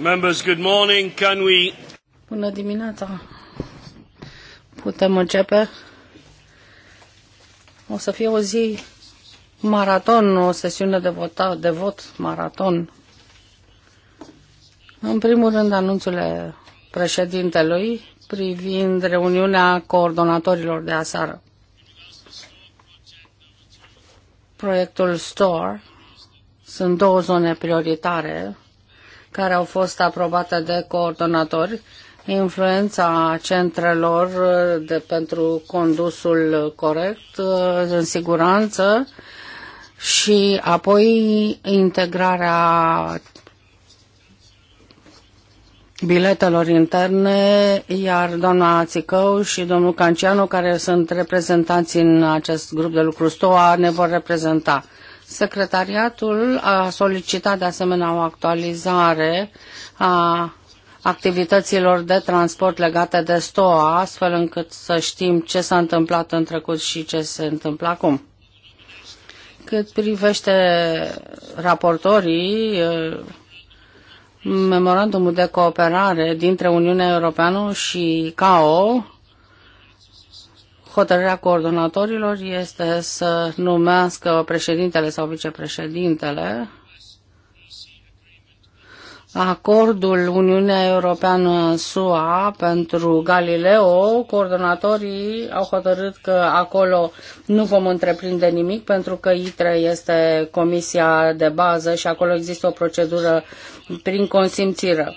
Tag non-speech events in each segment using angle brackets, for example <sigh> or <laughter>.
Members, good morning. Can we... Bună dimineața. Putem începe? O să fie o zi maraton, o sesiune de, vota, de vot maraton. În primul rând, anunțurile președintelui privind reuniunea coordonatorilor de asară. Proiectul STORE sunt două zone prioritare care au fost aprobate de coordonatori, influența centrelor uh, de, pentru condusul corect, uh, în siguranță și apoi integrarea biletelor interne, iar doamna Țicău și domnul Cancianu, care sunt reprezentanți în acest grup de lucru STOA, ne vor reprezenta. Secretariatul a solicitat de asemenea o actualizare a activităților de transport legate de STOA, astfel încât să știm ce s-a întâmplat în trecut și ce se întâmplă acum. Cât privește raportorii, eh, memorandumul de cooperare dintre Uniunea Europeană și CAO hotărârea coordonatorilor este să numească președintele sau vicepreședintele. Acordul Uniunea Europeană-SUA pentru Galileo, coordonatorii au hotărât că acolo nu vom întreprinde nimic pentru că ITRE este comisia de bază și acolo există o procedură prin consimțire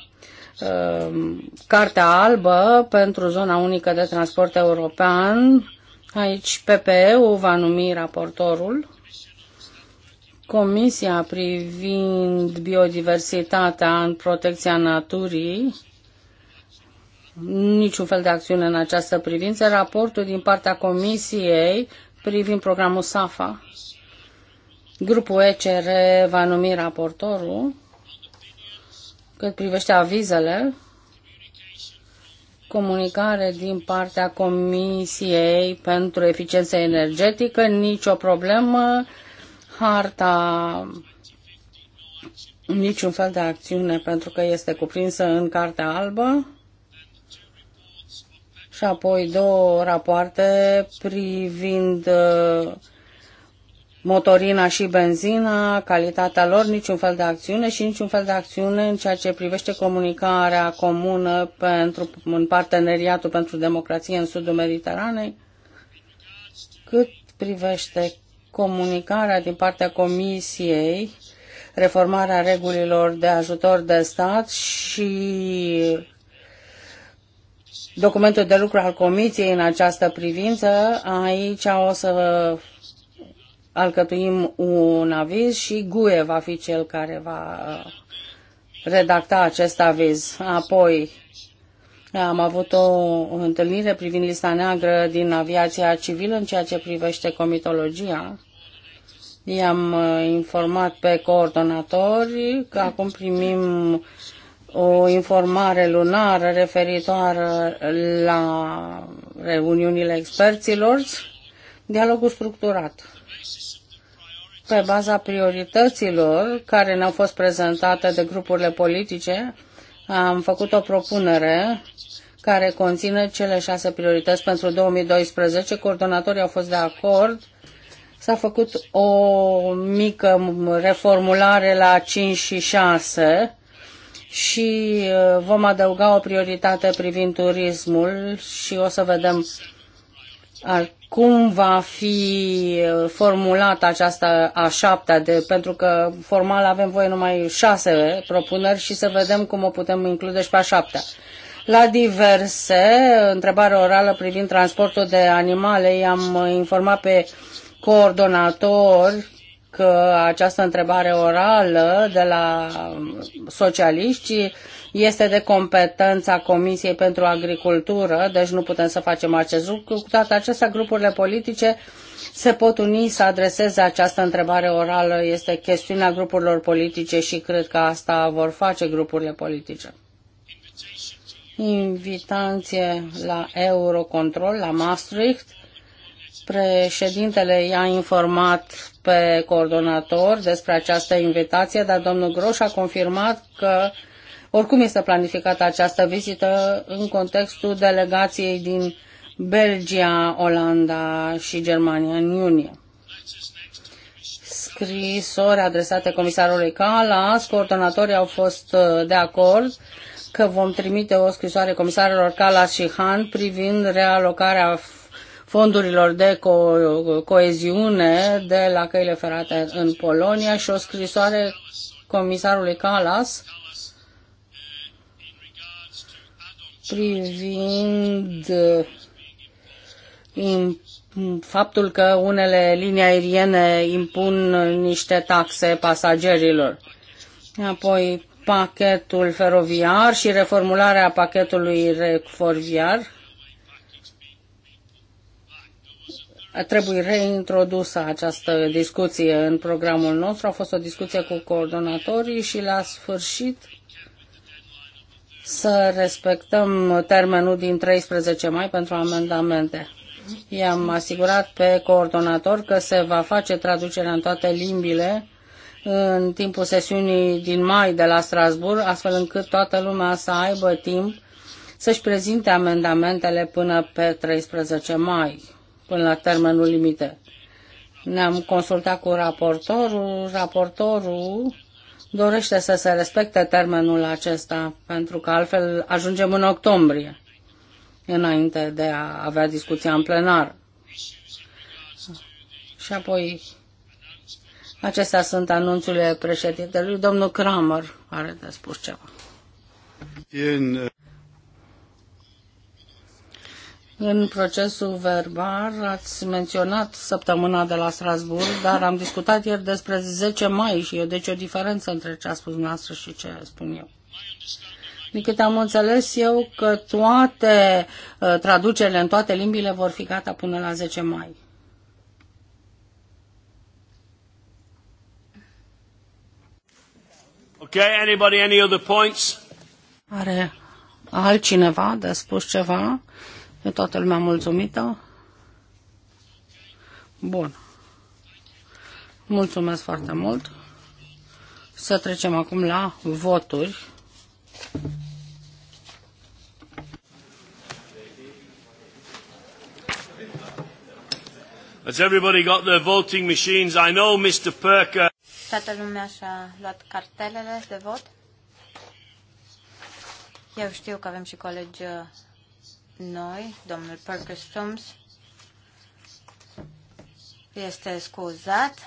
Um, Cartea Albă pentru Zona Unică de Transport European. Aici PPE-ul va numi raportorul. Comisia privind biodiversitatea în protecția naturii, niciun fel de acțiune în această privință. Raportul din partea Comisiei privind programul SAFA. Grupul ECR va numi raportorul. Cât privește avizele, comunicare din partea Comisiei pentru Eficiență Energetică, nicio problemă, harta, niciun fel de acțiune pentru că este cuprinsă în Cartea Albă și apoi două rapoarte privind uh, motorina și benzina, calitatea lor, niciun fel de acțiune și niciun fel de acțiune în ceea ce privește comunicarea comună pentru, în parteneriatul pentru democrație în sudul Mediteranei, cât privește comunicarea din partea Comisiei, reformarea regulilor de ajutor de stat și documentul de lucru al Comisiei în această privință. Aici o să alcătuim un aviz și GUE va fi cel care va uh, redacta acest aviz. Apoi am avut o întâlnire privind lista neagră din aviația civilă în ceea ce privește comitologia. I-am uh, informat pe coordonatori că acum primim o informare lunară referitoare la reuniunile experților, dialogul structurat pe baza priorităților care ne-au fost prezentate de grupurile politice, am făcut o propunere care conține cele șase priorități pentru 2012. Coordonatorii au fost de acord. S-a făcut o mică reformulare la 5 și 6 și uh, vom adăuga o prioritate privind turismul și o să vedem cum va fi uh, formulată aceasta a șaptea, de, pentru că formal avem voie numai șase propuneri și să vedem cum o putem include și pe a șaptea. La diverse, întrebare orală privind transportul de animale, i-am informat pe coordonator că această întrebare orală de la um, socialiști este de competența Comisiei pentru Agricultură, deci nu putem să facem acest lucru. Cu toate acestea, grupurile politice se pot uni să adreseze această întrebare orală. Este chestiunea grupurilor politice și cred că asta vor face grupurile politice invitație la Eurocontrol, la Maastricht. Președintele i-a informat pe coordonator despre această invitație, dar domnul Groș a confirmat că oricum este planificată această vizită în contextul delegației din Belgia, Olanda și Germania în iunie. Scrisori adresate comisarului Calas, coordonatorii au fost uh, de acord că vom trimite o scrisoare comisarilor Calas și Han privind realocarea fondurilor de co- coeziune de la căile ferate în Polonia și o scrisoare comisarului Calas privind uh, faptul că unele linii aeriene impun niște taxe pasagerilor. Apoi pachetul feroviar și reformularea pachetului feroviar trebuie reintrodusă această discuție în programul nostru. A fost o discuție cu coordonatorii și la sfârșit să respectăm termenul din 13 mai pentru amendamente. I-am asigurat pe coordonator că se va face traducerea în toate limbile în timpul sesiunii din mai de la Strasbourg, astfel încât toată lumea să aibă timp să-și prezinte amendamentele până pe 13 mai, până la termenul limite. Ne-am consultat cu raportorul. Raportorul dorește să se respecte termenul acesta, pentru că altfel ajungem în octombrie, înainte de a avea discuția în plenar. Și apoi, acestea sunt anunțurile președintelui. Domnul Kramer are de spus ceva. În procesul verbal ați menționat săptămâna de la Strasburg, dar am discutat ieri despre 10 mai și e deci o diferență între ce a spus noastră și ce spun eu. Din câte am înțeles eu că toate uh, traducerile în toate limbile vor fi gata până la 10 mai. Okay, anybody, any other points? Are altcineva de spus ceva? E toată lumea mulțumită? Bun. Mulțumesc foarte mult. Să trecem acum la voturi. Has everybody got their voting machines? I know Mr. Perker. Toată lumea și-a luat cartelele de vot. Eu știu că avem și colegi uh, noi, domnul Parker Stumps este scuzat.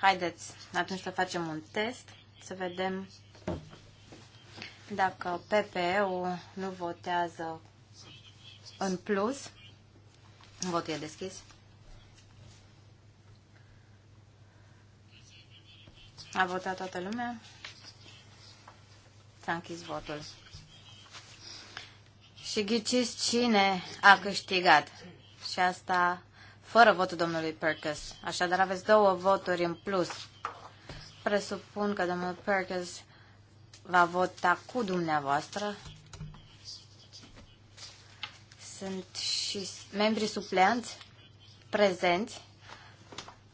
Haideți atunci să facem un test, să vedem dacă PPE-ul nu votează în plus. Votul e deschis. A votat toată lumea? S-a închis votul. Și ghiciți cine a câștigat. Și asta fără votul domnului Perkins. Așadar aveți două voturi în plus. Presupun că domnul Perkins va vota cu dumneavoastră. Sunt și membrii supleanți prezenți,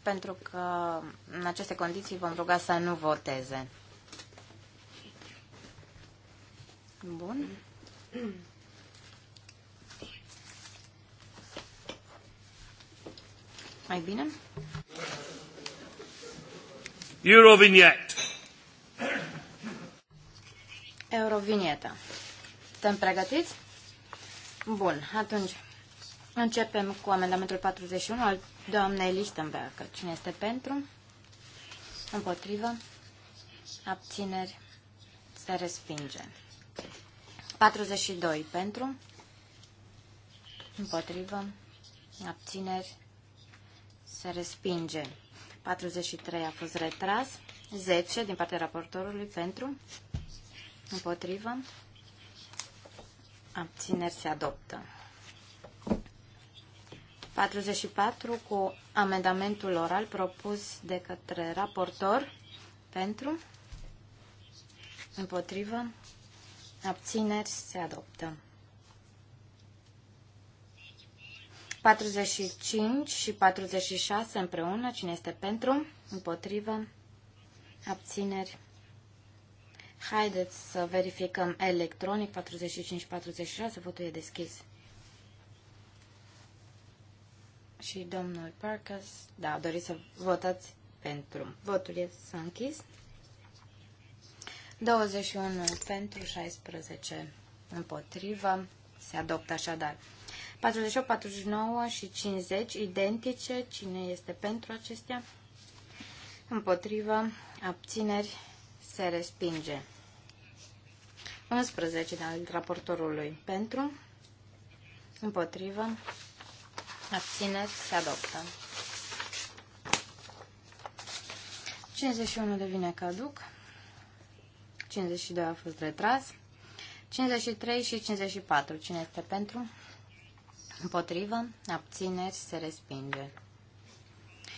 pentru că în aceste condiții vom ruga să nu voteze. Bun. mai bine. Eurovignet. Eurovignetă. Suntem pregătiți? Bun, atunci începem cu amendamentul 41 al doamnei Lichtenberg. Cine este pentru? Împotrivă? Abțineri? Se respinge. 42 pentru? Împotrivă? Abțineri? se respinge. 43 a fost retras. 10 din partea raportorului pentru, împotrivă, abțineri se adoptă. 44 cu amendamentul oral propus de către raportor pentru, împotrivă, abțineri se adoptă. 45 și 46 împreună. Cine este pentru? Împotrivă? Abțineri? Haideți să verificăm electronic 45-46, și votul e deschis. Și domnul Parkas, da, doriți să votați pentru. Votul e s-a închis. 21 pentru, 16 împotrivă. Se adoptă așadar. 48, 49 și 50 identice. Cine este pentru acestea? Împotrivă. Abțineri. Se respinge. 11 al raportorului pentru. Împotrivă. Abțineri. Se adoptă. 51 devine caduc. 52 a fost retras. 53 și 54. Cine este pentru? Împotrivă. Abțineri. Se respinge.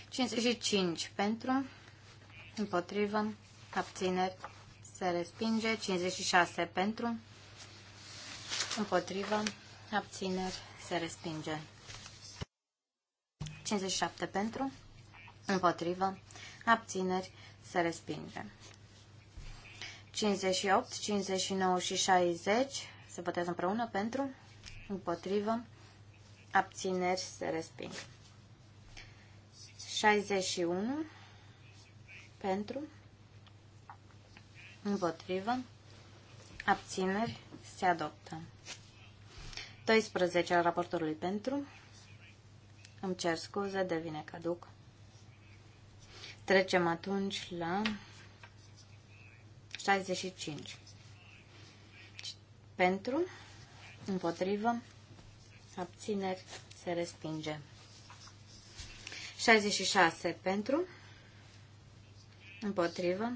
55 pentru. Împotrivă. Abțineri. Se respinge. 56 pentru. Împotrivă. Abțineri. Se respinge. 57 pentru. Împotrivă. Abțineri. Se respinge. 58, 59 și 60 se votează împreună pentru, împotrivă, abțineri, abțineri se resping. 61 pentru, împotrivă, abțineri se adoptă. 12 al raportorului pentru, îmi cer scuze, devine caduc. Trecem atunci la 65. Pentru, împotrivă, abțineri, se respinge. 66 pentru, împotrivă,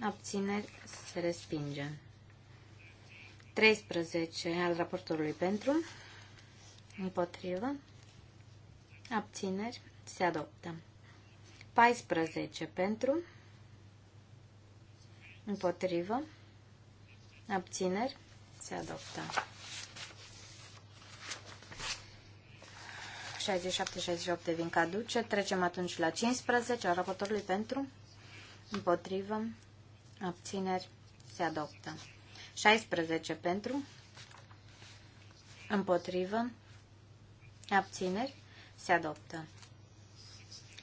abțineri, se respinge. 13 al raportului pentru, împotrivă, abțineri, se adoptă. 14 pentru, împotrivă, abțineri, se adoptă. 67-68 devin caduce. Trecem atunci la 15 a raportorului pentru, împotrivă, abțineri, se adoptă. 16 pentru, împotrivă, abțineri, se adoptă.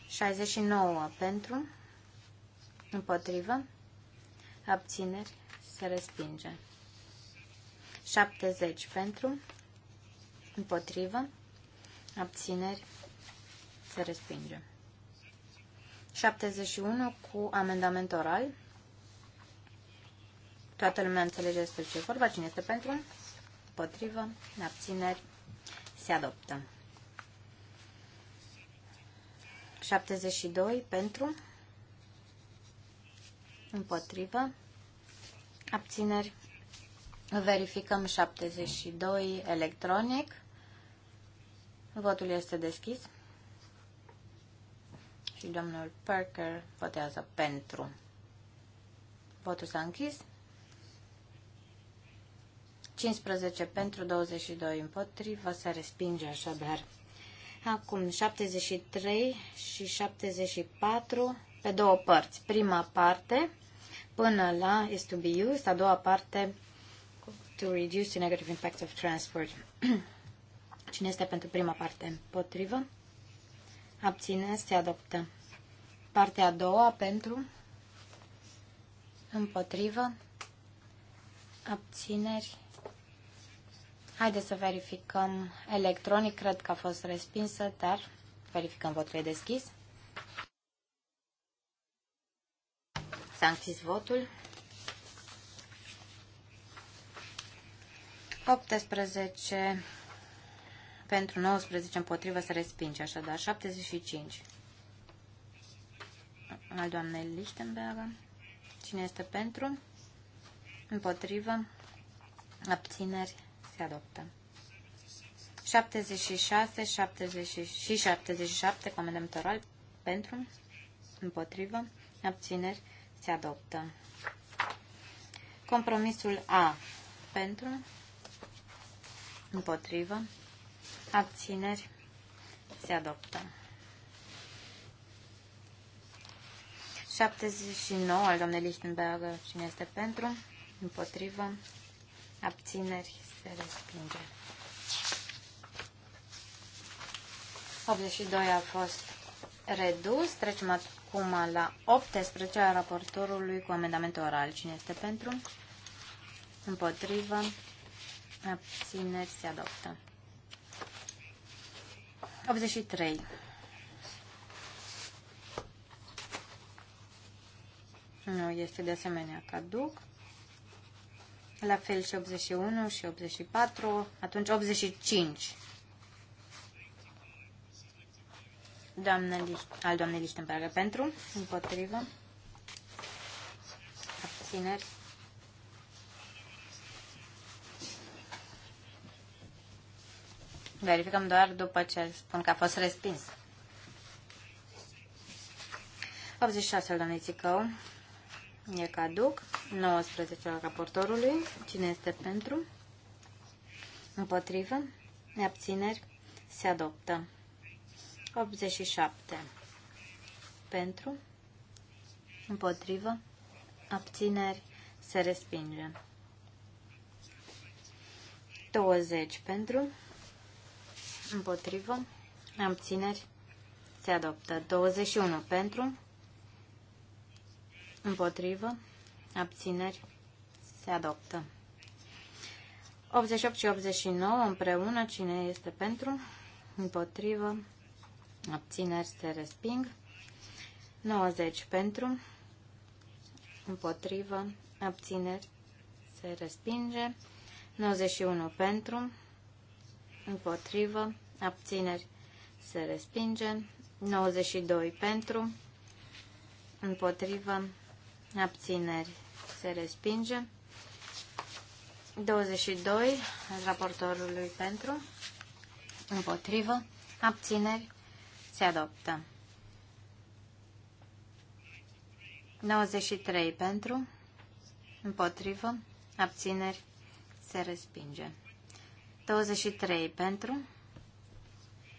69 pentru, împotrivă, abțineri, se respinge. 70 pentru, împotrivă, abțineri, se respinge. 71 cu amendament oral. Toată lumea înțelege despre ce vorba. Cine este pentru? Potrivă. Abțineri. Se adoptă. 72 pentru. Împotrivă. Abțineri. Verificăm 72 electronic. Votul este deschis. Și domnul Parker votează pentru. Votul s-a închis. 15 pentru, 22 împotrivă, se respinge așadar. Acum 73 și 74 pe două părți. Prima parte până la is to be used, a doua parte to reduce the negative impact of transport. <clears throat> Cine este pentru prima parte? Împotrivă? Abține? Se adoptă. Partea a doua pentru? Împotrivă? Abțineri? Haideți să verificăm electronic. Cred că a fost respinsă, dar verificăm votul e deschis. S-a închis votul. 18 pentru 19 împotrivă se respinge, așadar 75 al doamnei Lichtenberger. Cine este pentru? Împotrivă? Abțineri? Se adoptă. 76 70 și 77 Comandăm toral pentru? Împotrivă? Abțineri? Se adoptă. Compromisul A pentru? Împotrivă? abțineri, se adoptă. 79 al domnului Lichtenberger, cine este pentru, împotrivă, abțineri, se respinge. 82 a fost redus. Trecem acum la 18 a raportorului cu amendament oral. Cine este pentru? Împotrivă? Abțineri se adoptă. 83. Nu, este de asemenea caduc. La fel și 81 și 84, atunci 85. Doamna, al doamnei Lichtenberger pentru, împotrivă, abțineri, Verificăm doar după ce spun că a fost respins. 86 al doamnei e caduc. 19 al raportorului. Cine este pentru? Împotrivă. Abțineri. Se adoptă. 87. Pentru. Împotrivă. Abțineri. Se respinge. 20 pentru împotrivă, abțineri, se adoptă. 21 pentru, împotrivă, abțineri, se adoptă. 88 și 89 împreună, cine este pentru, împotrivă, abțineri, se resping. 90 pentru, împotrivă, abțineri, se respinge. 91 pentru, împotrivă, abțineri se respinge, 92 pentru, împotrivă, abțineri se respinge, 22 raportorului pentru, împotrivă, abțineri se adoptă. 93 pentru, împotrivă, abțineri se respinge. 23 pentru,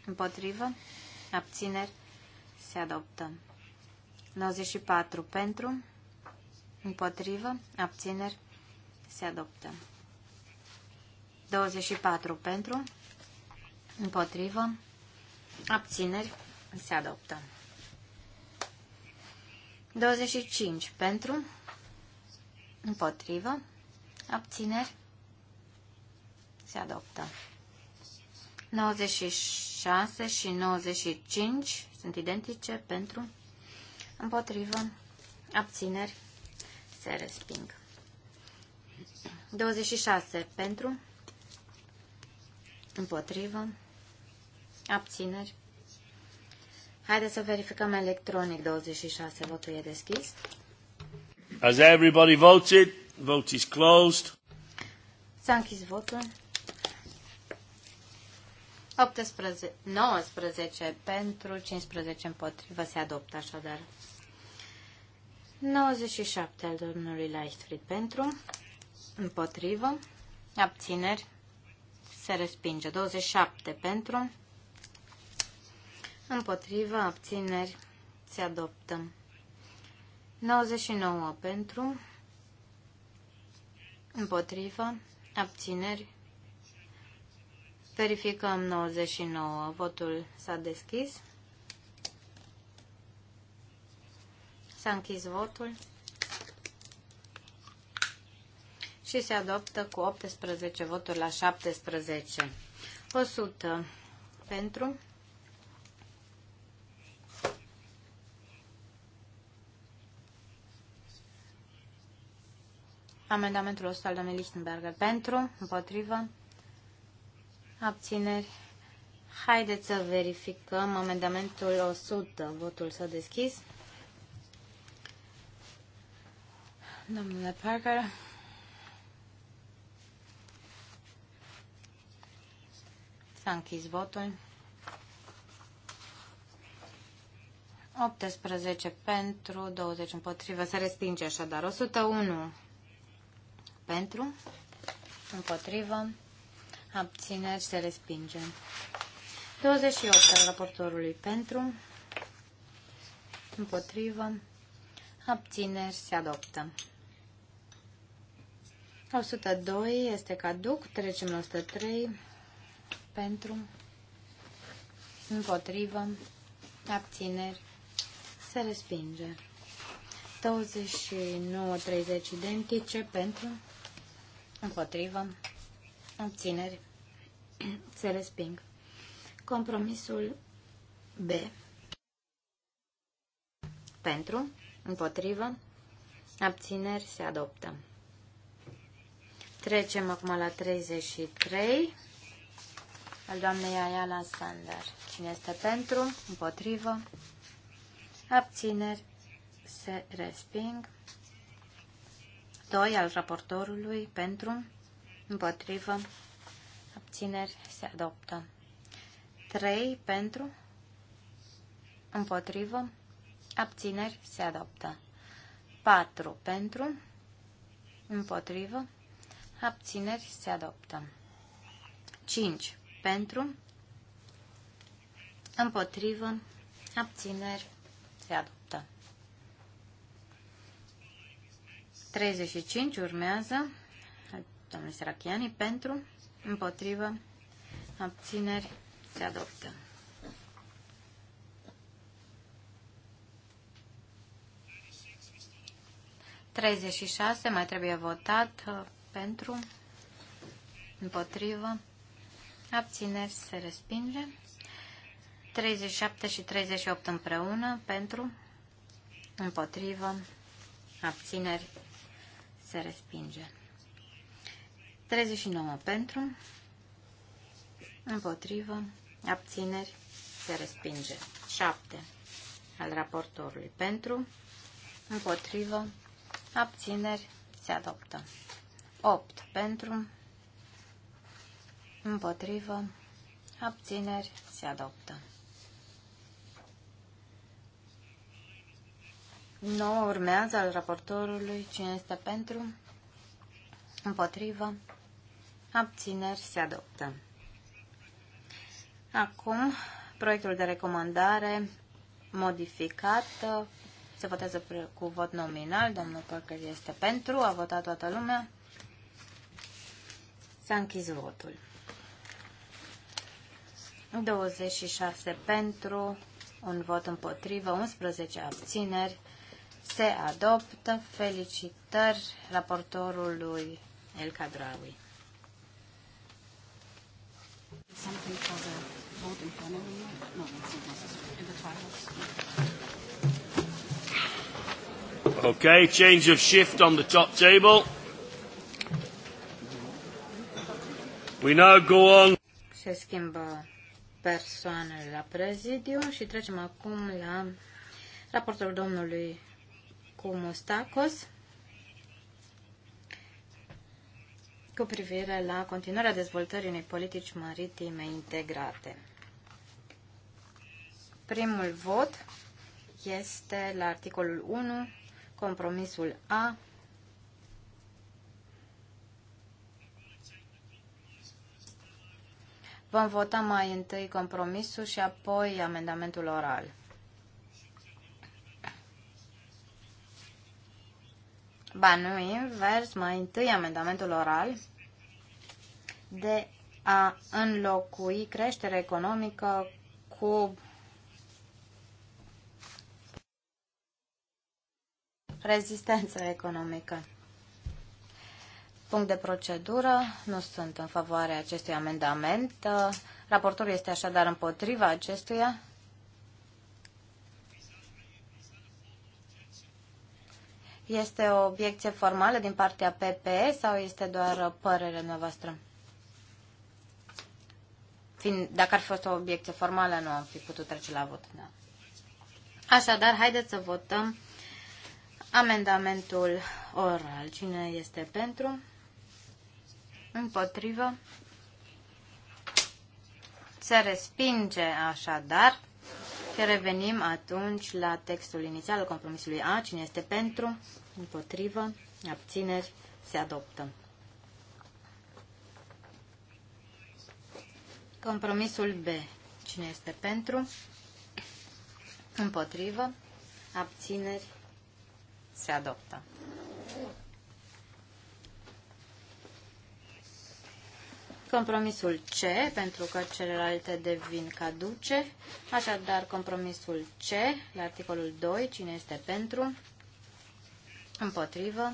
împotrivă, abțineri, se adoptă. 94 pentru, împotrivă, abțineri, se adoptă. 24 pentru, împotrivă, abțineri, se adoptă. 25 pentru, împotrivă, abțineri, se adoptă. 96 și 95 sunt identice pentru, împotrivă, abțineri, se resping. 26 pentru, împotrivă, abțineri. Haideți să verificăm electronic 26, votul e deschis. Has everybody voted? Vote is closed. S-a închis votul. 18, 19 pentru, 15 împotrivă se adoptă așadar. 97 al domnului Lightfried pentru, împotrivă, abțineri, se respinge. 27 pentru, împotrivă, abțineri, se adoptă. 99 pentru, împotrivă, abțineri, Verificăm 99. Votul s-a deschis. S-a închis votul și se adoptă cu 18 voturi la 17. 100 pentru. 100. Amendamentul 100 al domnului Lichtenberger pentru, împotrivă, abțineri. Haideți să verificăm amendamentul 100. Votul s-a deschis. Domnule Parker. S-a închis votul. 18 pentru, 20 împotrivă. Se respinge așadar. 101 pentru, împotrivă abțineri, se respinge. 28 al raportorului pentru, împotrivă, abțineri, se adoptă. 102 este caduc, trecem la 103 pentru, împotrivă, abțineri, se respinge. 29-30 identice pentru, împotrivă, obțineri. <clears throat> Se resping. Compromisul B. Pentru. Împotrivă. Abțineri. Se adoptă. Trecem acum la 33 al doamnei la Sander. Cine este pentru? Împotrivă. Abțineri. Se resping. 2 al raportorului pentru. Împotrivă. Abțineri se adoptă. 3 pentru. Împotrivă. Abțineri se adoptă. 4 pentru. Împotrivă. Abțineri se adoptă. 5 pentru. Împotrivă. Abțineri se adoptă. 35 urmează domnului Serachiani, pentru, împotrivă, abțineri, se adoptă. Treizeci și șase, mai trebuie votat pentru, împotrivă, abțineri, se respinge. 37 și 38 împreună, pentru, împotrivă, abțineri, se respinge. 39 pentru, împotrivă, abțineri, se respinge. 7 al raportorului pentru, împotrivă, abțineri, se adoptă. 8 pentru, împotrivă, abțineri, se adoptă. 9 urmează al raportorului cine este pentru, împotrivă, abțineri se adoptă. Acum, proiectul de recomandare modificat se votează cu vot nominal. Domnul Parker este pentru, a votat toată lumea. S-a închis votul. 26 pentru, un vot împotrivă, 11 abțineri. Se adoptă. Felicitări raportorului El Cadraui. Something for the No, it's not necessary. In the trials. Okay, change of shift on the top table. We now go on. Se schimbă persoanele la prezidiu și trecem acum la raportul domnului Cumustacos. cu privire la continuarea dezvoltării unei politici maritime integrate. Primul vot este la articolul 1, compromisul A. Vom vota mai întâi compromisul și apoi amendamentul oral. Ba nu invers, mai întâi amendamentul oral de a înlocui creșterea economică cu rezistență economică. Punct de procedură, nu sunt în favoarea acestui amendament. Raportul este așadar împotriva acestuia. Este o obiecție formală din partea PPE sau este doar părerea noastră? fiind, dacă ar fi fost o obiecție formală, nu am fi putut trece la vot. Da. Așadar, haideți să votăm amendamentul oral. Cine este pentru? Împotrivă? Se respinge așadar și revenim atunci la textul inițial al compromisului A. Cine este pentru? Împotrivă? Abțineri? Se adoptă. Compromisul B. Cine este pentru? Împotrivă. Abțineri. Se adoptă. Compromisul C, pentru că celelalte devin caduce. Așadar, compromisul C, la articolul 2, cine este pentru? Împotrivă.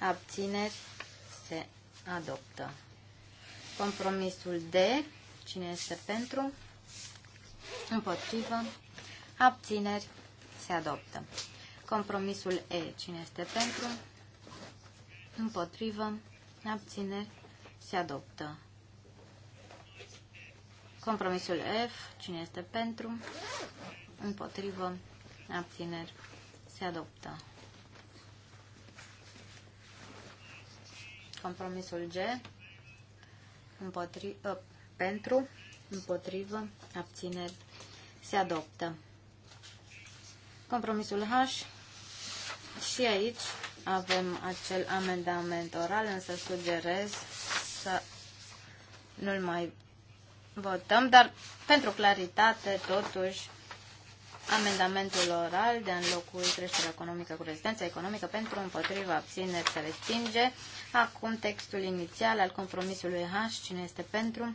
Abțineri. Se adoptă. Compromisul D, Cine este pentru? Împotrivă. Abțineri. Se adoptă. Compromisul E. Cine este pentru? Împotrivă. Abțineri. Se adoptă. Compromisul F. Cine este pentru? Împotrivă. Abțineri. Se adoptă. Compromisul G. Împotri... Ă, pentru, împotrivă, abțineri, se adoptă. Compromisul H și aici avem acel amendament oral, însă sugerez să nu-l mai votăm, dar pentru claritate, totuși, amendamentul oral de a înlocui creșterea economică cu rezistența economică pentru împotriva abțineri se respinge. Acum textul inițial al compromisului H, cine este pentru,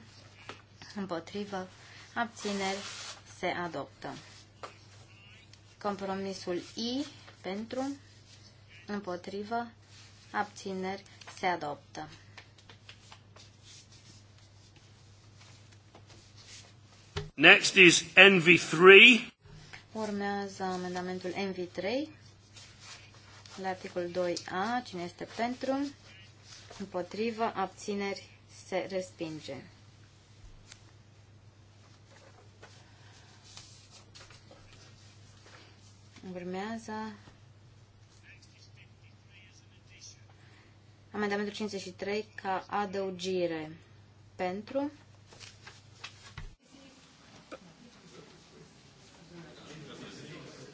împotrivă, abțineri, se adoptă. Compromisul I pentru, împotrivă, abțineri, se adoptă. Next is NV3. Urmează amendamentul NV3 la articol 2a. Cine este pentru? Împotrivă, abțineri, se respinge. Urmează amendamentul 53 ca adăugire pentru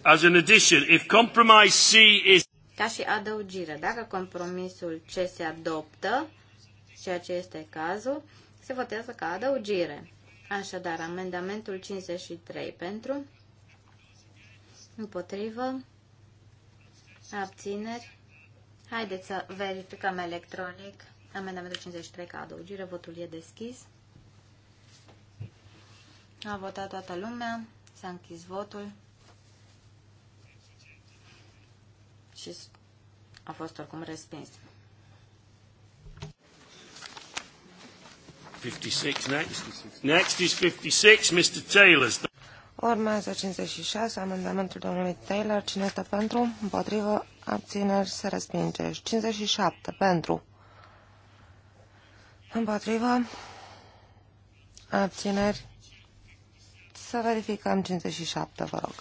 As an addition, if compromise C is ca și adăugire. Dacă compromisul C se adoptă, ceea ce este cazul, se votează ca adăugire. Așadar, amendamentul 53 pentru, Împotrivă. Abțineri. Haideți să verificăm electronic. Amendamentul 53 ca adăugire. Votul e deschis. A votat toată lumea. S-a închis votul. Și a fost oricum respins. 56 next. Next is 56, Mr. Taylor's. Urmează 56, amendamentul domnului Taylor. Cine este pentru? Împotrivă. Abțineri se respinge. 57. Pentru. Împotrivă. Abțineri. Să verificăm 57, vă rog.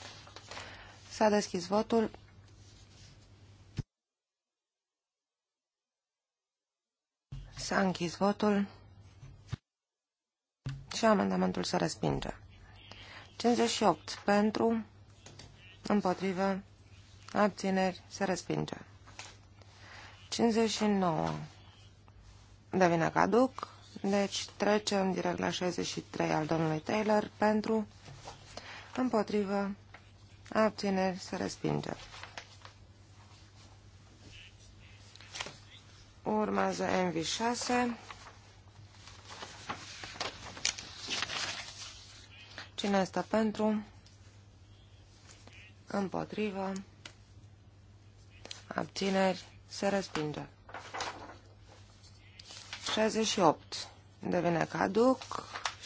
S-a deschis votul. S-a închis votul și amendamentul se respinge. 58 pentru, împotrivă, abțineri, se respinge. 59 devine caduc, deci trecem direct la 63 al domnului Taylor pentru, împotrivă, abțineri, se respinge. Urmează MV6 Cine este pentru? Împotrivă. Abțineri. Se respinge. 68. Devine caduc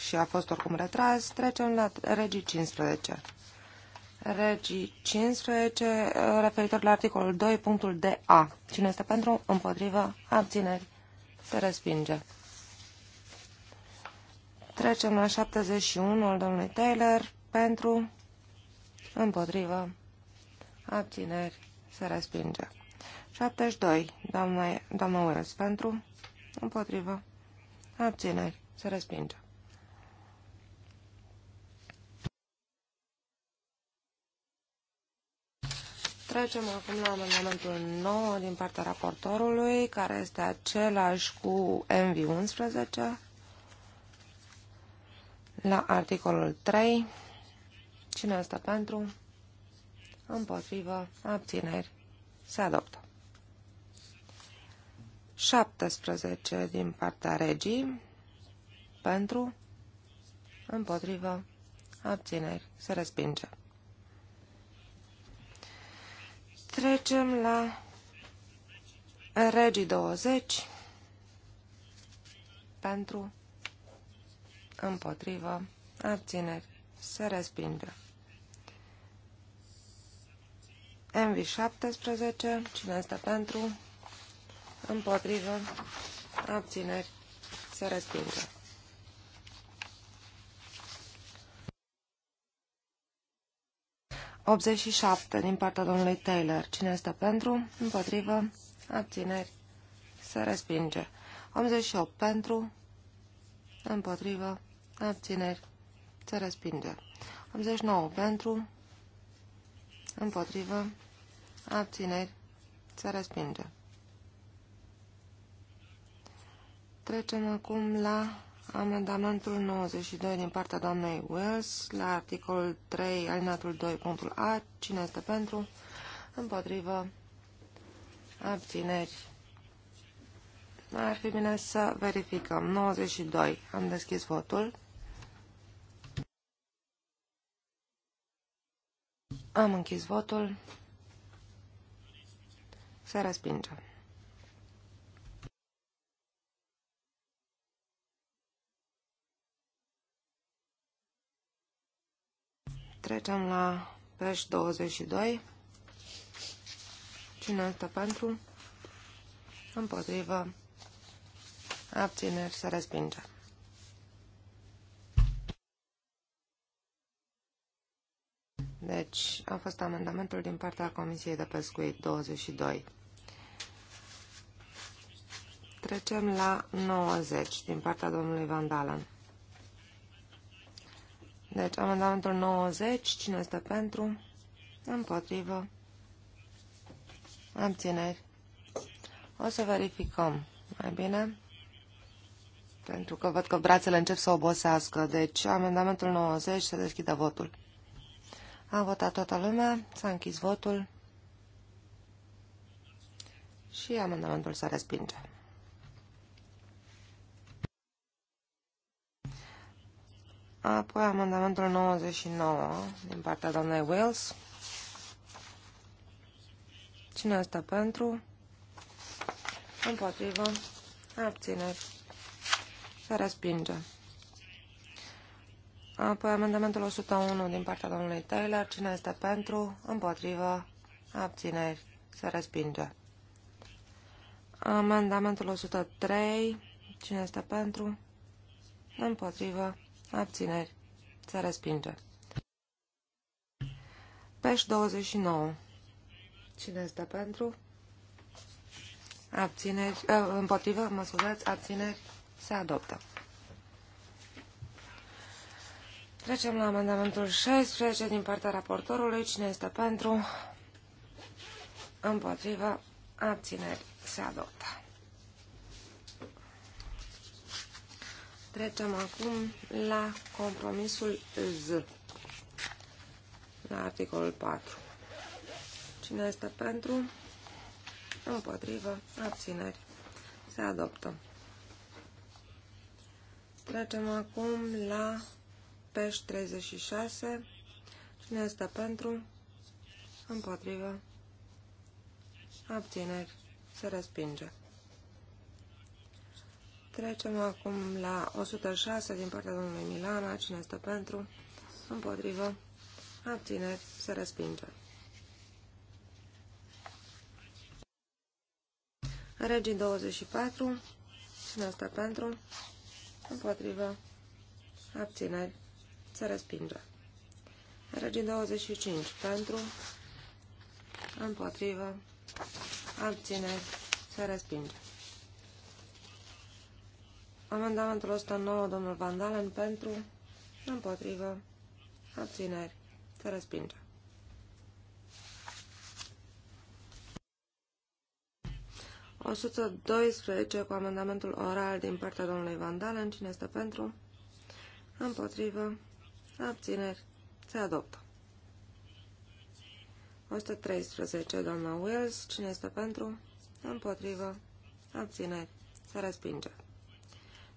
și a fost oricum retras. Trecem la regii 15. Regii 15, referitor la articolul 2, punctul DA. Cine este pentru? Împotrivă. Abțineri. Se respinge. Trecem la 71 al domnului Taylor pentru, împotrivă, abțineri, se respinge. 72, doamna, doamna Wells, pentru, împotrivă, abțineri, se respinge. Trecem acum la amendamentul 9 din partea raportorului, care este același cu MV11. La articolul 3, cine stă pentru? Împotrivă, abțineri, se adoptă. 17 din partea regii, pentru, împotrivă, abțineri, se respinge. Trecem la regii 20, pentru, împotrivă, abțineri, se respinge. MV17, cine este pentru, împotrivă, abțineri, se respinge. Optzeci și din partea domnului Taylor. Cine este pentru? Împotrivă? Abțineri? Se respinge. 88 pentru? Împotrivă? abțineri, se respinge. 89 pentru, împotrivă, abțineri, se respinge. Trecem acum la amendamentul 92 din partea doamnei Wells la articolul 3, alinatul 2, punctul A. Cine este pentru? Împotrivă. Abțineri. Ar fi bine să verificăm. 92. Am deschis votul. Am închis votul. Se respinge. Trecem la peș 22. Cine este pentru? Împotrivă. Abțineri se respinge. Deci a fost amendamentul din partea Comisiei de Pescuit 22. Trecem la 90 din partea domnului Van Dalen. Deci amendamentul 90, cine este pentru? Împotrivă. Abțineri. O să verificăm. Mai bine? Pentru că văd că brațele încep să obosească. Deci amendamentul 90 se deschide votul. A votat toată lumea, s-a închis votul și amendamentul se respinge. Apoi amendamentul 99 din partea doamnei Wells. Cine este pentru? Împotrivă. Abțineri. Se respinge. Apoi amendamentul 101 din partea domnului Taylor. Cine este pentru? Împotrivă? Abțineri? Se respinge. Amendamentul 103. Cine este pentru? Împotrivă? Abțineri? Se respinge. Peș 29. Cine este pentru? Abțineri, eh, împotrivă, mă scuzați, abțineri, se adoptă. Trecem la amendamentul 16 din partea raportorului. Cine este pentru? Împotrivă. Abțineri. Se adoptă. Trecem acum la compromisul Z, la articolul 4. Cine este pentru? Împotrivă. Abțineri. Se adoptă. Trecem acum la Peș 36. Cine este pentru? Împotrivă. Abțineri. Se respinge. Trecem acum la 106 din partea domnului Milana. Cine este pentru? Împotrivă. Abțineri. Se respinge. Regii 24. Cine este pentru? Împotrivă. Abțineri. Se respinge. Regii 25 pentru, împotrivă, abține, se respinge. Amendamentul 109, domnul Van pentru, împotrivă, abțineri, se respinge. O 112 cu amendamentul oral din partea domnului Van Cine este pentru? Împotrivă. Abțineri. Se adoptă. 113, doamna Wells. Cine este pentru? Împotrivă. Abțineri. Se respinge.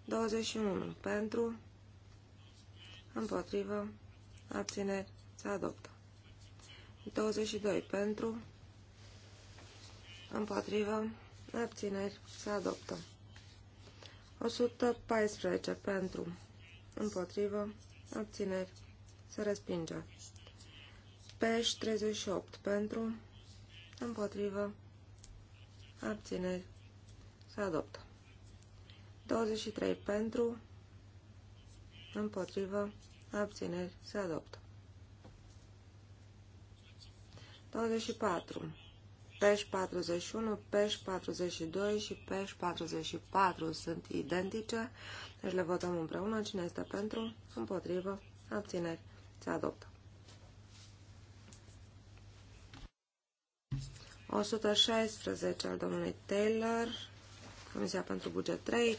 21. Pentru. Împotrivă. Abțineri. Se adoptă. 22. Pentru. Împotrivă. Abțineri. Se adoptă. 114. Pentru. Împotrivă abțineri, se respinge. Peș 38 pentru, împotrivă, abțineri, se adoptă. 23 pentru, împotrivă, abțineri, se adoptă. 24 PEș 41, PEș 42 și PEș 44 sunt identice, deci le votăm împreună. Cine este pentru? Împotrivă? Abțineri? Se adoptă. 116 al domnului Taylor, Comisia pentru Buget 3,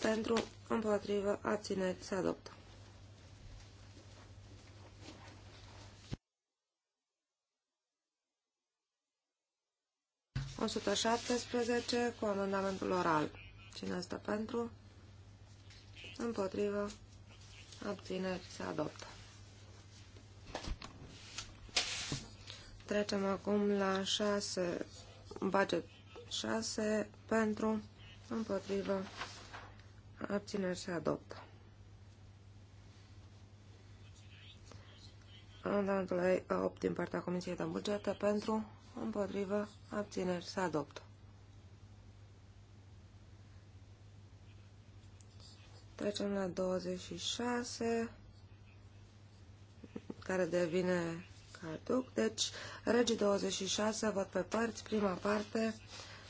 pentru, împotrivă, abțineri, se adoptă. 117 cu amendamentul oral. Cine este pentru? Împotrivă. Abțineri. Se adoptă. Trecem acum la 6, budget 6 pentru, împotrivă, abțineri se adoptă. Amendamentul 8 din partea Comisiei de Bugete pentru, împotrivă, abțineri, să adoptă. Trecem la 26, care devine caduc. Deci, regi 26, văd pe părți, prima parte,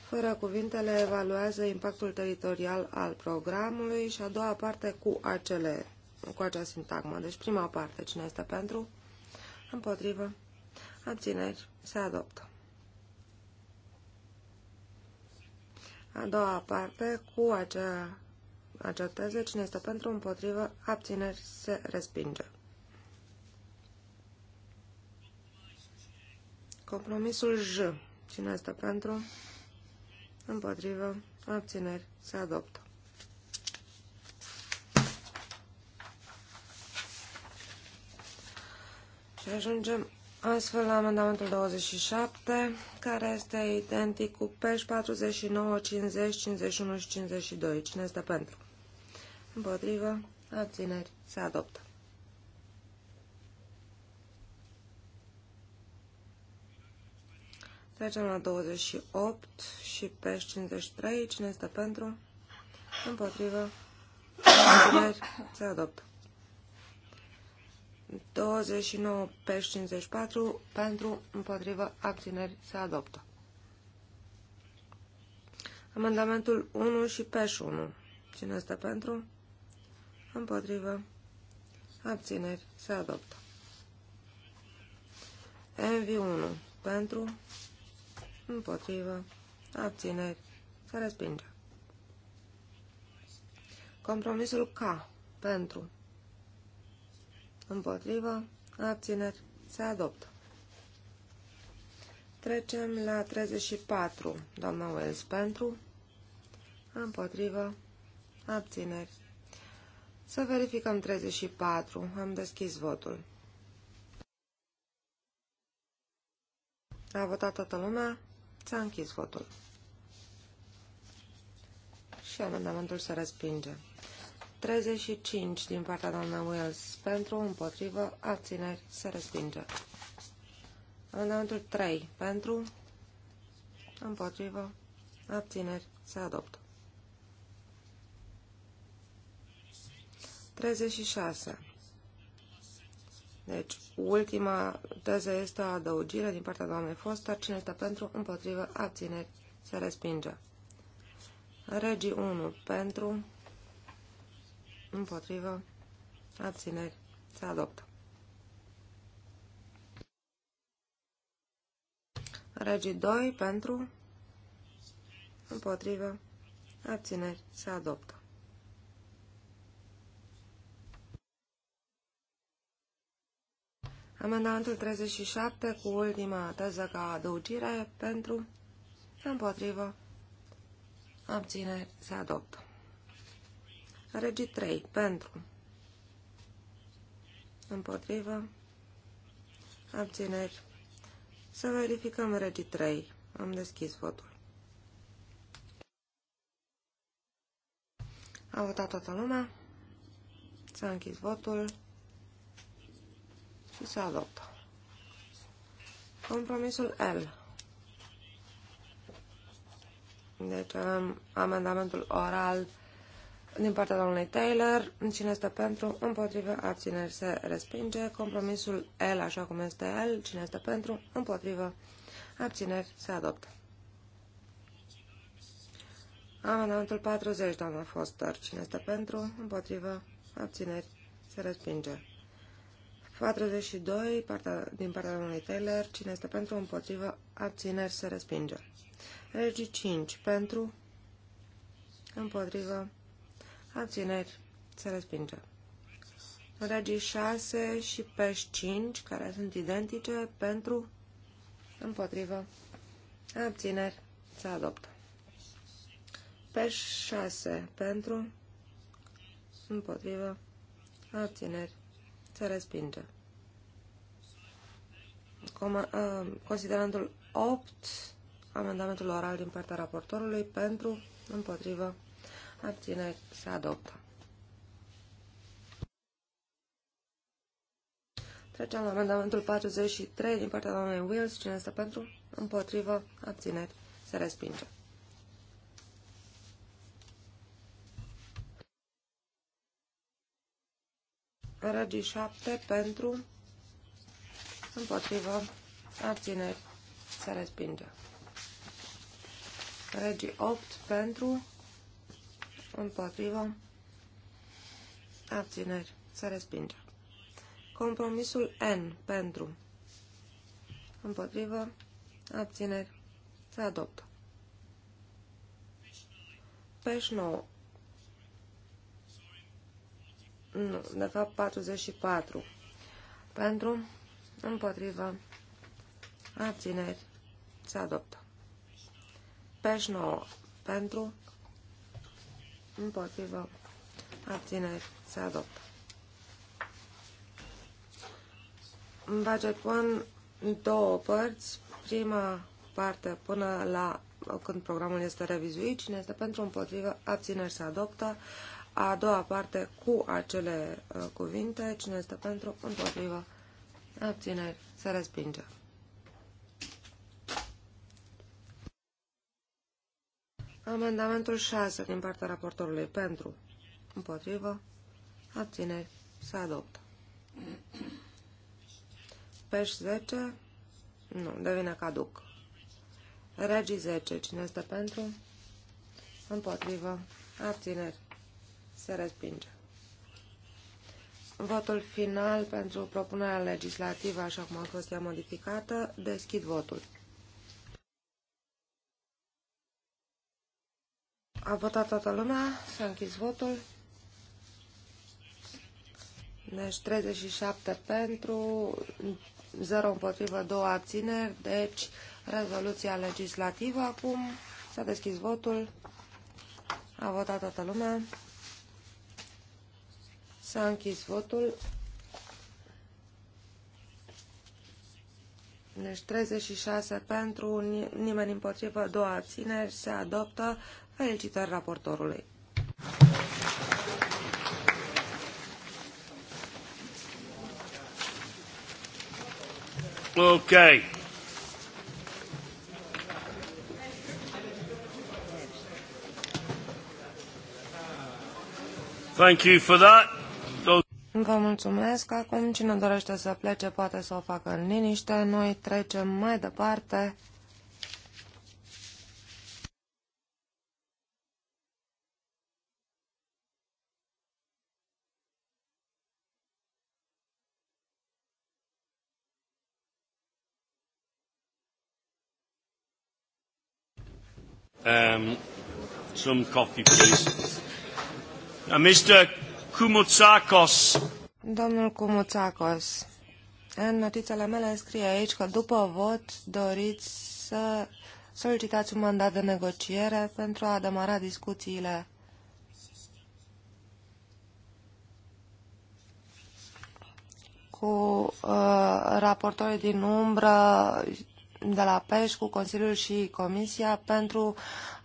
fără cuvintele, evaluează impactul teritorial al programului și a doua parte cu, acele, cu acea sintagmă. Deci, prima parte, cine este pentru? Împotrivă. Abțineri. Se adoptă. A doua parte, cu acea, acea teză, cine este pentru, împotrivă, abțineri, se respinge. Compromisul J. Cine este pentru, împotrivă, abțineri, se adoptă. Și ajungem Astfel, amendamentul 27, care este identic cu peș 49, 50, 51 și 52. Cine este pentru? Împotrivă, abțineri, se adoptă. Trecem la 28 și peș 53. Cine este pentru? Împotrivă, abțineri, se adoptă. 29 pe 54 pentru împotrivă abțineri se adoptă. Amendamentul 1 și pe 1. Cine este pentru? Împotrivă. Abțineri. Se adoptă. MV1. Pentru. Împotrivă. Abțineri. Se respinge. Compromisul K. Pentru împotrivă, abțineri, se adoptă. Trecem la 34, doamna Wells, pentru, împotrivă, abțineri. Să verificăm 34, am deschis votul. A votat toată lumea, s-a închis votul. Și amendamentul se respinge. 35 din partea doamna Wells pentru, împotrivă, abțineri, se respinge. Amendamentul 3 pentru, împotrivă, abțineri, se adoptă. 36. Deci, ultima teză este o adăugire din partea doamnei Foster. Cine este pentru, împotrivă, abțineri, se respinge. Regii 1 pentru, împotrivă, abțineri, se adoptă. Regii 2 pentru, împotrivă, abțineri, se adoptă. Amendamentul 37 cu ultima teză ca adăugire pentru, împotrivă, abțineri, se adoptă. Regii 3. Pentru. Împotrivă. Abțineri. Să verificăm regii 3. Am deschis votul. A votat toată lumea. S-a închis votul. Și se adoptă. Compromisul L. Deci avem amendamentul oral din partea domnului Taylor. Cine este pentru? Împotrivă. Abțineri. Se respinge. Compromisul L, așa cum este el. Cine este pentru? Împotrivă. Abțineri. Se adoptă. Amendamentul 40, doamna Foster. Cine este pentru? Împotrivă. Abțineri. Se respinge. 42, partea, din partea domnului Taylor. Cine este pentru? Împotrivă. Abțineri. Se respinge. Regii 5. Pentru? Împotrivă abțineri, se respinge. Regii 6 și pești 5, care sunt identice, pentru, împotrivă, abțineri, se adoptă. Pești 6, pentru, împotrivă, abțineri, se respinge. Com uh, considerantul 8, amendamentul oral din partea raportorului, pentru, împotrivă, abține se adoptă. Trecem la amendamentul 43 din partea doamnei Wills. Cine este pentru? Împotrivă, abțineri, se respinge. Regii 7 pentru, împotrivă, abțineri, se respinge. Regii 8 pentru, împotrivă, abțineri, se respinge. Compromisul N pentru, împotrivă, abțineri, se adoptă. Peș 9. Nu, de fapt 44. Pentru, împotrivă, abțineri, se adoptă. Peș 9. Pentru, împotriva abțineri, se adoptă. Budget 1, două părți, prima parte până la când programul este revizuit, cine este pentru, împotriva abțineri, se adoptă. A doua parte cu acele uh, cuvinte, cine este pentru, împotriva abțineri, se respinge. Amendamentul 6 din partea raportorului pentru, împotrivă, abțineri, se adoptă. Peș 10, nu, devine caduc. Regii 10, cine este pentru, împotrivă, abțineri, se respinge. Votul final pentru propunerea legislativă, așa cum a fost ea modificată, deschid votul. A votat toată lumea, s-a închis votul. Deci 37 pentru, 0 împotrivă, 2 abțineri, deci rezoluția legislativă acum. S-a deschis votul, a votat toată lumea, s-a închis votul. Deci 36 pentru, nimeni împotrivă, 2 abțineri, se adoptă. Felicitări raportorului! Okay. Thank you for that. Vă mulțumesc. Acum cine dorește să plece poate să o facă în liniște. Noi trecem mai departe Um, some coffee, please. Now, Mr. Kumutsakos. Domnul Kumutsakos, în notițele mele scrie aici că după vot doriți să solicitați un mandat de negociere pentru a demara discuțiile cu uh, raportorii din umbră de la PEș cu Consiliul și Comisia pentru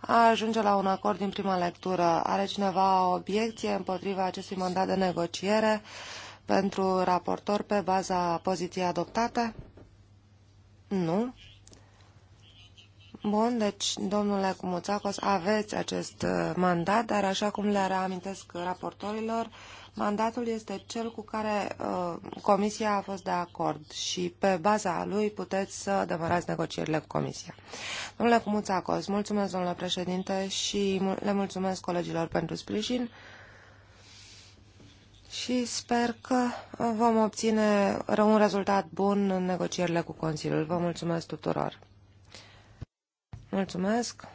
a ajunge la un acord din prima lectură. Are cineva o obiecție împotriva acestui mandat de negociere pentru raportor pe baza poziției adoptate? Nu. Bun, deci, domnule Cumuțacos, aveți acest uh, mandat, dar așa cum le reamintesc raportorilor, Mandatul este cel cu care uh, Comisia a fost de acord și pe baza lui puteți să demarați negocierile cu Comisia. Domnule Cumuțacos, mulțumesc, domnule președinte, și le mulțumesc colegilor pentru sprijin și sper că vom obține un rezultat bun în negocierile cu Consiliul. Vă mulțumesc tuturor! Mulțumesc!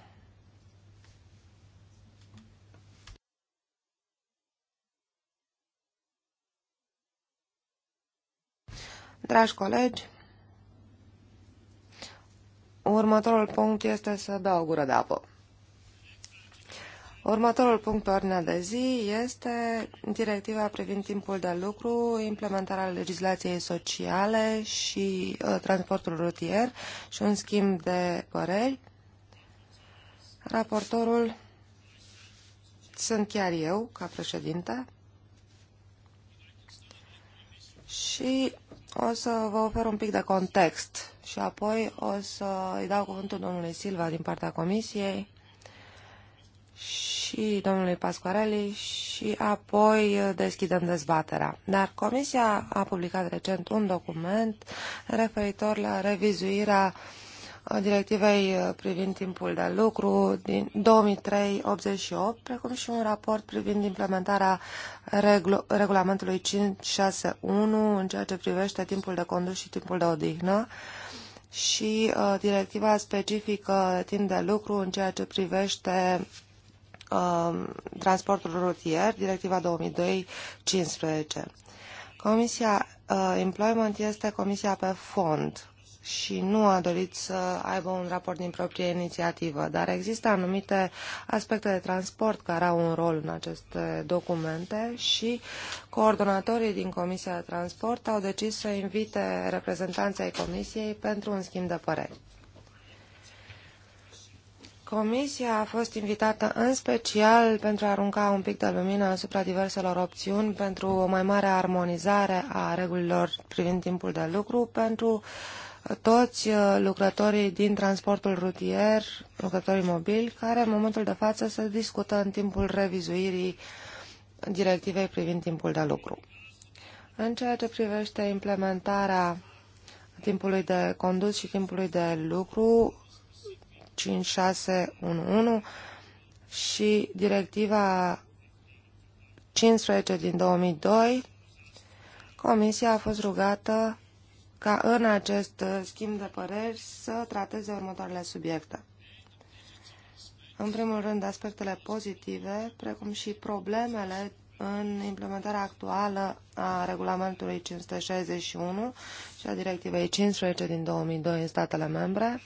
Dragi colegi, următorul punct este să dau o gură de apă. Următorul punct pe ordinea de zi este directiva privind timpul de lucru, implementarea legislației sociale și uh, transportul rutier și un schimb de păreri. Raportorul sunt chiar eu, ca președinte. Și o să vă ofer un pic de context și apoi o să îi dau cuvântul domnului Silva din partea comisiei și domnului Pasquarelli și apoi deschidem dezbaterea. Dar comisia a publicat recent un document referitor la revizuirea uh, directivei uh, privind timpul de lucru din 2003-88, precum și un raport privind implementarea regul regulamentului 561 în ceea ce privește timpul de condus și timpul de odihnă și uh, directiva specifică timp de lucru în ceea ce privește uh, transportul rutier, directiva 2002-15. Comisia uh, Employment este comisia pe fond și nu a dorit să aibă un raport din proprie inițiativă, dar există anumite aspecte de transport care au un rol în aceste documente și coordonatorii din Comisia de Transport au decis să invite reprezentanții ai Comisiei pentru un schimb de păreri. Comisia a fost invitată în special pentru a arunca un pic de lumină asupra diverselor opțiuni pentru o mai mare armonizare a regulilor privind timpul de lucru, pentru uh, toți uh, lucrătorii din transportul rutier, lucrătorii mobili, care în momentul de față se discută în timpul revizuirii directivei privind timpul de lucru. În ceea ce privește implementarea timpului de condus și timpului de lucru 5611 și directiva 15 din 2002, Comisia a fost rugată ca în acest uh, schimb de păreri să trateze următoarele subiecte. În primul rând, aspectele pozitive, precum și problemele în implementarea actuală a regulamentului 561 și a directivei 15 din 2002 în statele membre.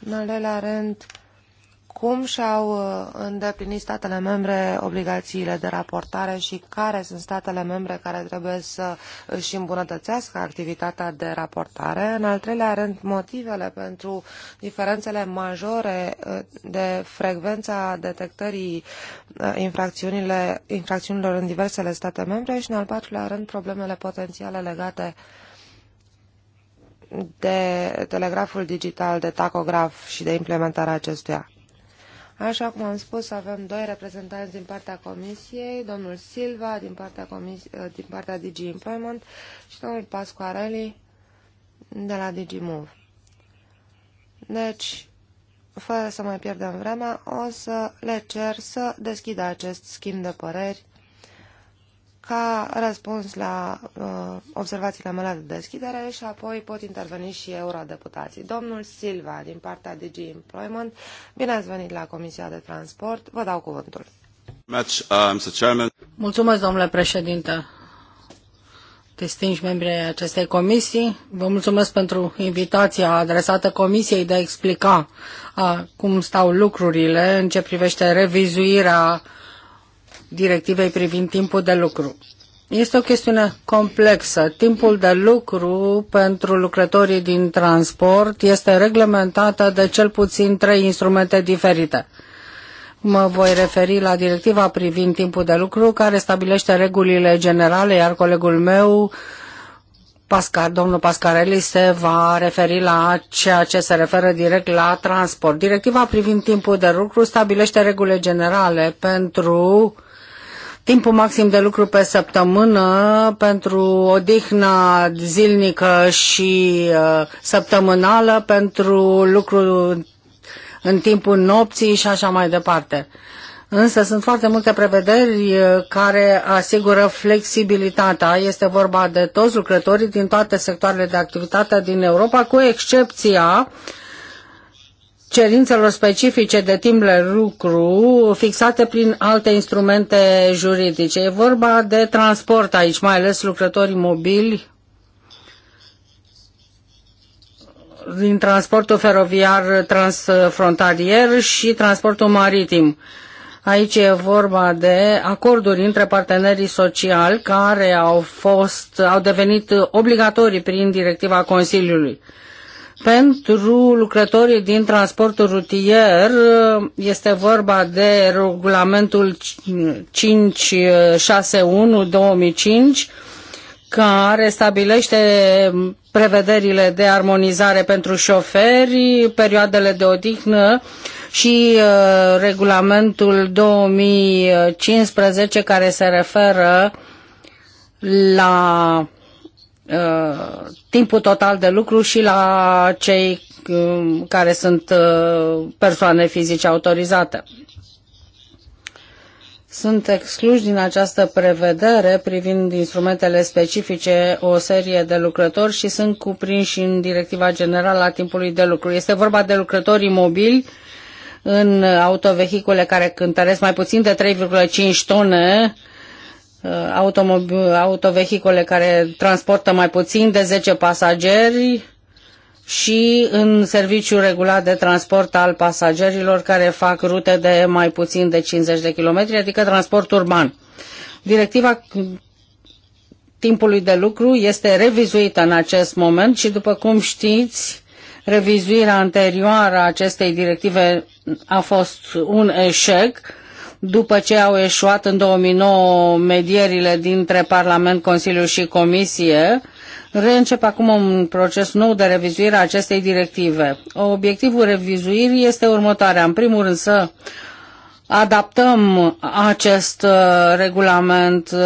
În al doilea rând, cum și-au uh, îndeplinit statele membre obligațiile de raportare și care sunt statele membre care trebuie să își îmbunătățească activitatea de raportare. În al treilea rând, motivele pentru diferențele majore uh, de frecvența detectării uh, infracțiunilor în diversele state membre și, în al patrulea rând, problemele potențiale legate de telegraful digital, de tacograf și de implementarea acestuia. Așa cum am spus, avem doi reprezentanți din partea Comisiei, domnul Silva din partea, comis uh, din partea DG Employment și domnul Pasquarelli de la DG Move. Deci, fără să mai pierdem vremea, o să le cer să deschidă acest schimb de păreri ca răspuns la uh, observațiile mele de deschidere și apoi pot interveni și eurodeputații. Domnul Silva, din partea DG Employment, bine ați venit la Comisia de Transport, vă dau cuvântul. Uh, mulțumesc, domnule președinte, distinși membrii acestei comisii. Vă mulțumesc pentru invitația adresată comisiei de a explica uh, cum stau lucrurile în ce privește revizuirea directivei privind timpul de lucru. Este o chestiune complexă. Timpul de lucru pentru lucrătorii din transport este reglementată de cel puțin trei instrumente diferite. Mă voi referi la directiva privind timpul de lucru, care stabilește regulile generale, iar colegul meu, Pascal, domnul Pascarelli, se va referi la ceea ce se referă direct la transport. Directiva privind timpul de lucru stabilește regulile generale pentru uh, timpul maxim de lucru pe săptămână pentru odihna zilnică și uh, săptămânală, pentru lucru în timpul nopții și așa mai departe. Însă sunt foarte multe prevederi uh, care asigură flexibilitatea. Este vorba de toți lucrătorii din toate sectoarele de activitate din Europa, cu excepția uh, cerințelor specifice de timp de lucru fixate prin alte instrumente juridice. E vorba de transport aici, mai ales lucrătorii mobili din transportul feroviar transfrontalier și transportul maritim. Aici e vorba de acorduri între partenerii sociali care au fost au devenit obligatorii prin directiva Consiliului. Pentru lucrătorii din transportul rutier este vorba de regulamentul 561-2005 care stabilește prevederile de armonizare pentru șoferi, perioadele de odihnă și uh, regulamentul 2015 care se referă la Uh, timpul total de lucru și la cei um, care sunt uh, persoane fizice autorizate. Sunt excluși din această prevedere privind instrumentele specifice o serie de lucrători și sunt cuprinși în directiva generală a timpului de lucru. Este vorba de lucrători mobili în autovehicule care cântăresc mai puțin de 3,5 tone Uh, autovehicole care transportă mai puțin de 10 pasageri și în serviciul regulat de transport al pasagerilor care fac rute de mai puțin de 50 de kilometri, adică transport urban. Directiva timpului de lucru este revizuită în acest moment și, după cum știți, revizuirea anterioară a acestei directive a fost un eșec după ce au eșuat în 2009 medierile dintre Parlament, Consiliu și Comisie, reîncep acum un proces nou de revizuire a acestei directive. Obiectivul revizuirii este următoarea. În primul rând să adaptăm acest uh, regulament uh,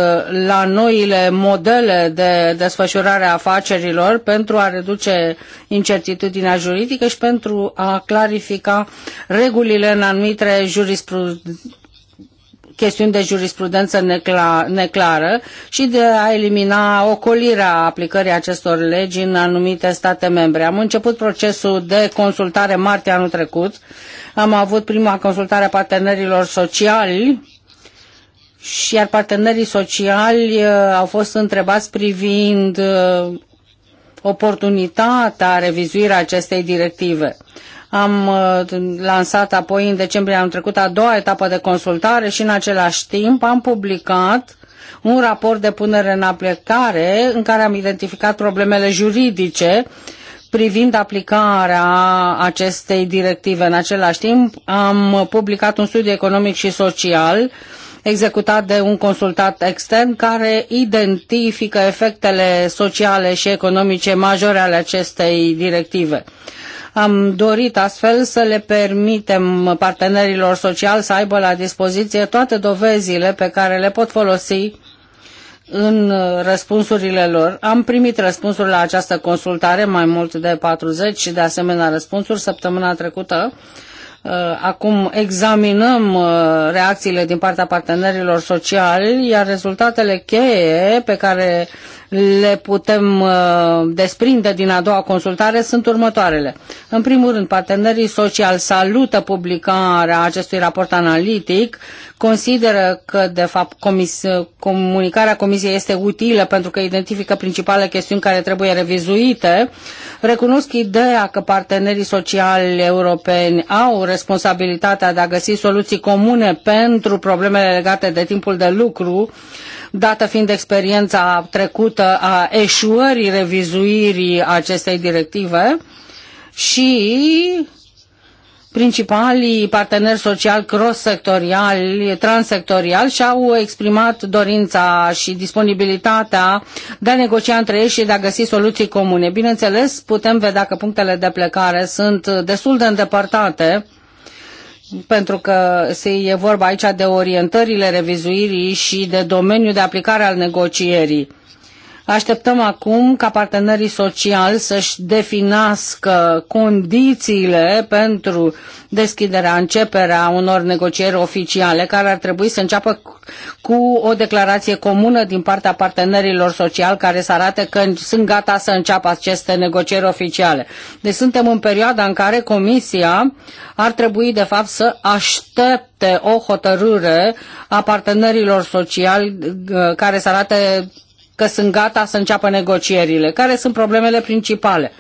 la noile modele de desfășurare a afacerilor pentru a reduce incertitudinea juridică și pentru a clarifica regulile în anumite jurisprudențe chestiuni de jurisprudență necla, neclară și de a elimina ocolirea aplicării acestor legi în anumite state membre. Am început procesul de consultare martie anul trecut. Am avut prima consultare a partenerilor sociali și iar partenerii sociali uh, au fost întrebați privind uh, oportunitatea revizuirea acestei directive. Am uh, lansat apoi în decembrie anul trecut a doua etapă de consultare și în același timp am publicat un raport de punere în aplicare în care am identificat problemele juridice privind aplicarea acestei directive. În același timp am publicat un studiu economic și social uh, executat de un consultat extern care identifică efectele sociale și economice majore ale acestei directive. Am dorit astfel să le permitem partenerilor sociali să aibă la dispoziție toate dovezile pe care le pot folosi în răspunsurile lor. Am primit răspunsuri la această consultare, mai mult de 40 de asemenea răspunsuri săptămâna trecută Uh, acum examinăm uh, reacțiile din partea partenerilor sociali, iar rezultatele cheie pe care le putem uh, desprinde din a doua consultare sunt următoarele. În primul rând, partenerii sociali salută publicarea acestui raport analitic consideră că, de fapt, comis, comunicarea Comisiei este utilă pentru că identifică principalele chestiuni care trebuie revizuite. Recunosc ideea că partenerii sociali europeni au responsabilitatea de a găsi soluții comune pentru problemele legate de timpul de lucru, dată fiind experiența trecută a eșuării revizuirii acestei directive și principalii parteneri sociali cross-sectoriali, transsectoriali și-au exprimat dorința și disponibilitatea de a negocia între ei și de a găsi soluții comune. Bineînțeles, putem vedea că punctele de plecare sunt destul de îndepărtate pentru că se e vorba aici de orientările revizuirii și de domeniul de aplicare al negocierii Așteptăm acum ca partenerii sociali să-și definească condițiile pentru deschiderea, începerea unor negocieri oficiale care ar trebui să înceapă cu o declarație comună din partea partenerilor sociali care să arate că sunt gata să înceapă aceste negocieri oficiale. Deci suntem în perioada în care Comisia ar trebui de fapt să aștepte o hotărâre a partenerilor sociali uh, care să arate că sunt gata să înceapă negocierile. Care sunt problemele principale?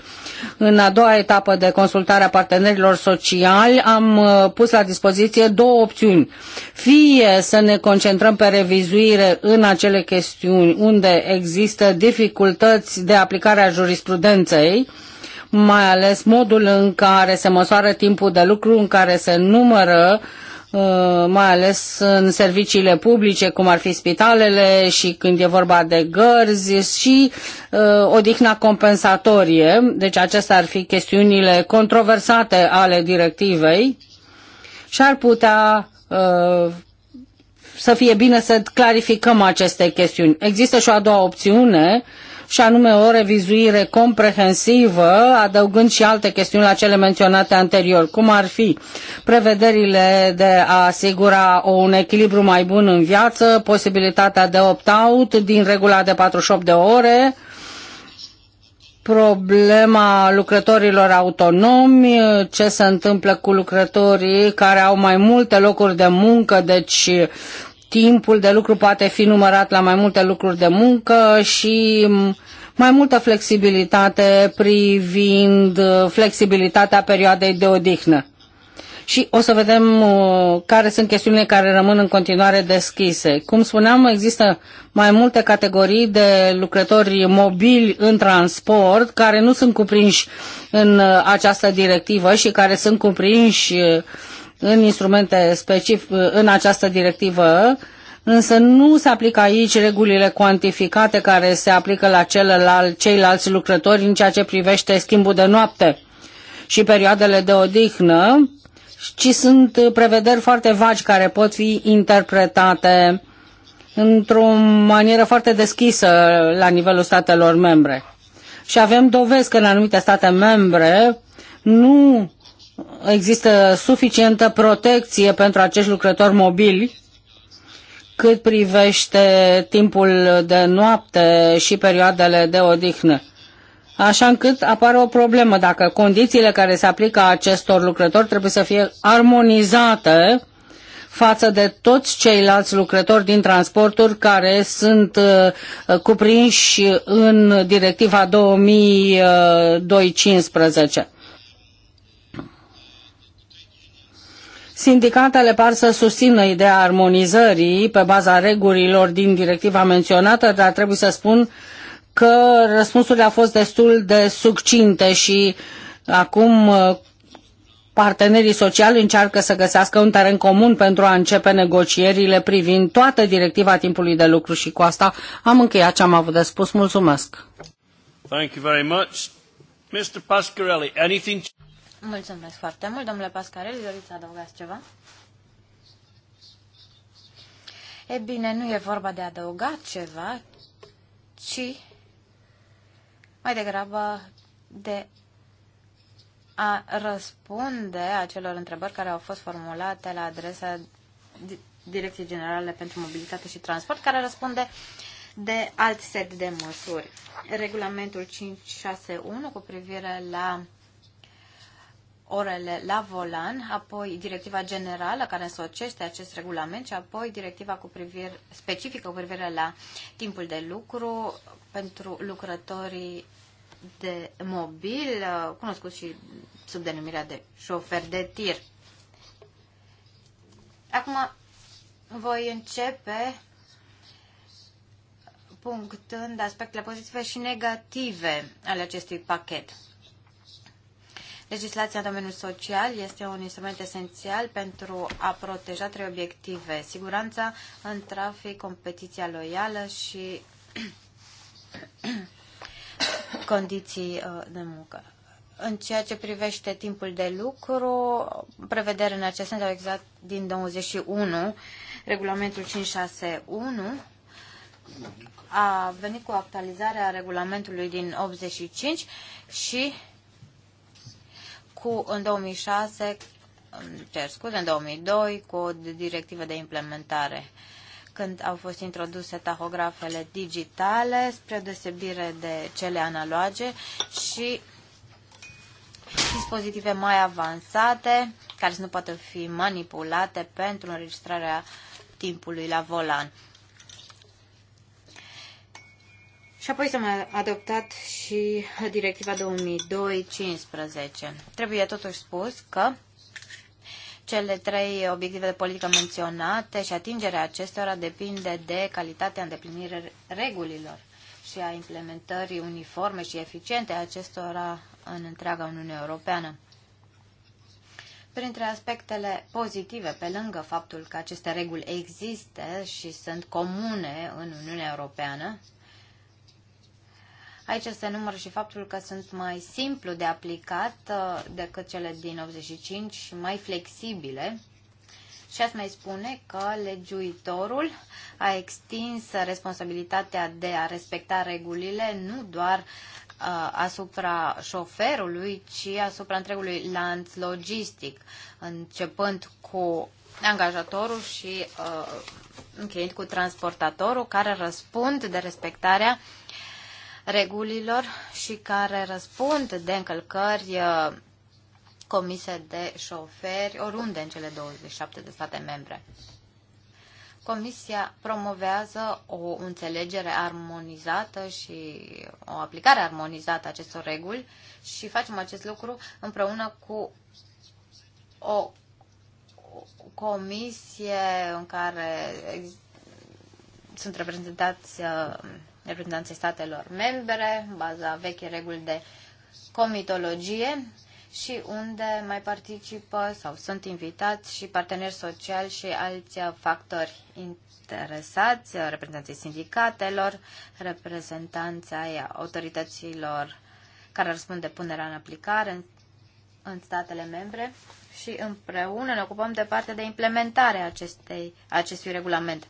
În a doua etapă de consultare a partenerilor sociali am uh, pus la dispoziție două opțiuni. Fie să ne concentrăm pe revizuire în acele chestiuni unde există dificultăți de aplicare a jurisprudenței, mai ales modul în care se măsoară timpul de lucru, în care se numără uh, Uh, mai ales în serviciile publice, cum ar fi spitalele și când e vorba de gărzi și uh, odihna compensatorie. Deci acestea ar fi chestiunile controversate ale directivei și ar putea uh, să fie bine să clarificăm aceste chestiuni. Există și o a doua opțiune uh, și anume o revizuire comprehensivă, adăugând și alte chestiuni la cele menționate anterior, cum ar fi prevederile de a asigura un echilibru mai bun în viață, posibilitatea de opt-out din regula de 48 de ore, problema lucrătorilor autonomi, ce se întâmplă cu lucrătorii care au mai multe locuri de muncă, deci timpul de lucru poate fi numărat la mai multe lucruri de muncă și mai multă flexibilitate privind uh, flexibilitatea perioadei de odihnă. Și o să vedem uh, care sunt chestiunile care rămân în continuare deschise. Cum spuneam, există mai multe categorii de lucrători mobili în transport care nu sunt cuprinși în uh, această directivă și care sunt cuprinși uh, în instrumente specific în această directivă, însă nu se aplică aici regulile cuantificate care se aplică la celălalt, ceilalți lucrători în ceea ce privește schimbul de noapte și perioadele de odihnă, ci sunt prevederi foarte vagi care pot fi interpretate într-o manieră foarte deschisă la nivelul statelor membre. Și avem dovezi că în anumite state membre nu există suficientă protecție pentru acești lucrători mobili cât privește timpul de noapte și perioadele de odihnă. Așa încât apare o problemă dacă condițiile care se aplică acestor lucrători trebuie să fie armonizate față de toți ceilalți lucrători din transporturi care sunt uh, cuprinși în directiva 2215. Sindicatele par să susțină ideea armonizării pe baza regulilor din directiva menționată, dar trebuie să spun că răspunsurile au fost destul de succinte și acum uh, partenerii sociali încearcă să găsească un teren comun pentru a începe negocierile privind toată directiva timpului de lucru și cu asta am încheiat ce am avut de spus. Mulțumesc! Thank you very much. Mr. Pascarelli, anything... Mulțumesc foarte mult, domnule Pascarel. Doriți să adăugați ceva? E bine, nu e vorba de adăugat ceva, ci mai degrabă de a răspunde acelor întrebări care au fost formulate la adresa Direcției Generale pentru Mobilitate și Transport, care răspunde de alt set de măsuri. Regulamentul 561 cu privire la orele la volan, apoi directiva generală care însocește acest regulament și apoi directiva cu privire, specifică cu privire la timpul de lucru pentru lucrătorii de mobil, uh, cunoscut și sub denumirea de șofer de tir. Acum voi începe punctând aspectele pozitive și negative ale acestui pachet. Legislația în domeniul social este un instrument esențial pentru a proteja trei obiective. Siguranța în trafic, competiția loială și <clears throat> condiții uh, de muncă. În ceea ce privește timpul de lucru, prevedere în acest sens au exact din 21, regulamentul 561, a venit cu actualizarea regulamentului din 85 și cu, în 2006, cer scuze, în 2002, cu o directivă de implementare când au fost introduse tahografele digitale, spre deosebire de cele analoge și dispozitive mai avansate, care nu pot fi manipulate pentru înregistrarea timpului la volan. Și apoi s-a mai adoptat și directiva 2002-15. Trebuie totuși spus că cele trei obiective de politică menționate și atingerea acestora depinde de calitatea îndeplinirii regulilor și a implementării uniforme și eficiente a acestora în întreaga Uniune Europeană. Printre aspectele pozitive, pe lângă faptul că aceste reguli există și sunt comune în Uniunea Europeană, Aici se numără și faptul că sunt mai simplu de aplicat uh, decât cele din 85 și mai flexibile. Și ați mai spune că legiuitorul a extins responsabilitatea de a respecta regulile nu doar uh, asupra șoferului, ci asupra întregului lanț logistic, începând cu angajatorul și uh, cu transportatorul, care răspund de respectarea uh, regulilor și care răspund de încălcări uh, comise de șoferi oriunde în cele 27 de state membre. Comisia promovează o înțelegere armonizată și o aplicare armonizată a acestor reguli și facem acest lucru împreună cu o comisie în care sunt reprezentați uh, reprezentanții statelor membre, în baza vechii reguli de comitologie și unde mai participă sau sunt invitați și parteneri sociali și alți factori interesați, reprezentanții sindicatelor, reprezentanții autorităților care răspund de punerea în aplicare în, în statele membre și împreună ne ocupăm de partea de implementare a acestei, acestui regulament.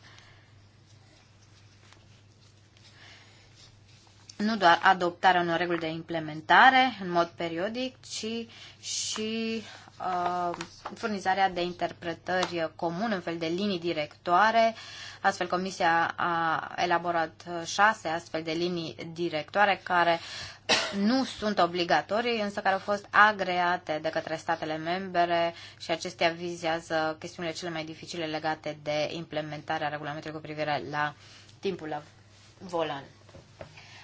nu doar adoptarea unor reguli de implementare în mod periodic, ci și uh, furnizarea de interpretări comune, în fel de linii directoare. Astfel, Comisia a elaborat șase astfel de linii directoare care nu sunt obligatorii, însă care au fost agreate de către statele membre și acestea vizează chestiunile cele mai dificile legate de implementarea regulamentului cu privire la timpul la volan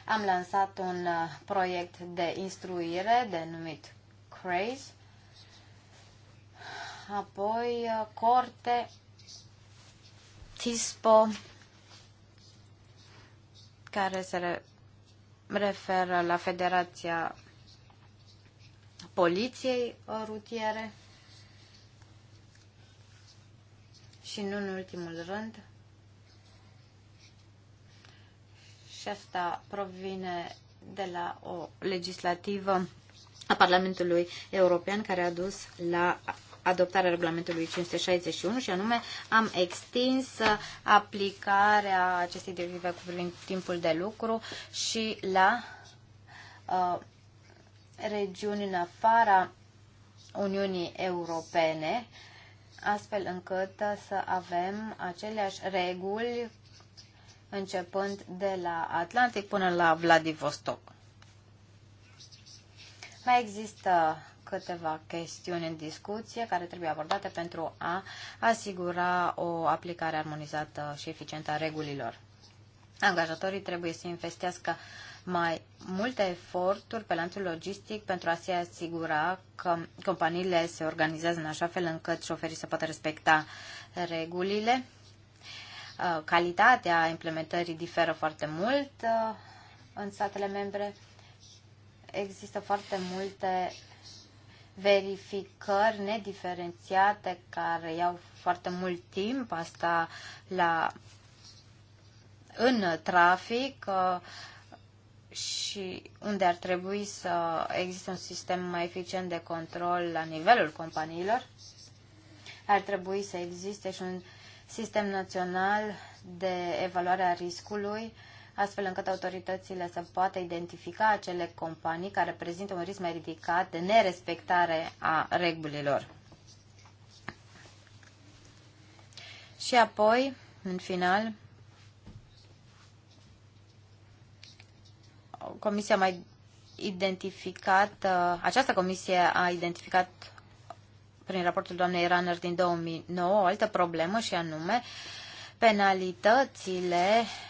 am lansat un uh, proiect de instruire denumit CRAZE, apoi uh, Corte, TISPO, care se referă la Federația Poliției uh, Rutiere și nu în ultimul rând și asta provine de la o legislativă a Parlamentului European care a dus la adoptarea regulamentului 561 și anume am extins aplicarea acestei derive cu privind timpul de lucru și la uh, regiuni în afara Uniunii Europene, astfel încât să avem aceleași reguli începând de la Atlantic până la Vladivostok. Mai există câteva chestiuni în discuție care trebuie abordate pentru a asigura o aplicare armonizată și eficientă a regulilor. Angajatorii trebuie să investească mai multe eforturi pe lanțul logistic pentru a se asigura că companiile se organizează în așa fel încât șoferii să poată respecta regulile Uh, calitatea implementării diferă foarte mult uh, în statele membre. Există foarte multe verificări nediferențiate care iau foarte mult timp asta la în trafic uh, și unde ar trebui să existe un sistem mai eficient de control la nivelul companiilor, ar trebui să existe și un uh, sistem național de evaluare a riscului, astfel încât autoritățile să poată identifica acele companii care prezintă un risc mai ridicat de nerespectare a regulilor. Și apoi, în final, comisia mai identificat, uh, această comisie a identificat prin raportul doamnei Runner din 2009, o altă problemă și anume penalitățile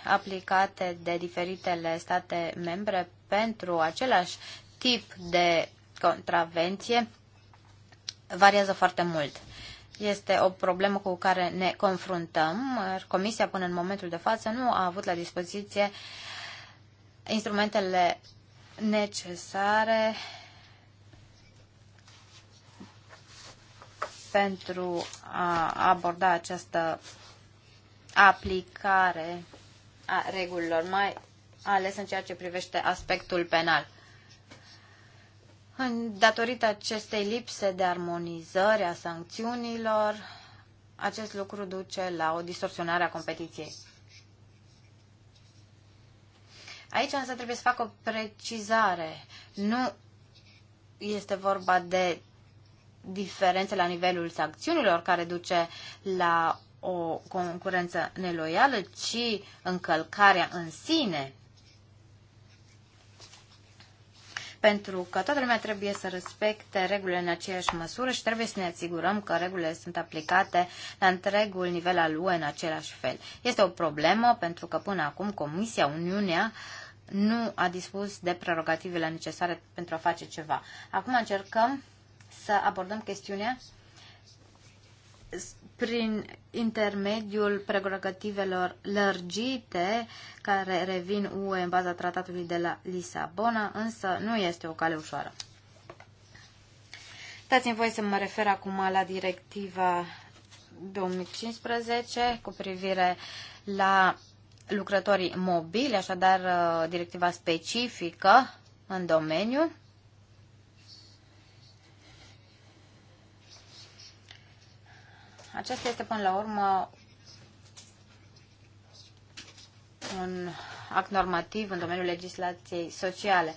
aplicate de diferitele state membre pentru același tip de contravenție variază foarte mult. Este o problemă cu care ne confruntăm. Comisia până în momentul de față nu a avut la dispoziție instrumentele necesare uh, pentru a aborda această aplicare a regulilor, mai ales în ceea ce privește aspectul penal. În, datorită acestei lipse de armonizări a sancțiunilor, acest lucru duce la o distorsionare a competiției. Aici însă trebuie să fac o precizare. Nu este vorba de diferențe la nivelul sancțiunilor care duce la o concurență neloială, ci încălcarea în sine. Pentru că toată lumea trebuie să respecte regulile în aceeași măsură și trebuie să ne asigurăm că regulile sunt aplicate la întregul nivel al UE în același fel. Este o problemă pentru că până acum Comisia, Uniunea, nu a dispus de prerogativele necesare pentru a face ceva. Acum încercăm să abordăm chestiunea prin intermediul prerogativelor lărgite care revin UE în baza tratatului de la Lisabona, însă nu este o cale ușoară. Dați-mi voie să mă refer acum la directiva 2015 cu privire la lucrătorii mobili, așadar uh, directiva specifică în domeniu. Aceasta este până la urmă un act normativ în domeniul legislației sociale.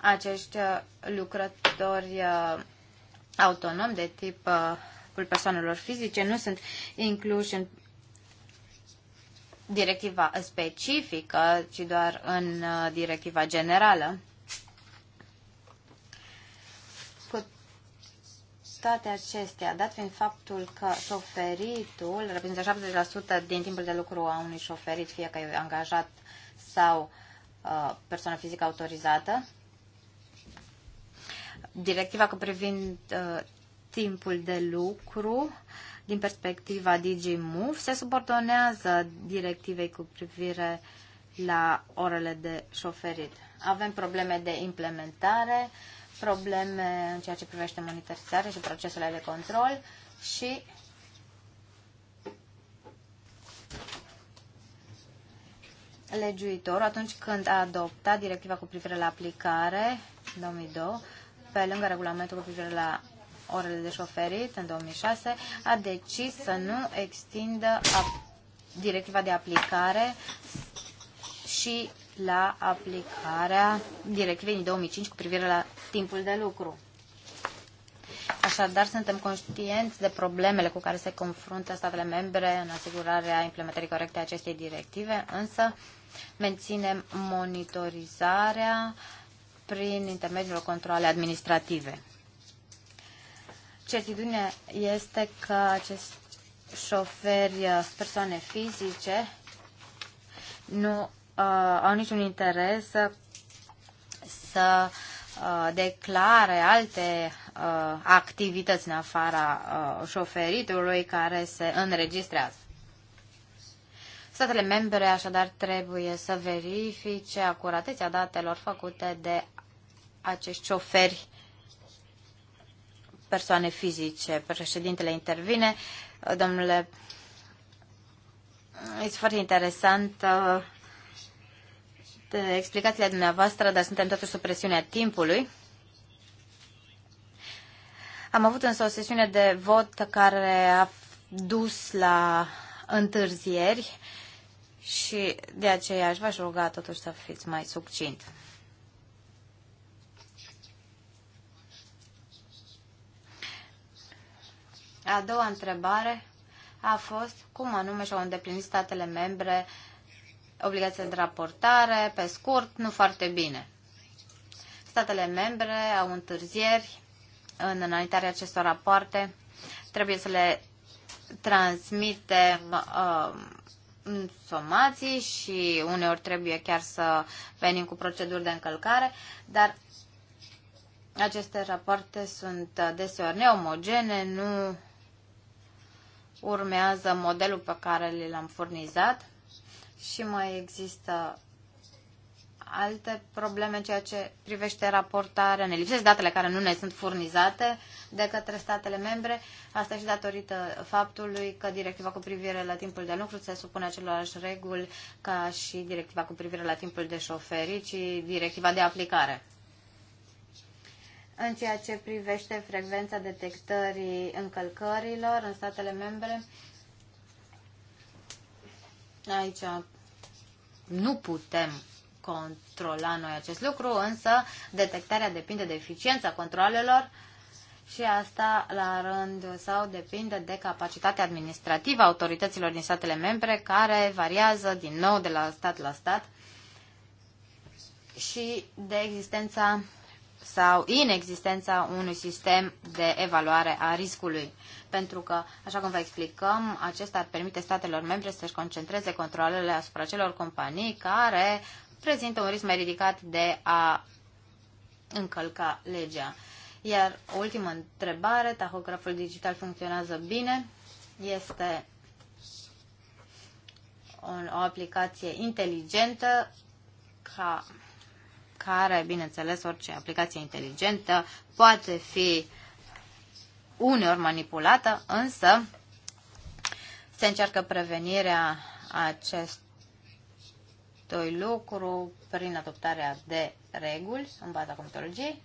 Acești uh, lucrători uh, autonomi de tipul uh, persoanelor fizice nu sunt incluși în directiva specifică, ci doar în directiva generală. toate acestea, dat fiind faptul că șoferitul reprezintă 70% din timpul de lucru a unui șoferit, fie că e angajat sau uh, persoană fizică autorizată, directiva cu privind uh, timpul de lucru din perspectiva DigiMove se subordonează directivei cu privire la orele de șoferit. Avem probleme de implementare, uh, probleme în ceea ce privește monitorizarea și procesele de control și legiuitorul, atunci când a adoptat directiva cu privire la aplicare 2002, pe lângă regulamentul cu privire la orele de șoferit în 2006, a decis să nu extindă directiva de aplicare și la aplicarea directivei 2005 cu privire la timpul de lucru. Așadar, suntem conștienți de problemele cu care se confruntă statele membre în asigurarea implementării corecte a acestei directive, însă menținem monitorizarea prin intermediul controle administrative. Certitudinea este că acești șoferi, uh, persoane fizice, nu uh, au niciun interes să, să uh, declare alte uh, activități în afara uh, șoferitului care se înregistrează. Statele membre așadar trebuie să verifice acuratețea datelor făcute de acești șoferi persoane fizice. Președintele intervine. Domnule, este foarte interesant uh, Eh, explicațiile dumneavoastră, dar suntem totuși sub presiunea timpului. Am avut însă o sesiune de vot care a dus la întârzieri și de aceea aș v-aș ruga totuși să fiți mai succint. A doua întrebare a fost cum anume și-au îndeplinit statele membre uh, obligația de raportare, pe scurt, nu foarte bine. Statele membre au întârzieri în înaintarea acestor rapoarte. Trebuie să le transmitem uh, somații și uneori trebuie chiar să venim cu proceduri de încălcare, dar aceste rapoarte sunt deseori neomogene, nu urmează modelul pe care l-am furnizat și mai există alte probleme în ceea ce privește raportarea. Ne lipsesc datele care nu ne sunt furnizate de către statele membre. Asta și datorită faptului că directiva cu privire la timpul de lucru se supune acelorași reguli ca și directiva cu privire la timpul de șoferi, ci directiva de aplicare. În ceea ce privește frecvența detectării încălcărilor în statele membre, aici nu putem controla noi acest lucru, însă detectarea depinde de eficiența controlelor și asta la rând sau depinde de capacitatea administrativă a autorităților din statele membre care variază din nou de la stat la stat și de existența sau inexistența unui sistem de evaluare a riscului pentru că, așa cum vă explicăm, acesta ar permite statelor membre să-și concentreze controlele asupra celor companii care prezintă un risc mai ridicat de a încălca legea. Iar o ultimă întrebare, tahograful digital funcționează bine, este o, o aplicație inteligentă ca, care, bineînțeles, orice aplicație inteligentă poate fi uh, uneori manipulată, însă se încearcă prevenirea acestui lucru prin adoptarea de reguli în baza comitologiei.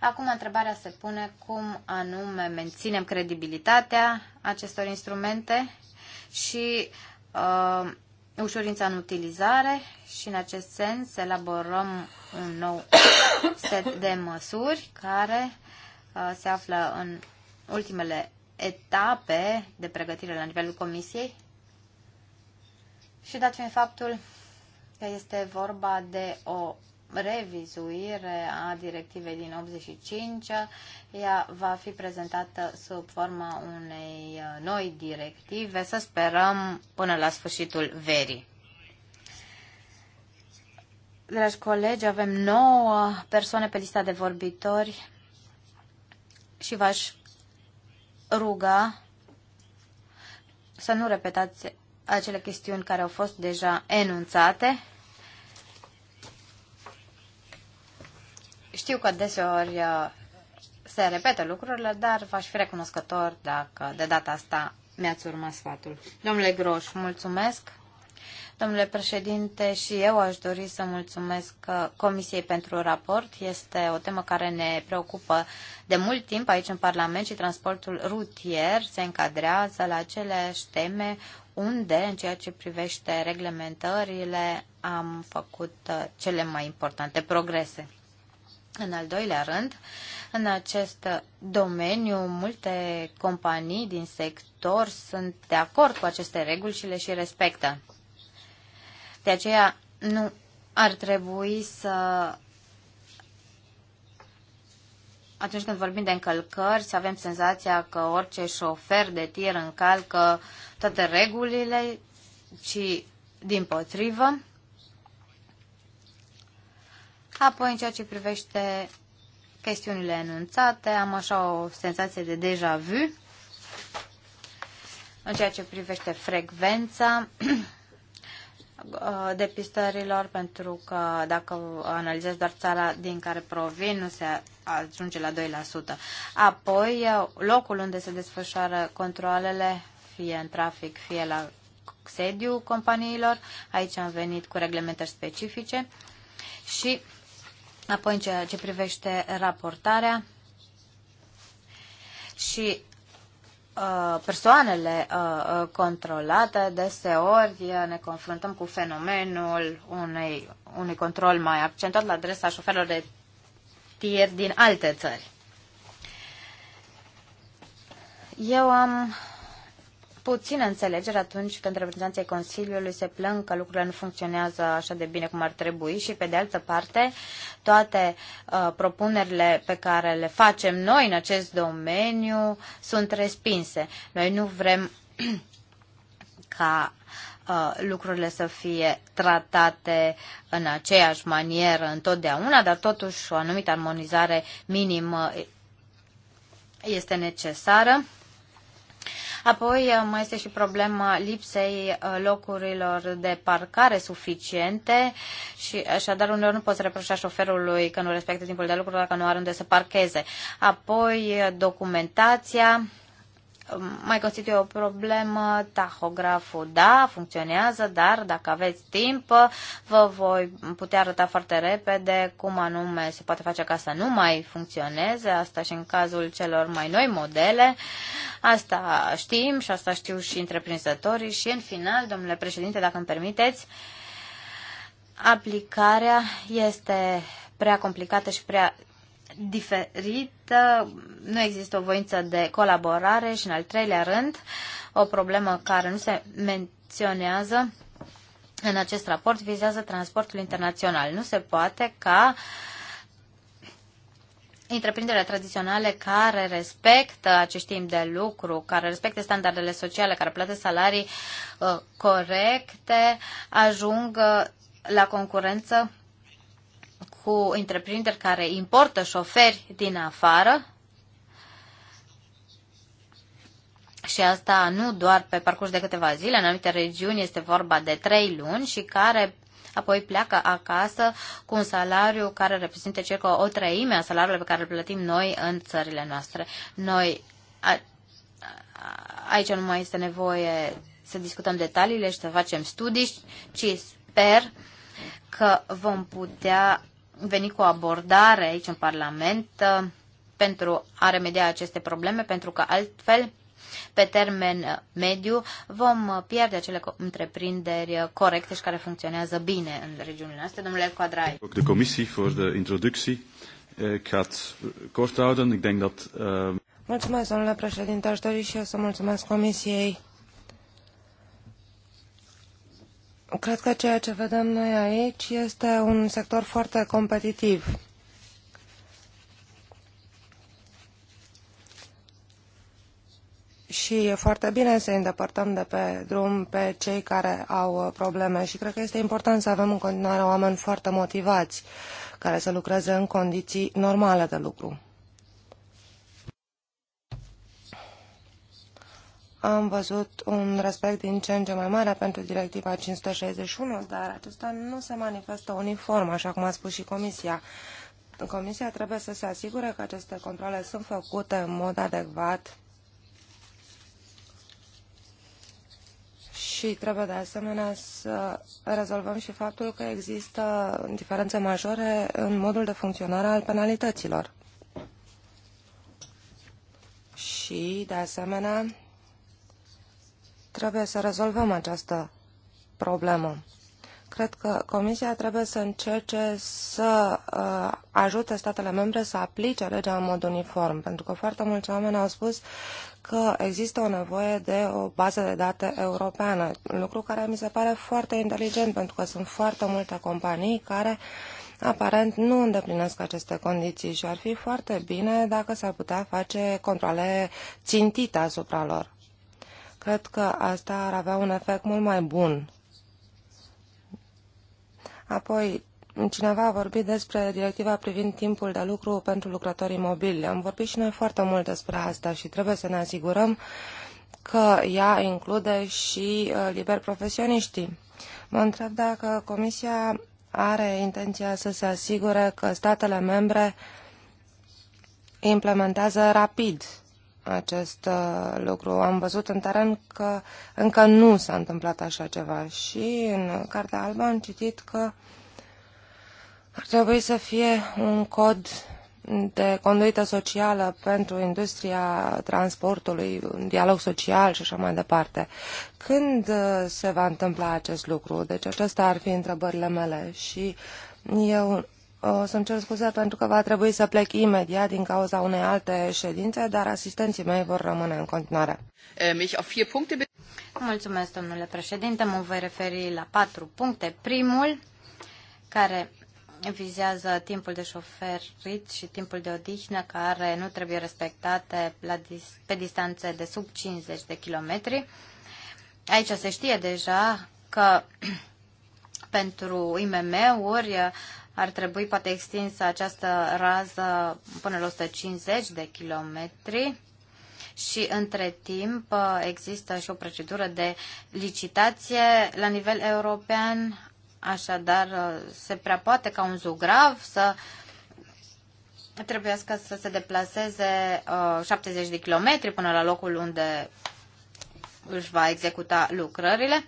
Acum întrebarea se pune cum anume menținem credibilitatea acestor instrumente și uh, ușurința în utilizare și în acest sens elaborăm un nou set de măsuri care uh, se află în ultimele etape de pregătire la nivelul comisiei și dat fiind faptul că este vorba de o revizuire a directivei din 85, ea va fi prezentată sub forma unei uh, noi directive, să sperăm până la sfârșitul verii. Dragi colegi, avem 9 persoane pe lista de vorbitori și v-aș ruga să nu repetați acele chestiuni care au fost deja enunțate. Știu că deseori uh, se repetă lucrurile, dar v-aș fi recunoscător dacă de data asta mi-ați urmat sfatul. Domnule Groș, mulțumesc! Domnule președinte, și eu aș dori să mulțumesc uh, Comisiei pentru raport. Este o temă care ne preocupă de mult timp aici în Parlament și transportul rutier se încadrează la aceleași teme unde, în ceea ce privește reglementările, am făcut uh, cele mai importante progrese. În al doilea rând, în acest domeniu, multe companii din sector sunt de acord cu aceste reguli și le și respectă. De aceea nu ar trebui să atunci când vorbim de încălcări, să avem senzația că orice șofer de tir încalcă toate regulile, ci din potrivă. Apoi, în ceea ce privește chestiunile enunțate, am așa o senzație de deja vu. În ceea ce privește frecvența, <clears throat> Uh, depistărilor, pentru că dacă analizezi doar țara din care provin, nu se ajunge la 2%. Apoi, uh, locul unde se desfășoară controlele, fie în trafic, fie la sediu companiilor, aici am venit cu reglementări specifice și apoi în ceea ce privește raportarea și Uh, persoanele uh, uh, controlate, deseori ne confruntăm cu fenomenul unei, unui control mai accentuat la adresa șoferilor de tir din alte țări. Eu am puțină înțelegere atunci când reprezentanții Consiliului se plâng că lucrurile nu funcționează așa de bine cum ar trebui și, pe de altă parte, toate uh, propunerile pe care le facem noi în acest domeniu sunt respinse. Noi nu vrem <clears throat> ca uh, lucrurile să fie tratate în aceeași manieră întotdeauna, dar totuși o anumită armonizare minimă este necesară. Apoi uh, mai este și problema lipsei uh, locurilor de parcare suficiente și așadar uneori nu poți reproșa șoferului că nu respectă timpul de lucru dacă nu are unde să parcheze. Apoi uh, documentația mai constituie o problemă tahograful. Da, funcționează, dar dacă aveți timp, vă voi putea arăta foarte repede cum anume se poate face ca să nu mai funcționeze, asta și în cazul celor mai noi modele. Asta știm și asta știu și întreprinzătorii și în final, domnule președinte, dacă îmi permiteți, aplicarea este prea complicată și prea diferit nu există o voință de colaborare și, în al treilea rând, o problemă care nu se menționează în acest raport vizează transportul internațional. Nu se poate ca întreprinderile tradiționale care respectă acest timp de lucru, care respectă standardele sociale, care plătesc salarii uh, corecte, ajung uh, la concurență cu întreprinderi care importă șoferi din afară și asta nu doar pe parcurs de câteva zile, în anumite regiuni este vorba de trei luni și care apoi pleacă acasă cu un salariu care reprezintă circa o treime a salariului pe care îl plătim noi în țările noastre. Noi a, aici nu mai este nevoie să discutăm detaliile și să facem studii, ci sper că vom putea veni cu o abordare aici în Parlament uh, pentru a remedia aceste probleme, pentru că altfel, pe termen uh, mediu, vom uh, pierde acele întreprinderi corecte și care funcționează bine în regiunile noastre. Domnule Quadrai. De comisie pentru introducție. Eh, ik ga het eh, kort houden. Ik denk dat... Uh... Mulțumesc, domnule președinte. Aș dori și eu să mulțumesc Comisiei Cred că ceea ce vedem noi aici este un sector foarte competitiv. și e foarte bine să îi îndepărtăm de pe drum pe cei care au uh, probleme și cred că este important să avem în continuare oameni foarte motivați care să lucreze în condiții normale de lucru. am văzut un respect din ce în ce mai mare pentru directiva 561, dar acesta nu se manifestă uniform, așa cum a spus și Comisia. Comisia trebuie să se asigure că aceste controle sunt făcute în mod adecvat și trebuie de asemenea să rezolvăm și faptul că există diferențe majore în modul de funcționare al penalităților. Și, de asemenea, Trebuie să rezolvăm această problemă. Cred că Comisia trebuie să încerce să uh, ajute statele membre să aplice legea în mod uniform, pentru că foarte mulți oameni au spus că există o nevoie de o bază de date europeană, lucru care mi se pare foarte inteligent, pentru că sunt foarte multe companii care aparent nu îndeplinesc aceste condiții și ar fi foarte bine dacă s-ar putea face controle țintite asupra lor. Cred că asta ar avea un efect mult mai bun. Apoi, cineva a vorbit despre directiva privind timpul de lucru pentru lucrătorii mobili. Am vorbit și noi foarte mult despre asta și trebuie să ne asigurăm că ea include și uh, liber profesioniștii. Mă întreb dacă Comisia are intenția să se asigure că statele membre implementează rapid acest uh, lucru. Am văzut în teren că încă nu s-a întâmplat așa ceva și în Cartea Albă am citit că ar trebui să fie un cod de conduită socială pentru industria transportului, un dialog social și așa mai departe. Când uh, se va întâmpla acest lucru? Deci acestea ar fi întrebările mele și eu Uh, să-mi cer scuze pentru că va trebui să plec imediat din cauza unei alte ședințe, dar asistenții mei vor rămâne în continuare. Mulțumesc, domnule președinte. Mă voi referi la patru puncte. Primul, care vizează timpul de șoferit și timpul de odihnă care nu trebuie respectate la dis- pe distanțe de sub 50 de kilometri. Aici se știe deja că <clears throat> pentru IMM-uri ar trebui poate extinsă această rază până la 150 de kilometri și între timp există și o procedură de licitație la nivel european, așadar se prea poate ca un zugrav să trebuie să se deplaseze 70 uh, de kilometri până la locul unde își va executa lucrările.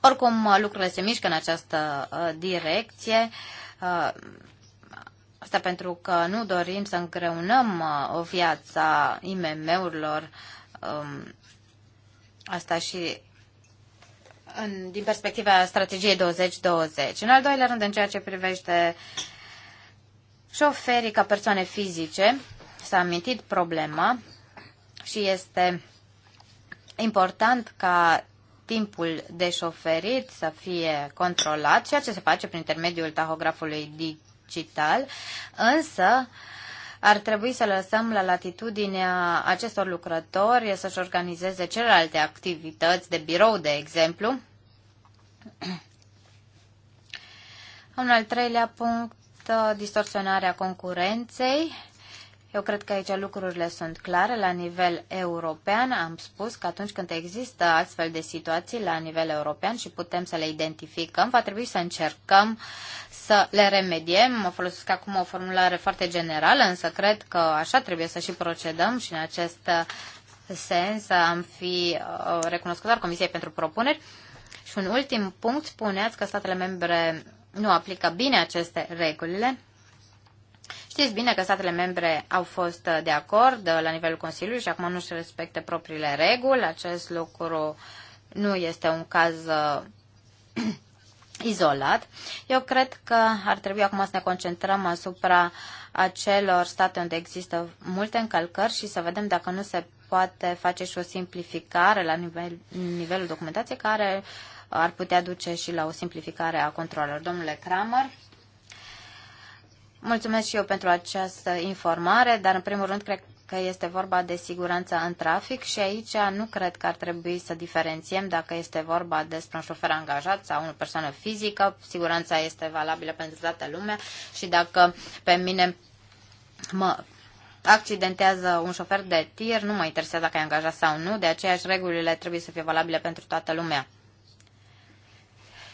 Oricum, uh, lucrurile se mișcă în această uh, direcție. Uh, asta pentru că nu dorim să îngreunăm o viața IMM-urilor. Um, asta și în, din perspectiva strategiei 2020. În al doilea rând, în ceea ce privește șoferii ca persoane fizice, s-a amintit problema și este important ca timpul de șoferit să fie controlat, ceea ce se face prin intermediul tahografului digital, însă ar trebui să lăsăm la latitudinea acestor lucrători să-și organizeze celelalte activități de birou, de exemplu. Un al treilea punct, distorsionarea concurenței. Eu cred că aici lucrurile sunt clare. La nivel european am spus că atunci când există astfel de situații la nivel european și putem să le identificăm, va trebui să încercăm să le remediem. Mă folosesc acum o formulare foarte generală, însă cred că așa trebuie să și procedăm și în acest sens am fi uh, recunoscător Comisiei pentru propuneri. Și un ultim punct, spuneați că statele membre nu aplică bine aceste regulile. Știți bine că statele membre au fost uh, de acord uh, la nivelul Consiliului și acum nu se respectă propriile reguli. Acest lucru nu este un caz uh, <clears throat> izolat. Eu cred că ar trebui acum să ne concentrăm asupra acelor state unde există multe încălcări și să vedem dacă nu se poate face și o simplificare la nivel, nivelul documentației care ar putea duce și la o simplificare a controlelor. Domnule Kramer. Mulțumesc și eu pentru această informare, dar în primul rând cred că este vorba de siguranța în trafic și aici nu cred că ar trebui să diferențiem dacă este vorba despre un șofer angajat sau o persoană fizică. Siguranța este valabilă pentru toată lumea și dacă pe mine mă accidentează un șofer de tir, nu mă interesează dacă e angajat sau nu, de aceea regulile trebuie să fie valabile pentru toată lumea.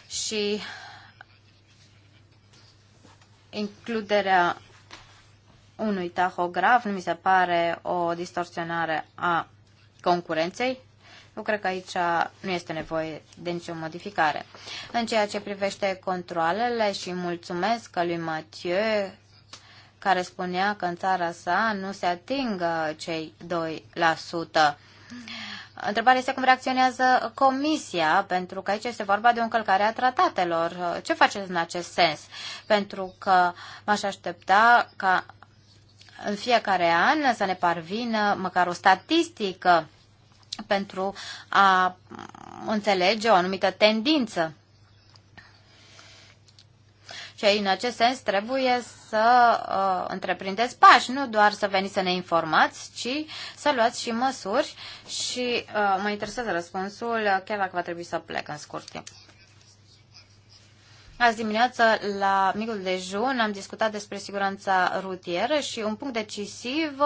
Și includerea unui tahograf nu mi se pare o distorsionare a concurenței. Eu cred că aici nu este nevoie de nicio modificare. În ceea ce privește controlele și mulțumesc că lui Mathieu care spunea că în țara sa nu se atingă cei 2%. Întrebarea este cum reacționează Comisia, pentru că aici este vorba de o încălcare a tratatelor. Ce faceți în acest sens? Pentru că m-aș aștepta ca în fiecare an să ne parvină măcar o statistică pentru a înțelege o anumită tendință. Și în acest sens trebuie să uh, întreprindeți pași, nu doar să veniți să ne informați, ci să luați și măsuri și uh, mă interesează răspunsul, chiar dacă va trebui să plec în scurt timp. Azi dimineață, la micul dejun, am discutat despre siguranța rutieră și un punct decisiv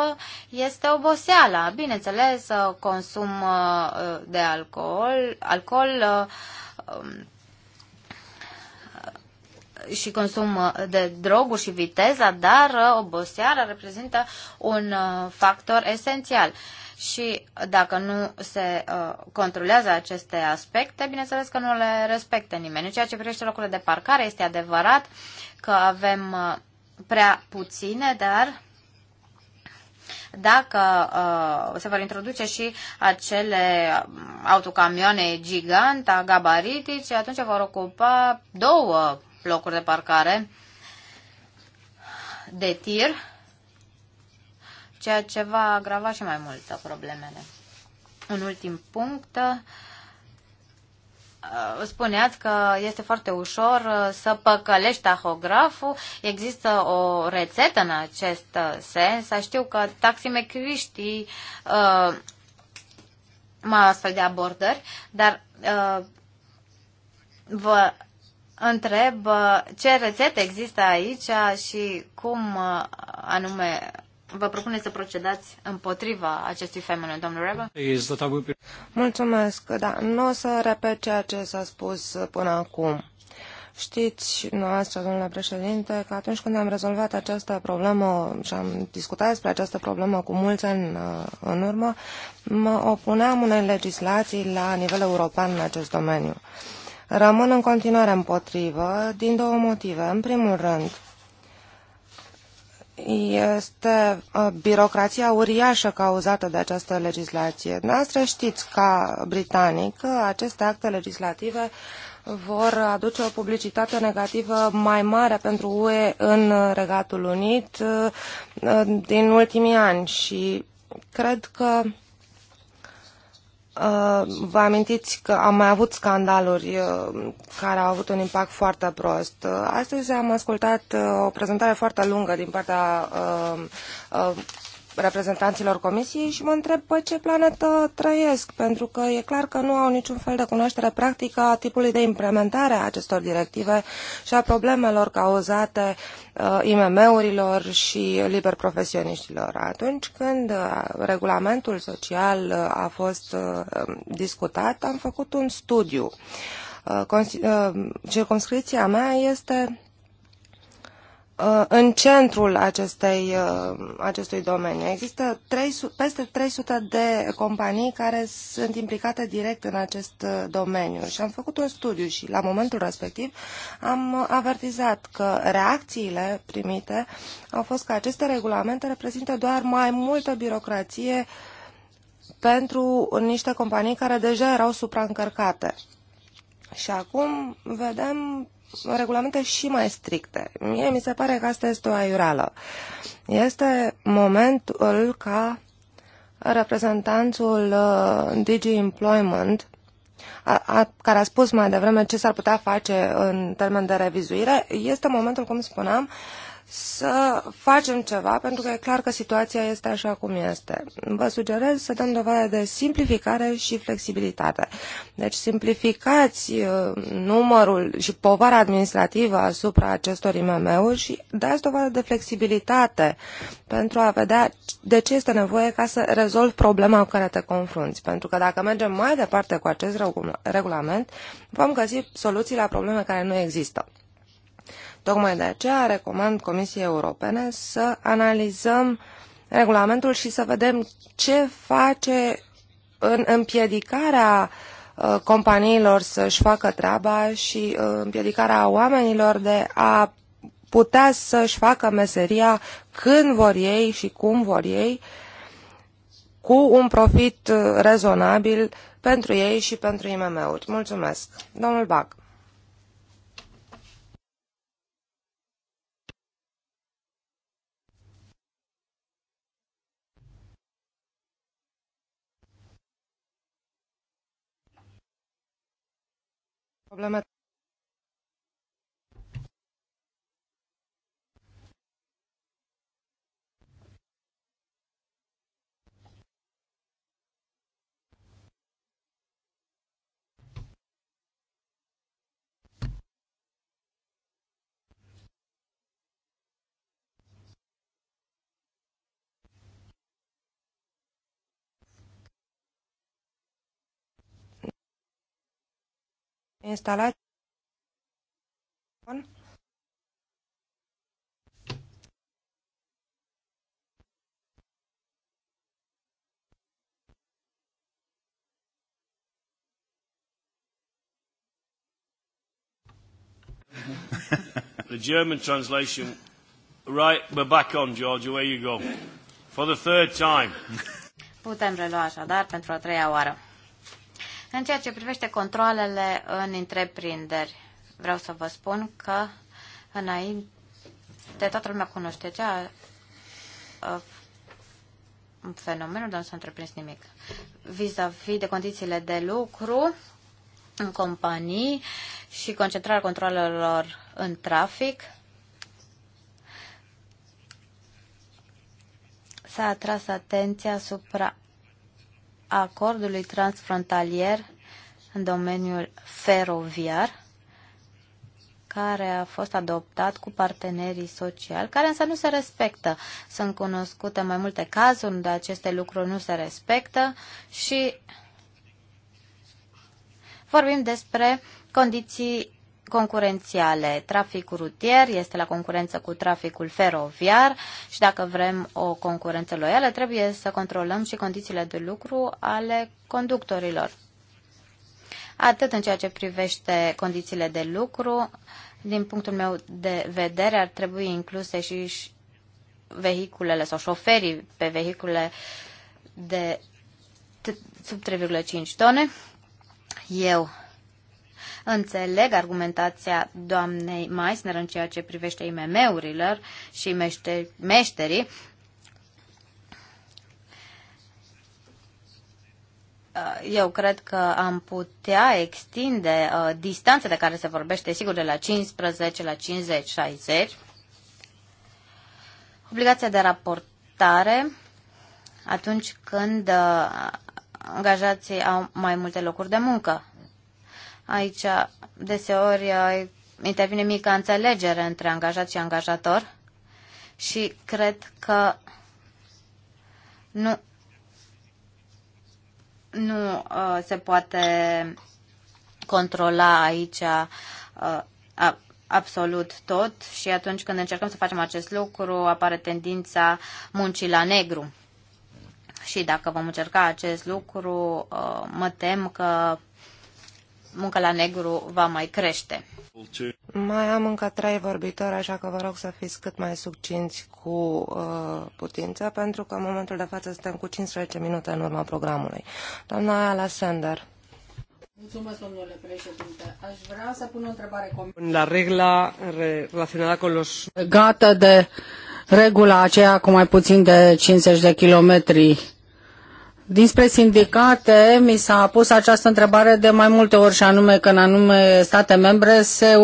este oboseala. Bineînțeles, consum uh, de alcool, alcool uh, um, și consum uh, de droguri și viteza, dar uh, oboseala reprezintă un uh, factor esențial. Și dacă nu se controlează aceste aspecte, bineînțeles că nu le respectă nimeni. În ceea ce privește locurile de parcare, este adevărat că avem prea puține, dar dacă uh, se vor introduce și acele um, autocamioane giganta, gabaritice, atunci vor ocupa două locuri de parcare de tir, ceea ce va agrava și mai mult problemele. Un ultim punct, uh, spuneați că este foarte ușor uh, să păcălești tahograful. Există o rețetă în acest uh, sens. Știu că taximecriștii mai astfel de abordări, dar uh, vă întreb uh, ce rețete există aici și cum uh, anume vă propuneți să procedați împotriva acestui fenomen, domnul Reba? Mulțumesc, da. Nu o să repet ceea ce s-a spus până acum. Știți, noastră, domnule președinte, că atunci când am rezolvat această problemă și am discutat despre această problemă cu mulți ani uh, în urmă, mă opuneam unei legislații la nivel european în acest domeniu. Uh, Rămân în continuare împotrivă din două motive. În primul rând, este uh, birocrația uriașă cauzată de această legislație. Noastră știți ca britanic că aceste acte legislative vor aduce o publicitate negativă mai mare pentru UE în Regatul Unit uh, din ultimii ani și cred că Uh, vă amintiți că am mai avut scandaluri uh, care au avut un impact foarte prost. Uh, astăzi am ascultat o prezentare foarte lungă din partea reprezentanților comisiei și mă întreb pe ce planetă trăiesc, pentru că e clar că nu au niciun fel de cunoaștere practică a tipului de implementare a acestor directive și a problemelor cauzate uh, IMM-urilor și liber profesioniștilor. Atunci când uh, regulamentul social uh, a fost uh, discutat, am făcut un studiu. Uh, uh circumscripția mea este Uh, în centrul acestei, uh, acestui domeniu. Există 300, peste 300 de companii care sunt implicate direct în acest uh, domeniu și am făcut un studiu și la momentul respectiv am avertizat că reacțiile primite au fost că aceste regulamente reprezintă doar mai multă birocrație pentru niște companii care deja erau supraîncărcate. Și acum vedem regulamente și mai stricte. Mie mi se pare că asta este o aiurală. Este momentul ca reprezentantul uh, Digi Employment a, a, care a spus mai devreme ce s-ar putea face în termen de revizuire, este momentul, cum spuneam, uh, să facem ceva, pentru că e clar că situația este așa cum este. Vă sugerez să dăm dovadă de simplificare și flexibilitate. Deci simplificați uh, numărul și povara administrativă asupra acestor IMM-uri și dați dovadă de flexibilitate pentru a vedea de ce este nevoie ca să rezolvi problema cu care te confrunți. Pentru că dacă mergem mai departe cu acest regulament, vom găsi soluții la probleme care nu există. Tocmai de aceea recomand Comisiei Europene să analizăm regulamentul și să vedem ce face în împiedicarea uh, companiilor să-și facă treaba și uh, împiedicarea oamenilor de a putea să-și facă meseria când vor ei și cum vor ei, cu un profit uh, rezonabil pentru ei și pentru IMM-uri. Mulțumesc. Domnul Bac. probleme instalați the German translation. Right, we're back on, Georgia. Where you go. For the third time. Putem relua așadar pentru a treia oară. În ceea ce privește controlele în întreprinderi, vreau să vă spun că înainte toată lumea cunoște cea a, uh, a, fenomenul, dar nu s-a întreprins nimic. Vis-a-vis -vis de condițiile de lucru în companii și concentrarea controlelor în trafic, s-a atras atenția asupra acordului transfrontalier în domeniul feroviar, care a fost adoptat cu partenerii sociali, care însă nu se respectă. Sunt cunoscute mai multe cazuri unde aceste lucruri nu se respectă și vorbim despre condiții concurențiale. Traficul rutier este la concurență cu traficul feroviar și dacă vrem o concurență loială, trebuie să controlăm și condițiile de lucru ale conductorilor. Atât în ceea ce privește condițiile de lucru, din punctul meu de vedere, ar trebui incluse și vehiculele sau șoferii pe vehicule de sub 3,5 tone. Eu Înțeleg argumentația doamnei Meissner în ceea ce privește IMM-urilor și meșterii, uh, eu cred că am putea extinde uh, distanța de care se vorbește, sigur, de la 15 la 50, 60. Obligația de raportare atunci când uh, angajații au mai multe locuri de muncă. Aici deseori intervine mică înțelegere între angajat și angajator și cred că nu, nu uh, se poate controla aici uh, a, absolut tot și atunci când încercăm să facem acest lucru apare tendința muncii la negru. Și dacă vom încerca acest lucru, uh, mă tem că munca la negru va mai crește. Mai am încă trei vorbitori, așa că vă rog să fiți cât mai succinți cu uh, putință, pentru că în momentul de față suntem cu 15 minute în urma programului. Doamna Alessander. Mulțumesc, domnule președinte. Aș vrea să pun o întrebare comună. La regla relaționată cu los... Gata de regula aceea cu mai puțin de 50 de kilometri Dinspre sindicate mi s-a pus această întrebare de mai multe ori și anume că în anume state membre se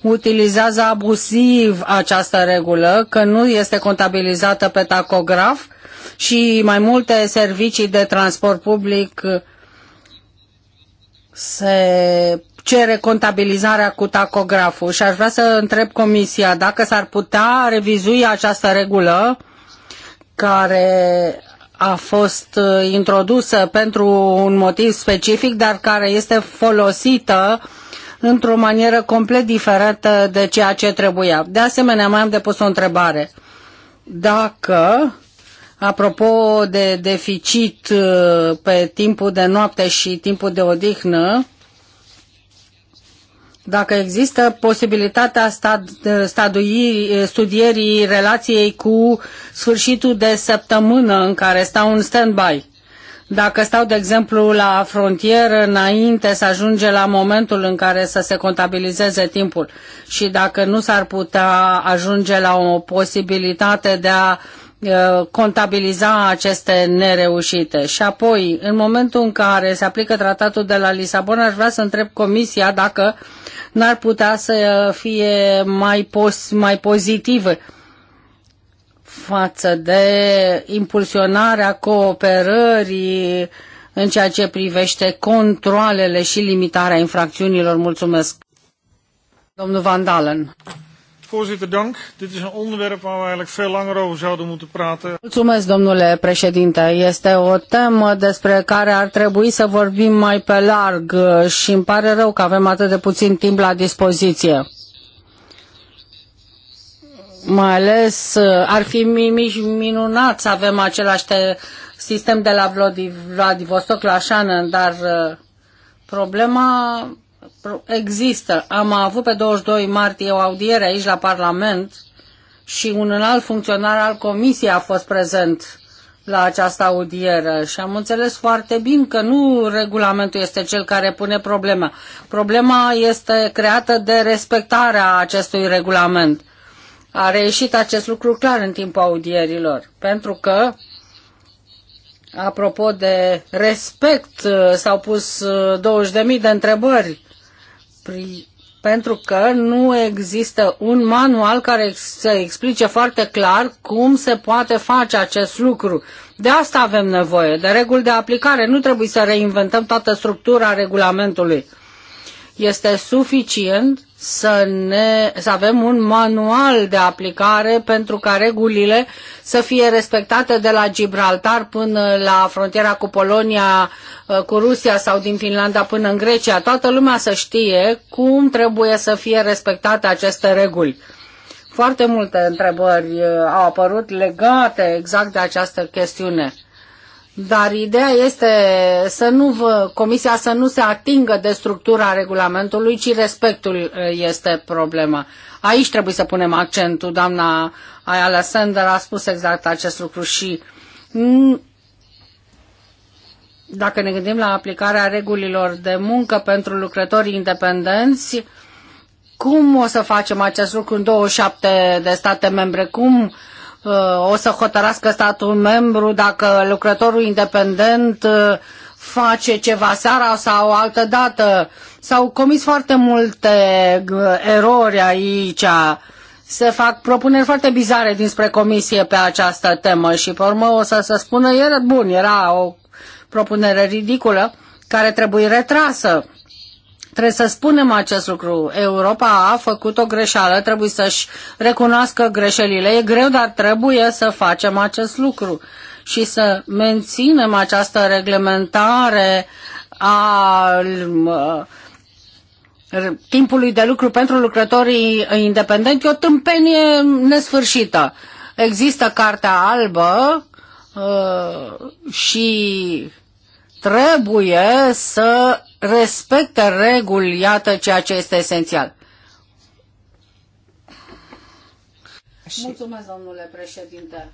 utilizează abuziv această regulă, că nu este contabilizată pe tacograf și mai multe servicii de transport public se cere contabilizarea cu tacograful și aș vrea să întreb Comisia dacă s-ar putea revizui această regulă care a fost uh, introdusă pentru un motiv specific, dar care este folosită într-o manieră complet diferită de ceea ce trebuia. De asemenea, mai am depus o întrebare. Dacă, apropo de deficit uh, pe timpul de noapte și timpul de odihnă, dacă există posibilitatea staduirii, studierii relației cu sfârșitul de săptămână în care stau în stand-by. Dacă stau, de exemplu, la frontieră înainte să ajunge la momentul în care să se contabilizeze timpul și dacă nu s-ar putea ajunge la o posibilitate de a Uh, contabiliza aceste nereușite. Și apoi, în momentul în care se aplică tratatul de la Lisabona, aș vrea să întreb Comisia dacă n-ar putea să fie mai, pos- mai pozitivă față de impulsionarea cooperării în ceea ce privește controlele și limitarea infracțiunilor. Mulțumesc. Domnul Van Dalen. Voorzitter, dank. Dit is een onderwerp waar we eigenlijk veel langer over zouden moeten praten. Mulțumesc, domnule președinte. Este o temă despre care ar trebui să vorbim mai pe larg și îmi pare rău că avem atât de puțin timp la dispoziție. Mai ales ar fi minunat să avem același sistem de la Vladivostok la Shannon, dar uh, problema există. Am avut pe 22 martie o audiere aici la Parlament și un alt funcționar al Comisiei a fost prezent la această audieră și am înțeles foarte bine că nu regulamentul este cel care pune problema. Problema este creată de respectarea acestui regulament. A reieșit acest lucru clar în timpul audierilor, pentru că, apropo de respect, s-au pus 20.000 uh, de întrebări pentru că nu există un manual care să explice foarte clar cum se poate face acest lucru. De asta avem nevoie, de reguli de aplicare. Nu trebuie să reinventăm toată structura regulamentului. Este suficient să, ne, să avem un manual de aplicare pentru ca regulile să fie respectate de la Gibraltar până la frontiera cu Polonia, uh, cu Rusia sau din Finlanda până în Grecia. Toată lumea să știe cum trebuie să fie respectate aceste reguli. Foarte multe întrebări uh, au apărut legate exact de această chestiune. Dar ideea este să nu vă, comisia să nu se atingă de structura regulamentului, ci respectul eh, este problema. Aici trebuie să punem accentul. Doamna Ayala Sender a spus exact acest lucru și dacă ne gândim la aplicarea regulilor de muncă pentru lucrătorii independenți, cum o să facem acest lucru în 27 de state membre? Cum uh, Uh, o să hotărască statul membru dacă lucrătorul independent uh, face ceva seara sau altă dată. S-au comis foarte multe uh, erori aici. Se fac propuneri foarte bizare dinspre comisie pe această temă și pe urmă o să se spună, era bun, era o propunere ridiculă care trebuie retrasă. Trebuie să spunem acest lucru. Europa a făcut o greșeală, trebuie să-și recunoască greșelile. E greu, dar trebuie să facem acest lucru și să menținem această reglementare a uh, timpului de lucru pentru lucrătorii independenți e o tâmpenie nesfârșită. Există Cartea Albă uh, și trebuie să respecte reguli, iată ceea ce este esențial. Mulțumesc, domnule președinte.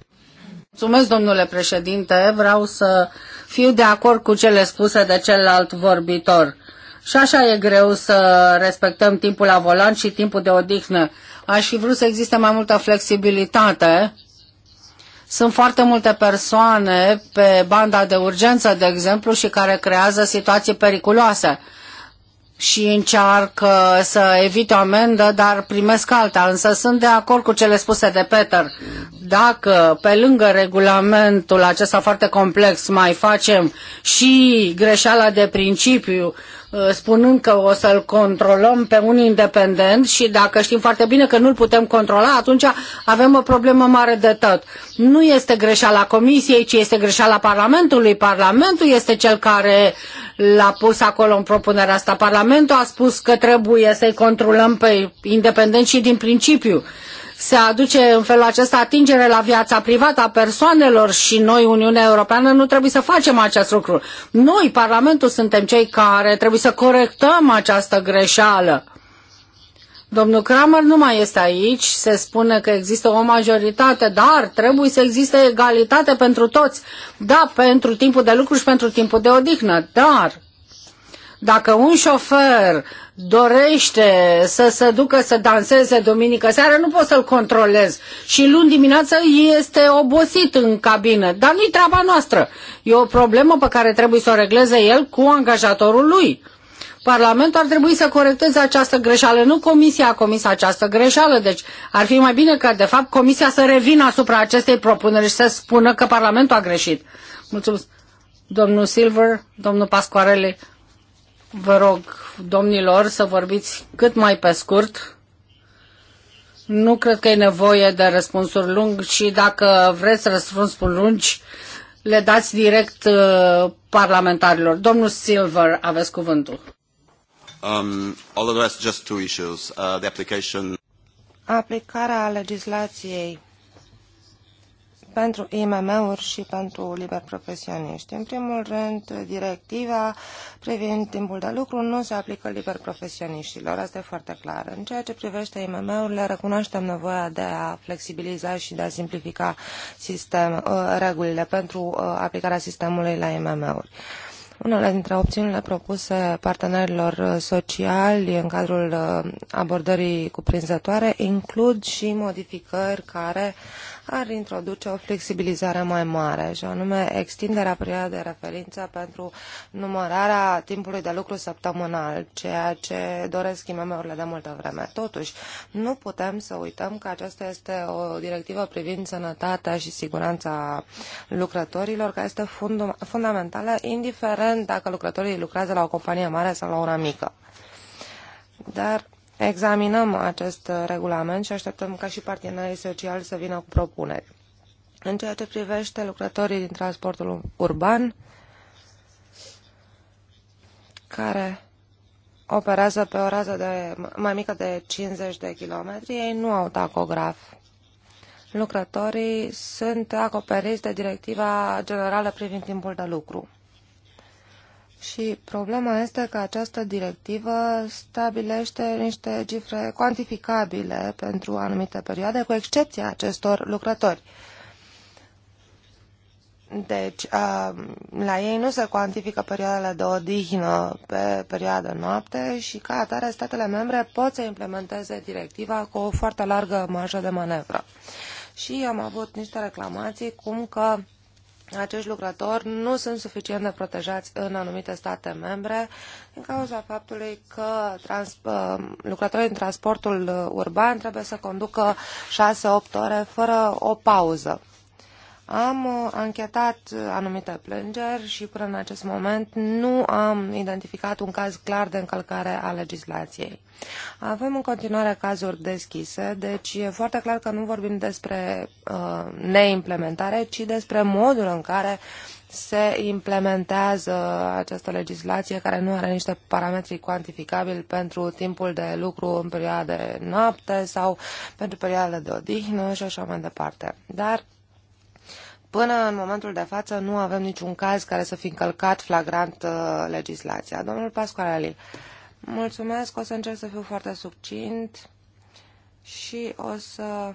Mulțumesc, domnule președinte. Vreau să fiu de acord cu cele spuse de celălalt vorbitor. Și așa e greu să respectăm timpul la volan și timpul de odihnă. Aș fi vrut să existe mai multă flexibilitate sunt foarte multe persoane pe banda de urgență, de exemplu, și care creează situații periculoase și încearcă să evite o amendă, dar primesc alta. Însă sunt de acord cu cele spuse de Peter. Dacă pe lângă regulamentul acesta foarte complex mai facem și greșeala de principiu Uh, spunând că o să-l controlăm pe un independent și dacă știm foarte bine că nu-l putem controla, atunci avem o problemă mare de tot. Nu este greșeala Comisiei, ci este greșeala Parlamentului. Parlamentul este cel care l-a pus acolo în propunerea asta. Parlamentul a spus că trebuie să-i controlăm pe independenți și din principiu se aduce în felul acesta atingere la viața privată a persoanelor și noi, Uniunea Europeană, nu trebuie să facem acest lucru. Noi, Parlamentul, suntem cei care trebuie să corectăm această greșeală. Domnul Kramer nu mai este aici, se spune că există o majoritate, dar trebuie să existe egalitate pentru toți. Da, pentru timpul de lucru și pentru timpul de odihnă, dar dacă un șofer dorește să se ducă să danseze duminică seara, nu poți să-l controlezi. Și luni dimineață este obosit în cabină, dar nu-i treaba noastră. E o problemă pe care trebuie să o regleze el cu angajatorul lui. Parlamentul ar trebui să corecteze această greșeală. Nu Comisia a comis această greșeală, deci ar fi mai bine ca, de fapt, Comisia să revină asupra acestei propuneri și să spună că Parlamentul a greșit. Mulțumesc. Domnul Silver, domnul Pascoarele, Vă rog, domnilor, să vorbiți cât mai pe scurt. Nu cred că e nevoie de răspunsuri lungi și dacă vreți răspunsuri lungi, le dați direct uh, parlamentarilor. Domnul Silver, aveți cuvântul. Um, all the rest, just two issues. Uh, the application... Aplicarea legislației pentru IMM-uri și pentru liber profesioniști. În primul rând, directiva privind timpul de lucru nu se aplică liber profesioniștilor, asta e foarte clar. În ceea ce privește IMM-urile, recunoaștem nevoia de a flexibiliza și de a simplifica sistem, uh, regulile pentru uh, aplicarea sistemului la IMM-uri. Unele dintre opțiunile propuse partenerilor uh, sociali în cadrul abordării cuprinzătoare includ și modificări care uh, ar introduce o flexibilizare mai mare, și anume extinderea perioadei de referință pentru numărarea timpului de lucru săptămânal, ceea ce doresc IMM-urile de multă vreme. Totuși, nu putem să uităm că aceasta este o directivă privind sănătatea și siguranța lucrătorilor, care este fund fundamentală, indiferent dacă lucrătorii lucrează la o companie mare sau la una mică. Dar examinăm acest uh, regulament și așteptăm ca și partenerii sociali să vină cu propuneri. În ceea ce privește lucrătorii din transportul urban, care operează pe o rază de, mai mică de 50 de kilometri, ei nu au tacograf. Lucrătorii sunt acoperiți de Directiva Generală privind timpul de lucru. Și problema este că această directivă stabilește niște cifre cuantificabile pentru anumite perioade, cu excepția acestor lucrători. Deci, a, la ei nu se cuantifică perioadele de odihnă pe perioadă noapte și, ca atare, statele membre pot să implementeze directiva cu o foarte largă marjă de manevră. Și am avut niște reclamații cum că acești lucrători nu sunt suficient de protejați în anumite state membre din cauza faptului că trans, uh, lucrătorii în transportul urban trebuie să conducă 6-8 ore fără o pauză. Am uh, anchetat uh, anumite plângeri și până în acest moment nu am identificat un caz clar de încălcare a legislației. Avem în continuare cazuri deschise, deci e foarte clar că nu vorbim despre uh, neimplementare, ci despre modul în care se implementează această legislație care nu are niște parametri cuantificabili pentru timpul de lucru în perioade noapte sau pentru perioade de odihnă și așa mai departe. Dar Până în momentul de față nu avem niciun caz care să fi încălcat flagrant uh, legislația. Domnul Pascualali, mulțumesc, o să încerc să fiu foarte succint și o să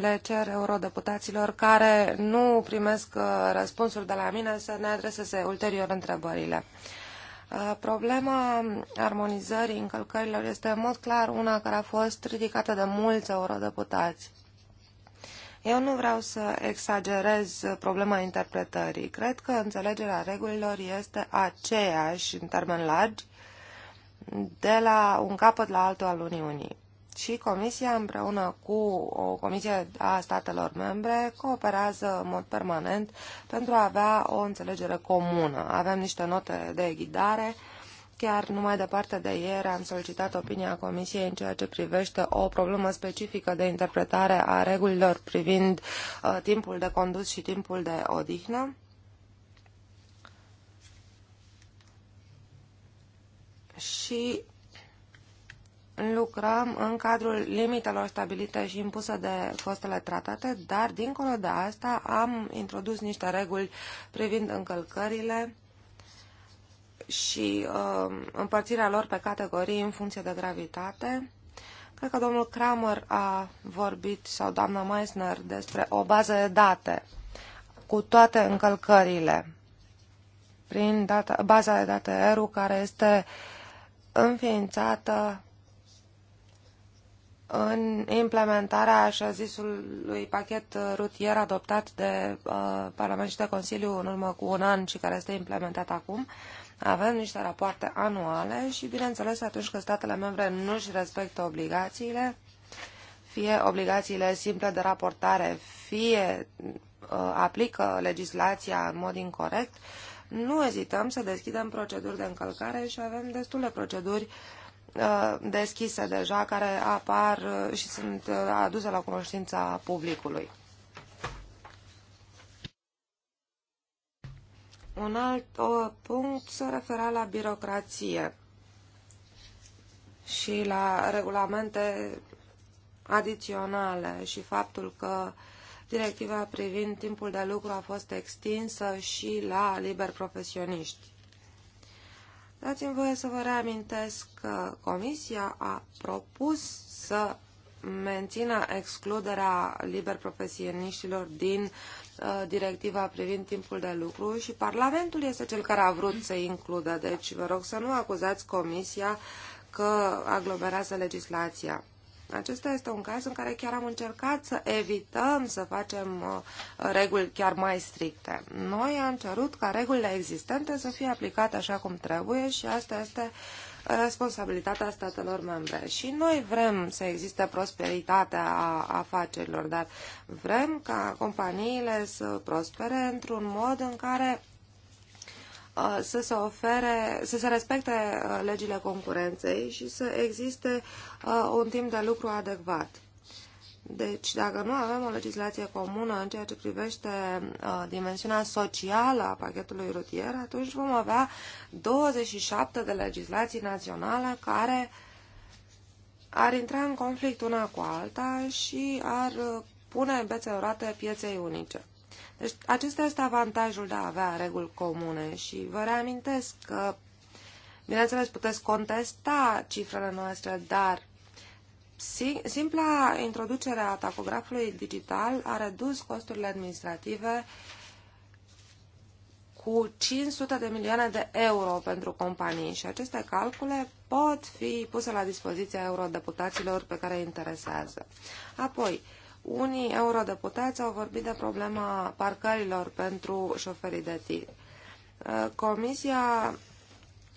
le cer eurodeputaților care nu primesc uh, răspunsuri de la mine să ne adreseze ulterior întrebările. Uh, problema armonizării încălcărilor este în mod clar una care a fost ridicată de mulți eurodeputați. Eu nu vreau să exagerez problema interpretării. Cred că înțelegerea regulilor este aceeași în termen largi de la un capăt la altul al Uniunii. Și Comisia, împreună cu o Comisie a statelor membre, cooperează în mod permanent pentru a avea o înțelegere comună. Avem niște note de ghidare uh, Chiar numai departe de ieri am solicitat opinia Comisiei în ceea ce privește o problemă specifică de interpretare a regulilor privind uh, timpul de condus și timpul de odihnă. Și lucrăm în cadrul limitelor stabilite și impuse de fostele tratate, dar dincolo de asta am introdus niște reguli privind încălcările și uh, împărțirea lor pe categorii în funcție de gravitate. Cred că domnul Kramer a vorbit, sau doamna Meissner, despre o bază de date cu toate încălcările prin data, baza de date ERU care este înființată în implementarea așa zisului pachet rutier adoptat de uh, Parlament și de Consiliu în urmă cu un an și care este implementat acum. Uh, avem niște rapoarte anuale și, bineînțeles, atunci când statele membre nu își respectă obligațiile, fie obligațiile simple de raportare, fie uh, aplică legislația în mod incorrect, nu ezităm să deschidem proceduri de încălcare și avem destule proceduri uh, deschise deja, care apar uh, și sunt aduse la cunoștința publicului. Un alt punct se refera la birocrație și la regulamente adiționale și faptul că directiva privind timpul de lucru a fost extinsă și la liber profesioniști. Dați-mi voie să vă reamintesc că Comisia a propus să mențină excluderea liber profesioniștilor din uh, Uh, directiva privind timpul de lucru și Parlamentul este cel care a vrut să includă. Deci vă rog să nu acuzați Comisia că aglomerează legislația. Acesta este un caz în care chiar am încercat să evităm să facem uh, reguli chiar mai stricte. Noi am cerut ca regulile existente să fie aplicate așa cum trebuie și asta este responsabilitatea statelor membre. Și noi vrem să existe prosperitatea a afacerilor, dar vrem ca companiile să prospere într-un mod în care uh, să se ofere, să se respecte uh, legile concurenței și să existe uh, un timp de lucru adecvat. Deci, dacă nu avem o legislație comună în ceea ce privește uh, dimensiunea socială a pachetului rutier, atunci vom avea 27 de legislații naționale care ar intra în conflict una cu alta și ar uh, pune bețe roate pieței unice. Deci, acesta este avantajul de a avea reguli comune și vă reamintesc că, bineînțeles, puteți contesta cifrele noastre, dar Simpla introducere a tacografului digital a redus costurile administrative cu 500 de milioane de euro pentru companii și aceste calcule pot fi puse la dispoziția eurodeputaților pe care îi interesează. Apoi, unii eurodeputați au vorbit de problema parcărilor pentru șoferii de tir. Comisia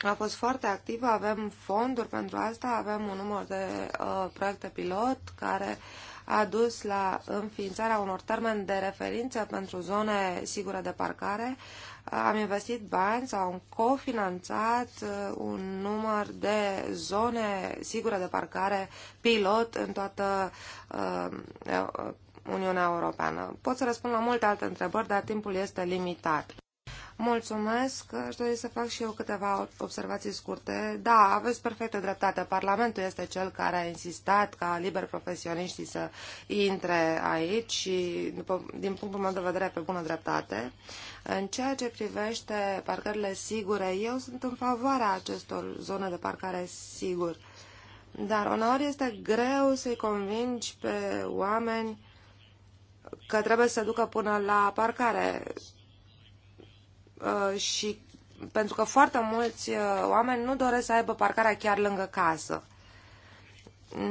a fost foarte activă, avem fonduri pentru asta, avem un număr de uh, proiecte pilot care a dus la înființarea unor termeni de referință pentru zone sigure de parcare. Uh, am investit bani sau am cofinanțat uh, un număr de zone sigure de parcare pilot în toată uh, uh, Uniunea Europeană. Pot să răspund la multe alte întrebări, dar timpul este limitat. Mulțumesc. Aș dori să fac și eu câteva observații scurte. Da, aveți perfectă dreptate. Parlamentul este cel care a insistat ca liber profesioniștii să intre aici și, după, din punctul meu de vedere, pe bună dreptate. În ceea ce privește parcările sigure, eu sunt în favoarea acestor zone de parcare sigur. Dar uneori este greu să-i convingi pe oameni că trebuie să ducă până la parcare Uh, și pentru că foarte mulți uh, oameni nu doresc să aibă parcarea chiar lângă casă.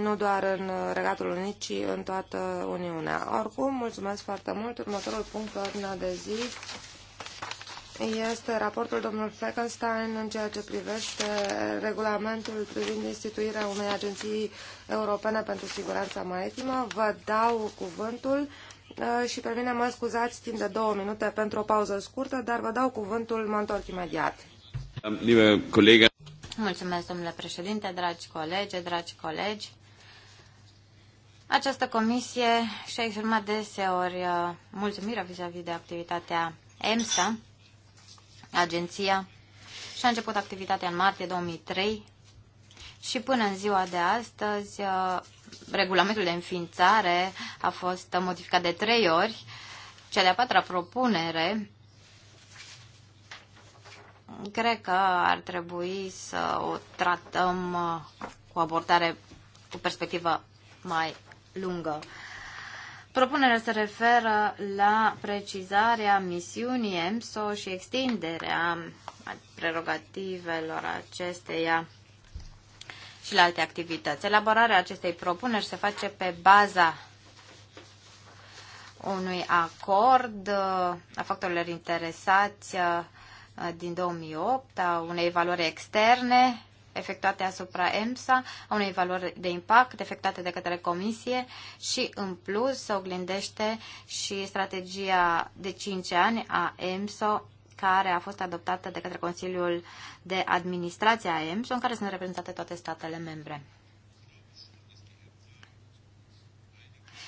Nu doar în uh, Regatul Unit, ci în toată Uniunea. Oricum, mulțumesc foarte mult. Următorul punct pe ordinea de zi este raportul domnului Fleckenstein în ceea ce privește regulamentul privind instituirea unei agenții europene pentru siguranța maritimă. Vă dau cuvântul. Uh, și pe mine mă scuzați timp de două minute pentru o pauză scurtă, dar vă dau cuvântul, mă întorc imediat. Mulțumesc, domnule președinte, dragi colegi, dragi colegi. Această comisie și-a exprimat deseori uh, mulțumirea vis-a-vis de activitatea EMSA, agenția, și-a început activitatea în martie 2003 și până în ziua de astăzi uh, regulamentul de înființare a fost modificat de trei ori. Cea de-a patra propunere cred că ar trebui să o tratăm uh, cu abordare cu perspectivă mai lungă. Propunerea se referă la precizarea misiunii EMSO și extinderea prerogativelor acesteia și la alte activități. Elaborarea acestei propuneri se face pe baza unui acord uh, a factorilor interesați uh, din 2008, a unei evaluări externe efectuate asupra EMSA, a unei valori de impact efectuate de către Comisie și, în plus, se oglindește și strategia de 5 ani a EMSO care a fost adoptată de către Consiliul de Administrație a EMSO, în care sunt reprezentate toate statele membre.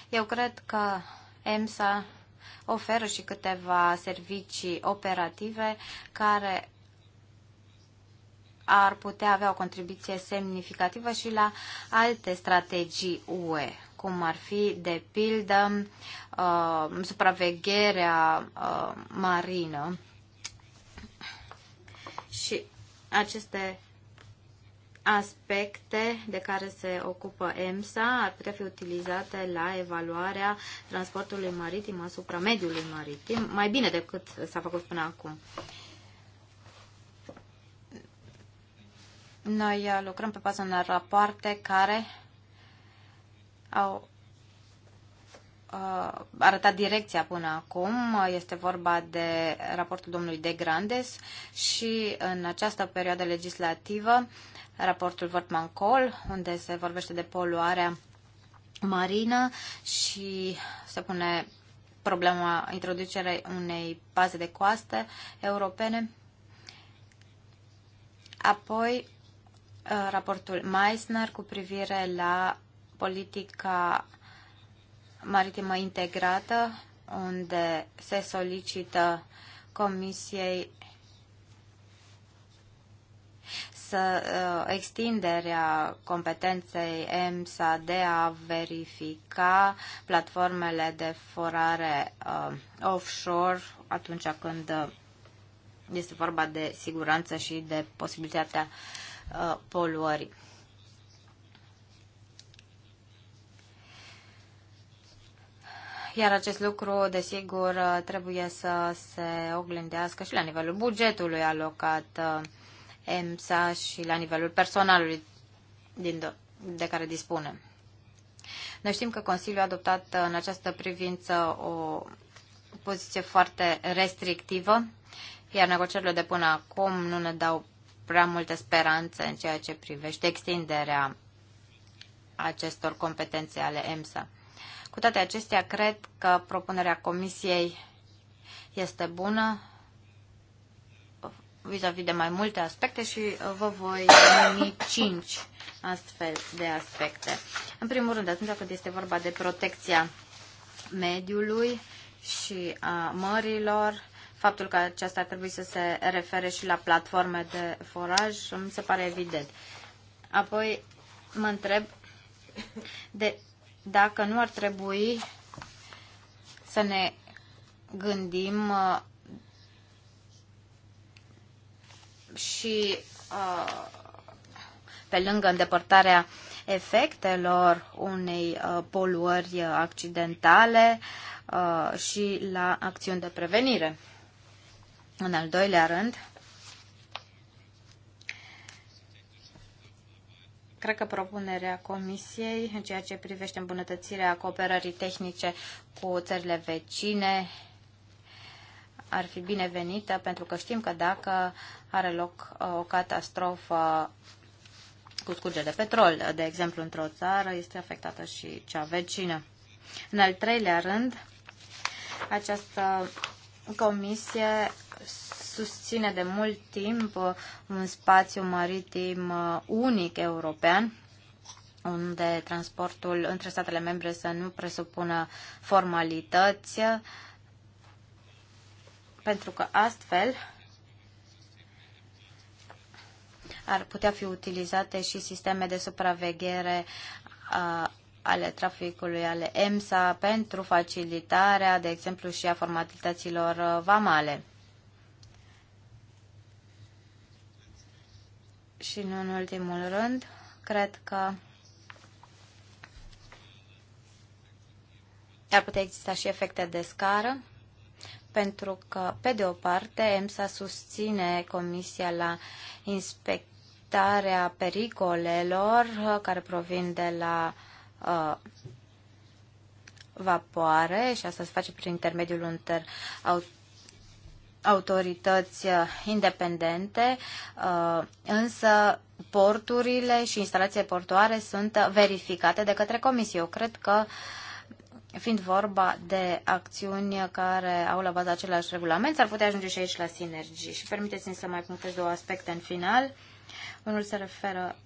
Eu cred că EMSA oferă și câteva servicii operative care ar putea avea o contribuție semnificativă și la alte strategii UE, cum ar fi, de pildă, uh, supravegherea uh, marină și aceste aspecte de care se ocupă EMSA ar putea fi utilizate la evaluarea transportului maritim asupra mediului maritim, mai bine decât s-a făcut până acum. Noi uh, lucrăm pe baza unor rapoarte care au uh, arătat direcția până acum. Este vorba de raportul domnului De Grandes și în această perioadă legislativă raportul Vortman Col, unde se vorbește de poluarea marină și se pune problema introducerii unei baze de coaste europene. Apoi, uh, raportul Meissner cu privire la politica maritimă integrată, unde se solicită Comisiei să uh, extinderea competenței EMSA de a verifica platformele de forare uh, offshore atunci când uh, este vorba de siguranță și de posibilitatea uh, poluării. Iar acest lucru, desigur, trebuie să se oglindească și la nivelul bugetului alocat eh, EMSA și la nivelul personalului din de care dispune. Noi știm că Consiliul a adoptat eh, în această privință o poziție foarte restrictivă, iar negocierile de până acum nu ne dau prea multe speranțe în ceea ce privește extinderea acestor competențe ale EMSA. Cu toate acestea, cred că propunerea Comisiei este bună vis-a-vis de mai multe aspecte și uh, vă voi numi cinci astfel de aspecte. În primul rând, atunci când este vorba de protecția mediului și a mărilor, faptul că aceasta ar trebui să se refere și la platforme de foraj, mi se pare evident. Apoi mă întreb de dacă nu ar trebui să ne gândim uh, și uh, pe lângă îndepărtarea efectelor unei uh, poluări accidentale și la acțiuni de prevenire. În al doilea rând, Cred că propunerea Comisiei în ceea ce privește îmbunătățirea cooperării tehnice cu țările vecine ar fi binevenită, pentru că știm că dacă are loc uh, o catastrofă cu scurgere de petrol, de exemplu, într-o țară, este afectată și cea vecină. În al treilea rând, această comisie susține de mult timp uh, un spațiu maritim uh, unic european, unde transportul între statele membre să nu presupună formalități, uh, pentru că astfel ar putea fi utilizate și sisteme de supraveghere a, ale traficului, ale EMSA, pentru facilitarea, de exemplu, și a formalităților vamale. și nu în ultimul rând, cred că ar putea exista și efecte de scară, pentru că, pe de o parte, EMSA susține Comisia la inspectarea pericolelor care provin de la uh, vapoare și asta se face prin intermediul unor autorități uh, independente, uh, însă porturile și instalațiile portoare sunt verificate de către comisie. Eu cred că fiind vorba de acțiuni care au la bază același regulament, s-ar putea ajunge și aici la sinergii. Și permiteți-mi să mai punctez două aspecte în final. Unul se referă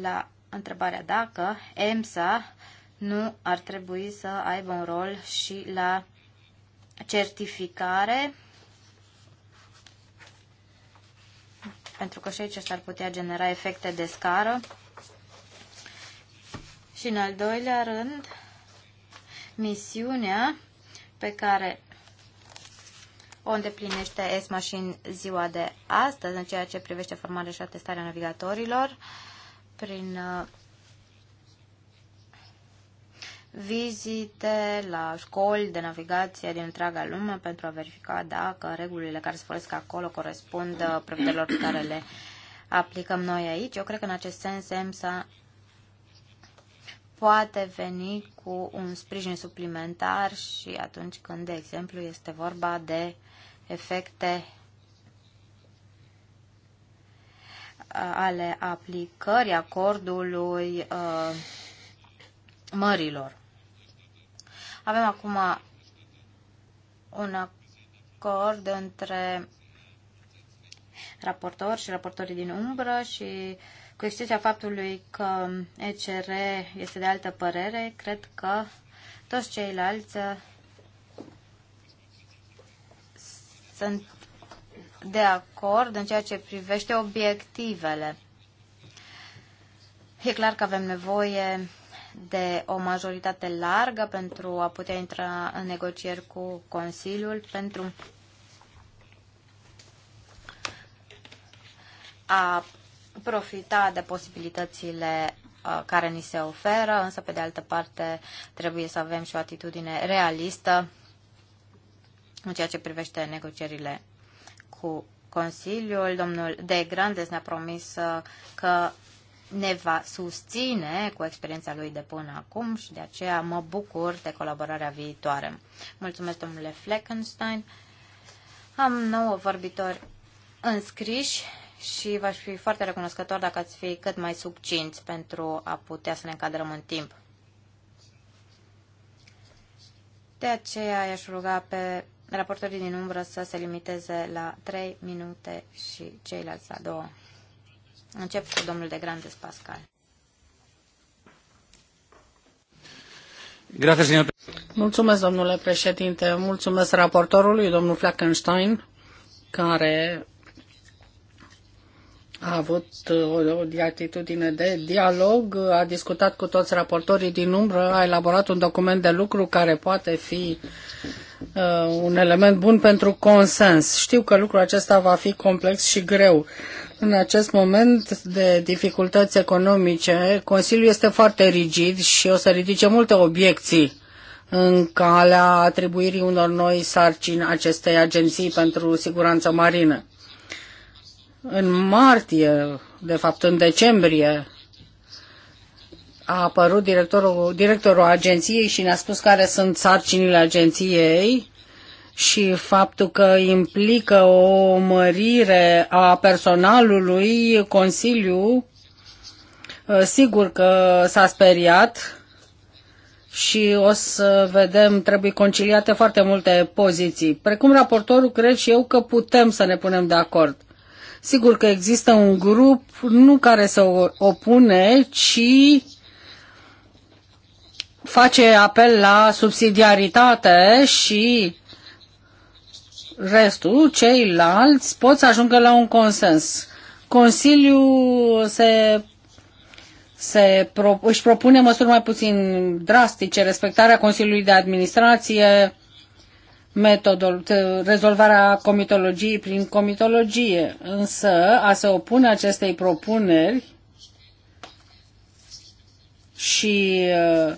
la întrebarea dacă EMSA nu ar trebui să aibă un rol și la certificare pentru că și aici s-ar putea genera efecte de scară. Și în al doilea rând, misiunea pe care o îndeplinește ESMA și în ziua de astăzi, în ceea ce privește formarea și atestarea navigatorilor, prin uh, vizite la școli de navigație din întreaga lume pentru a verifica dacă regulile care se folosesc acolo corespund uh, prevederilor pe care le aplicăm noi aici. Eu cred că în acest sens EMSA poate veni cu un sprijin suplimentar și atunci când, de exemplu, este vorba de efecte uh, ale aplicării acordului uh, mărilor. Avem acum un acord între raportori și raportorii din umbră și cu excepția faptului că ECR este de altă părere, cred că toți ceilalți uh, sunt de acord în ceea ce privește obiectivele. E clar că avem nevoie de o majoritate largă pentru a putea intra în negocieri cu Consiliul pentru a profita de posibilitățile uh, care ni se oferă, însă pe de altă parte trebuie să avem și o atitudine realistă în ceea ce privește negocierile cu Consiliul. Domnul De Grandes ne-a promis uh, că ne va susține cu experiența lui de până acum și de aceea mă bucur de colaborarea viitoare. Mulțumesc, domnule Fleckenstein. Am nouă vorbitori înscriși și v-aș fi foarte recunoscător dacă ați fi cât mai subcinți pentru a putea să ne încadrăm în timp. De aceea i-aș ruga pe raportorii din umbră să se limiteze la 3 minute și ceilalți la 2. Încep cu domnul de Grandes Pascal. Mulțumesc, domnule președinte. Mulțumesc raportorului, domnul Flackenstein, care a avut o atitudine de dialog, a discutat cu toți raportorii din umbră, a elaborat un document de lucru care poate fi Uh, un element bun pentru consens. Știu că lucrul acesta va fi complex și greu. În acest moment de dificultăți economice, Consiliul este foarte rigid și o să ridice multe obiecții în calea atribuirii unor noi sarcini acestei agenții pentru siguranță marină. În martie, de fapt în decembrie, a apărut directorul, directorul agenției și ne-a spus care sunt sarcinile agenției și faptul că implică o mărire a personalului, Consiliu, ă, sigur că s-a speriat și o să vedem, trebuie conciliate foarte multe poziții. Precum raportorul, cred și eu că putem să ne punem de acord. Sigur că există un grup nu care se opune, ci face apel la subsidiaritate și restul, ceilalți, pot să ajungă la un consens. Consiliul se, se pro, își propune măsuri mai puțin drastice, respectarea Consiliului de Administrație, metodol, rezolvarea comitologiei prin comitologie. Însă, a se opune acestei propuneri și uh,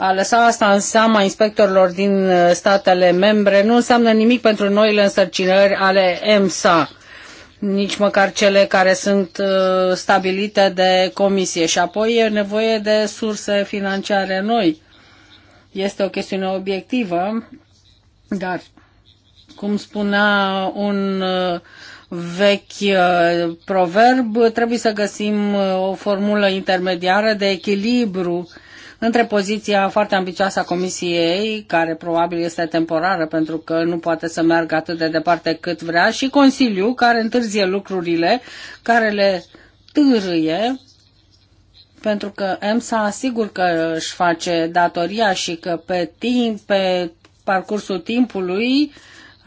a lăsa asta în seama inspectorilor din uh, statele membre nu înseamnă nimic pentru noile însărcinări ale EMSA, nici măcar cele care sunt uh, stabilite de comisie. Și apoi e nevoie de surse financiare noi. Este o chestiune obiectivă, dar, cum spunea un uh, vechi proverb, trebuie să găsim o formulă intermediară de echilibru între poziția foarte ambicioasă a Comisiei, care probabil este temporară pentru că nu poate să meargă atât de departe cât vrea, și Consiliul, care întârzie lucrurile, care le târâie, pentru că EMSA asigur că își face datoria și că pe timp, pe parcursul timpului, uh,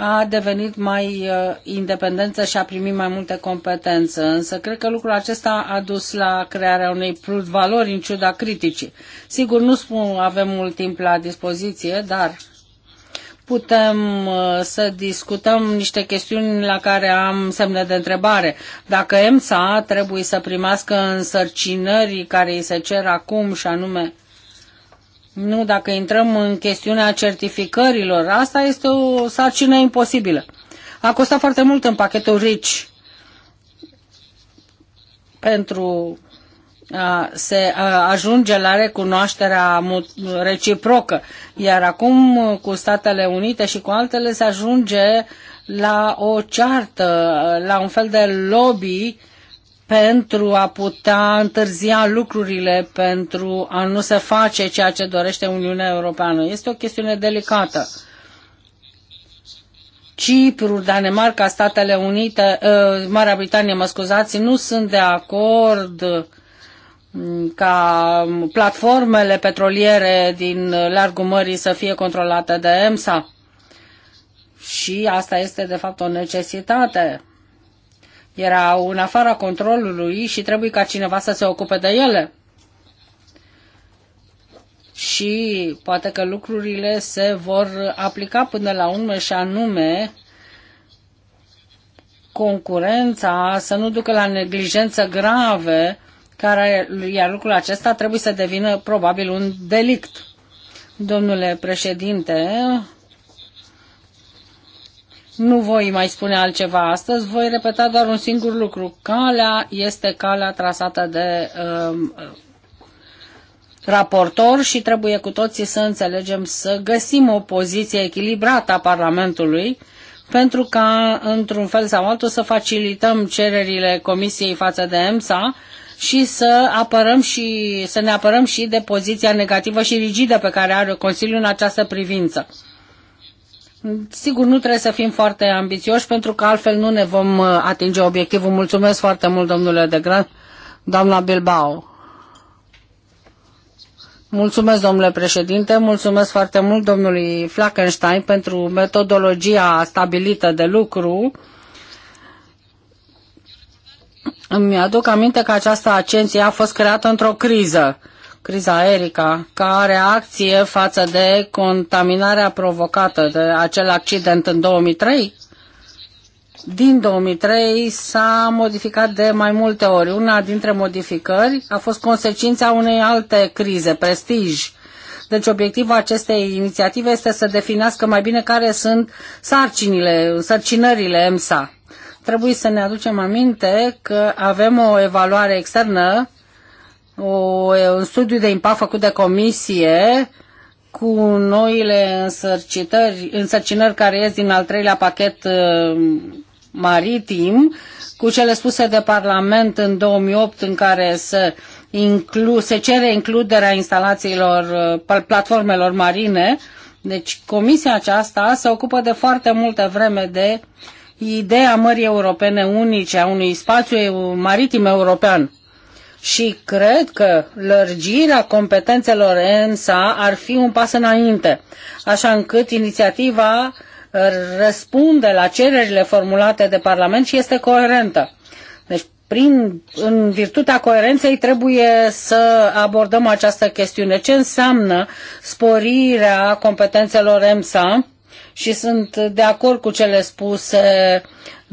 a devenit mai uh, independentă și a primit mai multe competențe. Însă cred că lucrul acesta a dus la crearea unei valori în ciuda criticii. Sigur, nu spun, avem mult timp la dispoziție, dar putem uh, să discutăm niște chestiuni la care am semne de întrebare. Dacă EMSA trebuie să primească însărcinării care îi se cer acum și anume nu, dacă intrăm în chestiunea certificărilor, asta este o sarcină imposibilă. A costat foarte mult în pachetul RICI pentru a se ajunge la recunoașterea reciprocă, iar acum cu Statele Unite și cu altele se ajunge la o ceartă, la un fel de lobby pentru a putea întârzia lucrurile, pentru a nu se face ceea ce dorește Uniunea Europeană. Este o chestiune delicată. Cipru, Danemarca, Statele Unite, uh, Marea Britanie, mă scuzați, nu sunt de acord mm, ca platformele petroliere din largul mării să fie controlate de EMSA. Și asta este, de fapt, o necesitate erau în afara controlului și trebuie ca cineva să se ocupe de ele. Și poate că lucrurile se vor aplica până la urmă și anume concurența să nu ducă la neglijență grave, care, iar lucrul acesta trebuie să devină probabil un delict. Domnule președinte, nu voi mai spune altceva astăzi, voi repeta doar un singur lucru. Calea este calea trasată de um, raportor și trebuie cu toții să înțelegem să găsim o poziție echilibrată a Parlamentului pentru ca, într-un fel sau altul, să facilităm cererile Comisiei față de EMSA și să, apărăm și să ne apărăm și de poziția negativă și rigidă pe care are Consiliul în această privință Sigur, nu trebuie să fim foarte ambițioși, pentru că altfel nu ne vom uh, atinge obiectivul. Mulțumesc foarte mult, domnule de Gran, doamna Bilbao. Mulțumesc, domnule președinte, mulțumesc foarte mult domnului Flackenstein pentru metodologia stabilită de lucru. Îmi aduc aminte că această agenție a fost creată într-o criză criza aerică, ca reacție față de contaminarea provocată de acel accident în 2003? Din 2003 s-a modificat de mai multe ori. Una dintre modificări a fost consecința unei alte crize, prestij. Deci obiectivul acestei inițiative este să definească mai bine care sunt sarcinile, sarcinările EMSA. Trebuie să ne aducem aminte că avem o evaluare externă o un studiu de impact făcut de comisie cu noile însărcitări, însărcinări care ies din al treilea pachet uh, maritim, cu cele spuse de Parlament în 2008 în care se, inclu, se cere includerea instalațiilor, uh, platformelor marine. Deci comisia aceasta se ocupă de foarte multă vreme de ideea mării europene unice, a unui spațiu maritim european și cred că lărgirea competențelor EMSA ar fi un pas înainte, așa încât inițiativa uh, răspunde la cererile formulate de Parlament și este coerentă. Deci, prin, în virtutea coerenței, trebuie să abordăm această chestiune. Ce înseamnă sporirea competențelor EMSA? Și sunt de acord cu cele spuse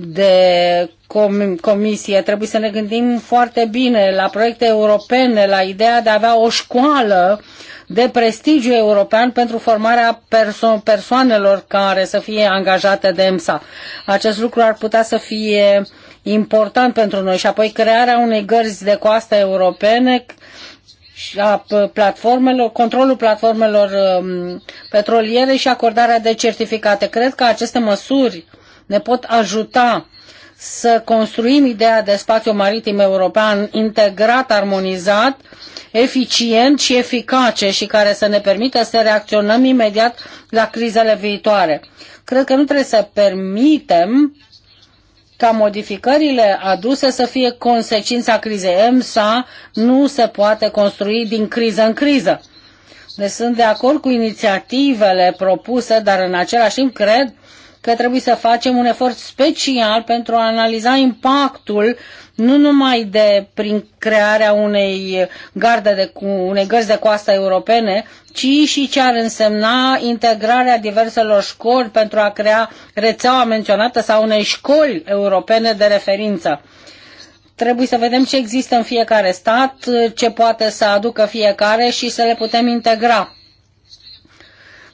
de com- comisie. Trebuie să ne gândim foarte bine la proiecte europene, la ideea de a avea o școală de prestigiu european pentru formarea perso- persoanelor care să fie angajate de EMSA. Acest lucru ar putea să fie important pentru noi și apoi crearea unei gărzi de coastă europene și a platformelor, controlul platformelor um, petroliere și acordarea de certificate. Cred că aceste măsuri ne pot ajuta să construim ideea de spațiu maritim european integrat, armonizat, eficient și eficace și care să ne permită să reacționăm imediat la crizele viitoare. Cred că nu trebuie să permitem ca modificările aduse să fie consecința crizei. EMSA nu se poate construi din criză în criză. Deci sunt de acord cu inițiativele propuse, dar în același timp cred că trebuie să facem un efort special pentru a analiza impactul nu numai de prin crearea unei garde de cu, unei gărzi de coastă europene, ci și ce ar însemna integrarea diverselor școli pentru a crea rețeaua menționată sau unei școli europene de referință trebuie să vedem ce există în fiecare stat, ce poate să aducă fiecare și să le putem integra.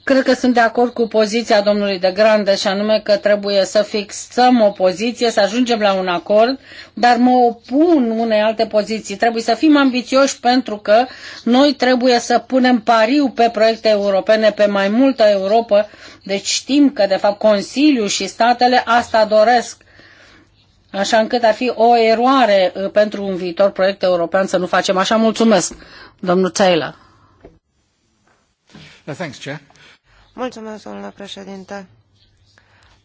Cred că sunt de acord cu poziția domnului de Grande și anume că trebuie să fixăm o poziție, să ajungem la un acord, dar mă opun unei alte poziții. Trebuie să fim ambițioși pentru că noi trebuie să punem pariu pe proiecte europene, pe mai multă Europa. Deci știm că, de fapt, Consiliul și statele asta doresc. Așa încât ar fi o eroare uh, pentru un viitor proiect european să nu facem așa. Mulțumesc, domnul Taylor. No, thanks, Chair. Mulțumesc, președinte.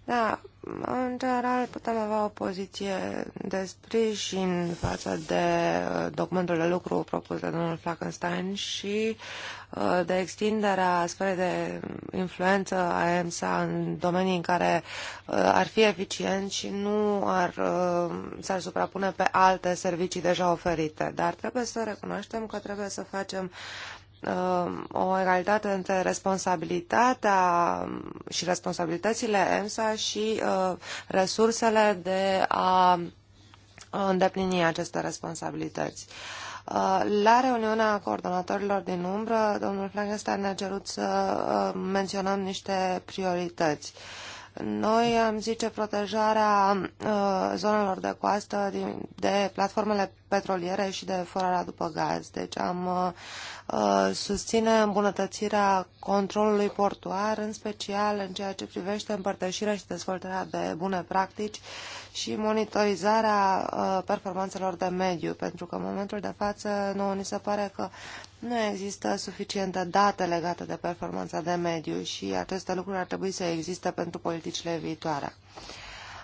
Da, în general putem avea o poziție de sprijin față de uh, documentul de lucru propus de domnul Flakenstein și uh, de extinderea spre de influență a EMSA în domenii în care uh, ar fi eficient și nu ar, s-ar suprapune pe alte servicii deja oferite. Dar trebuie să recunoaștem că trebuie să facem Um, o egalitate între responsabilitatea și responsabilitățile EMSA și uh, resursele de a îndeplini aceste responsabilități. Uh, la reuniunea coordonatorilor din umbră, domnul Frankenstein ne-a cerut să uh, menționăm niște priorități. Uh, noi am zice protejarea uh, zonelor de coastă din, de platformele petroliere și de forarea după gaz. Deci am uh, uh, susține îmbunătățirea controlului portuar, în special în ceea ce privește împărtășirea și dezvoltarea de bune practici și monitorizarea uh, performanțelor de mediu, pentru că în momentul de față nouă ni se pare că nu există suficiente date legate de performanța de mediu și aceste lucruri ar trebui să existe pentru politicile viitoare.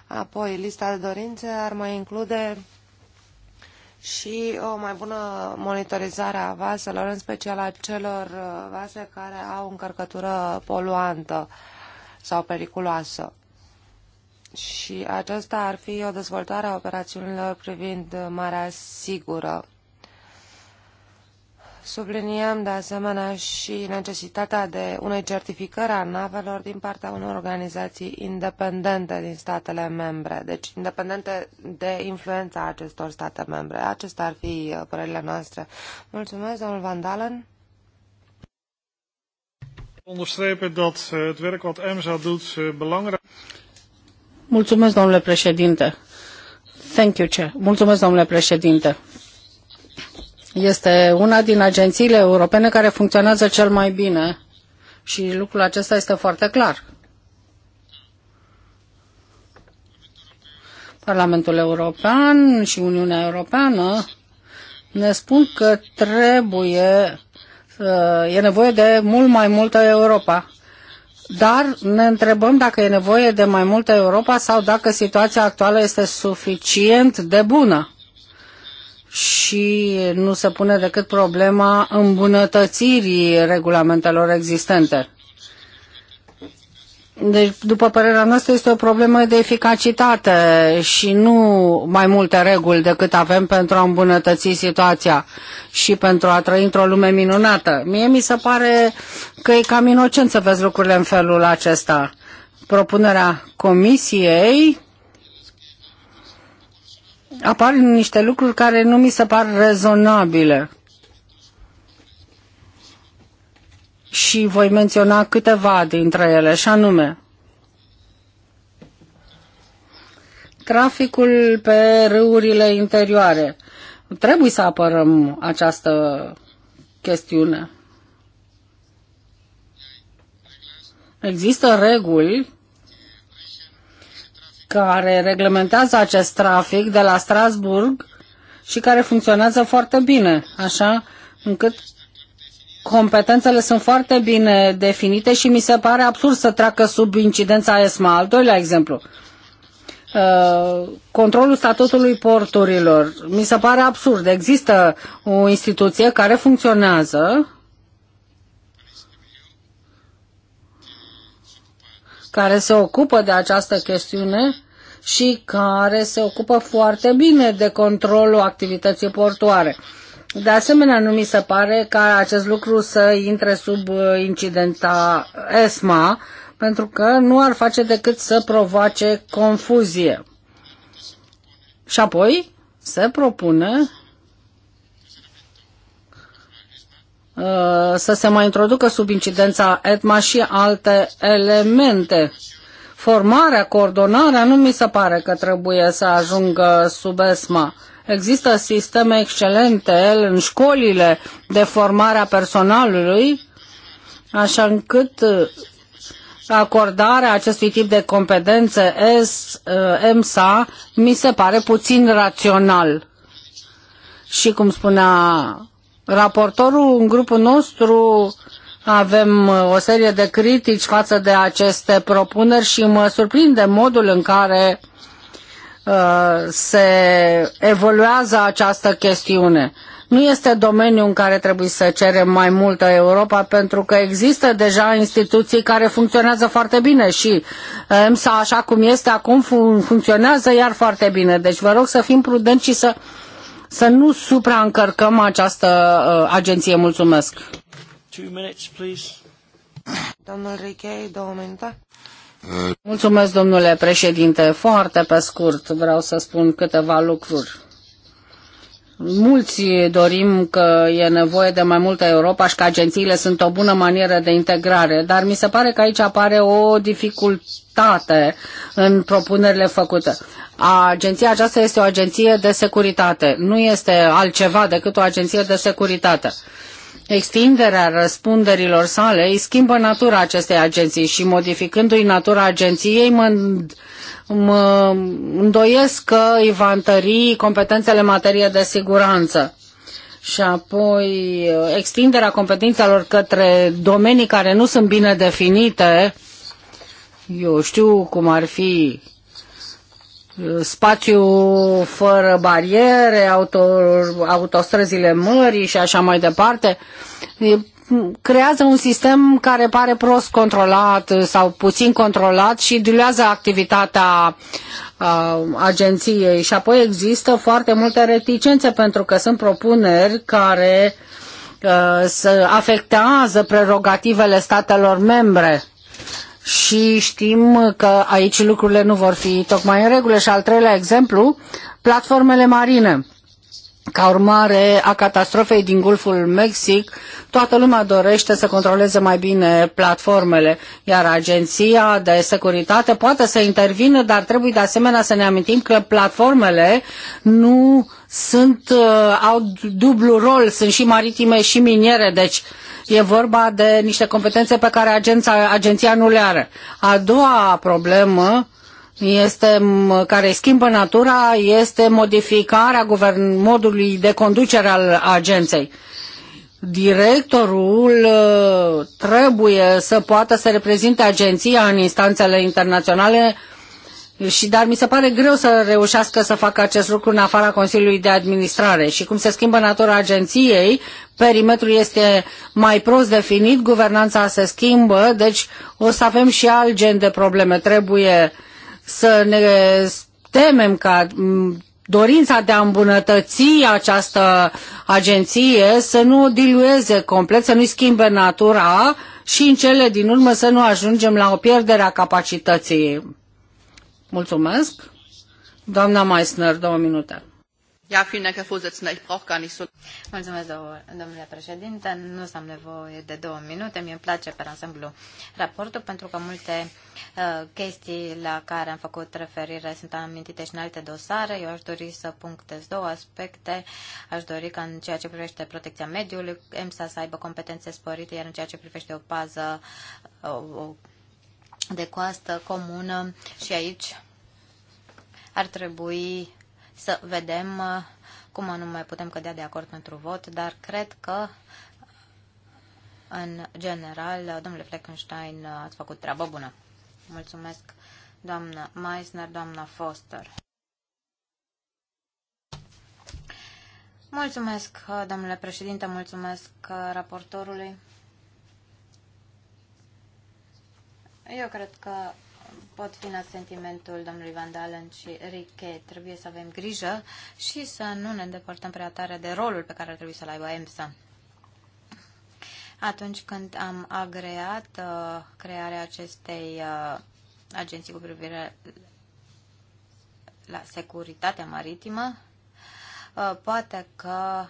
Apoi, lista de dorințe ar mai include și o mai bună monitorizare a vaselor, în special a celor uh, vase care au încărcătură poluantă sau periculoasă. Și aceasta ar fi o dezvoltare a operațiunilor privind marea sigură Subliniem de asemenea și necesitatea de unei certificări a navelor din partea unor organizații independente din statele membre, deci independente de influența acestor state membre. Acestea ar fi uh, părerile noastre. Mulțumesc, domnul Van Dalen. Onderstrepen dat uh, het werk wat EMSA doet uh, belangrijk. Mulțumesc, domnule președinte. Thank you, Chair. Mulțumesc, domnule președinte. Este una din agențiile europene care funcționează cel mai bine și lucrul acesta este foarte clar. Parlamentul European și Uniunea Europeană ne spun că trebuie, uh, e nevoie de mult mai multă Europa. Dar ne întrebăm dacă e nevoie de mai multă Europa sau dacă situația actuală este suficient de bună și nu se pune decât problema îmbunătățirii regulamentelor existente. Deci, după părerea noastră, este o problemă de eficacitate și nu mai multe reguli decât avem pentru a îmbunătăți situația și pentru a trăi într-o lume minunată. Mie mi se pare că e cam inocent să vezi lucrurile în felul acesta. Propunerea comisiei apar niște lucruri care nu mi se par rezonabile. Și voi menționa câteva dintre ele, și anume, traficul pe râurile interioare. Trebuie să apărăm această chestiune. Există reguli care reglementează acest trafic de la Strasburg și care funcționează foarte bine, așa încât competențele sunt foarte bine definite și mi se pare absurd să treacă sub incidența ESMA. Al doilea exemplu, uh, controlul statutului porturilor. Mi se pare absurd. Există o instituție care funcționează, care se ocupă de această chestiune și care se ocupă foarte bine de controlul activității portoare. De asemenea, nu mi se pare ca acest lucru să intre sub uh, incidenta ESMA, pentru că nu ar face decât să provoace confuzie. Și apoi se propune uh, să se mai introducă sub incidența ETMA și alte elemente formarea, coordonarea, nu mi se pare că trebuie să ajungă sub ESMA. Există sisteme excelente în școlile de formare a personalului, așa încât uh, acordarea acestui tip de competențe S, EMSA uh, mi se pare puțin rațional. Și cum spunea raportorul, în grupul nostru avem uh, o serie de critici față de aceste propuneri și mă surprinde modul în care uh, se evoluează această chestiune. Nu este domeniul în care trebuie să cerem mai multă Europa, pentru că există deja instituții care funcționează foarte bine și EMSA, uh, așa cum este acum, funcționează iar foarte bine. Deci vă rog să fim prudenți și să, să nu supraîncărcăm această agenție. Mulțumesc! Two minutes, please. Domnul Richei, două minute. Mulțumesc, domnule președinte. Foarte pe scurt vreau să spun câteva lucruri. Mulți dorim că e nevoie de mai multă Europa și că agențiile sunt o bună manieră de integrare, dar mi se pare că aici apare o dificultate în propunerile făcute. Agenția aceasta este o agenție de securitate, nu este altceva decât o agenție de securitate. Extinderea răspunderilor sale îi schimbă natura acestei agenții și modificându-i natura agenției mă, mă îndoiesc că îi va întări competențele în materie de siguranță și apoi extinderea competențelor către domenii care nu sunt bine definite, eu știu cum ar fi spațiu fără bariere, auto, autostrăzile mării și așa mai departe, creează un sistem care pare prost controlat sau puțin controlat și diluează activitatea a, agenției și apoi există foarte multe reticențe pentru că sunt propuneri care a, să afectează prerogativele statelor membre și știm că aici lucrurile nu vor fi tocmai în regulă. Și al treilea exemplu, platformele marine. Ca urmare a catastrofei din Golful Mexic, toată lumea dorește să controleze mai bine platformele, iar Agenția de Securitate poate să intervină, dar trebuie de asemenea să ne amintim că platformele nu sunt, uh, au dublu rol, sunt și maritime și miniere, deci e vorba de niște competențe pe care agenția agenția nu le are. A doua problemă este, care schimbă natura este modificarea guvern, modului de conducere al agenței. Directorul uh, trebuie să poată să reprezinte agenția în instanțele internaționale și dar mi se pare greu să reușească să facă acest lucru în afara Consiliului de Administrare și cum se schimbă natura agenției, perimetrul este mai prost definit, guvernanța se schimbă, deci o să avem și alt gen de probleme. Trebuie uh, să ne temem ca dorința de a îmbunătăți această agenție să nu dilueze complet, să nu-i schimbe natura și în cele din urmă să nu ajungem la o pierdere a capacității. Mulțumesc. Doamna Meissner, două minute. Ja, vielen Dank, Herr Vorsitzender. Ich brauche gar nicht so... Mulțumesc, domnule președinte. Nu am nevoie de două minute. mi îmi place pe ansamblu raportul, pentru că multe uh, chestii la care am făcut referire sunt amintite și în alte dosare. Eu aș dori să punctez două aspecte. Aș dori ca în ceea ce privește protecția mediului, EMSA să aibă competențe sporite, iar în ceea ce privește o pază uh, de coastă comună și aici ar trebui să vedem uh, cum anume putem cădea de acord pentru vot, dar cred că în general, domnule Fleckenstein, uh, ați făcut treabă bună. Mulțumesc, doamnă Meisner, doamna Foster. Mulțumesc, uh, domnule președinte, mulțumesc raportorului. Eu cred că pot fi în sentimentul domnului Van Dalen și Riche. Trebuie să avem grijă și să nu ne îndepărtăm prea tare de rolul pe care ar trebui să-l aibă EMSA. Atunci când am agreat uh, crearea acestei uh, agenții cu privire la securitatea maritimă, uh, poate că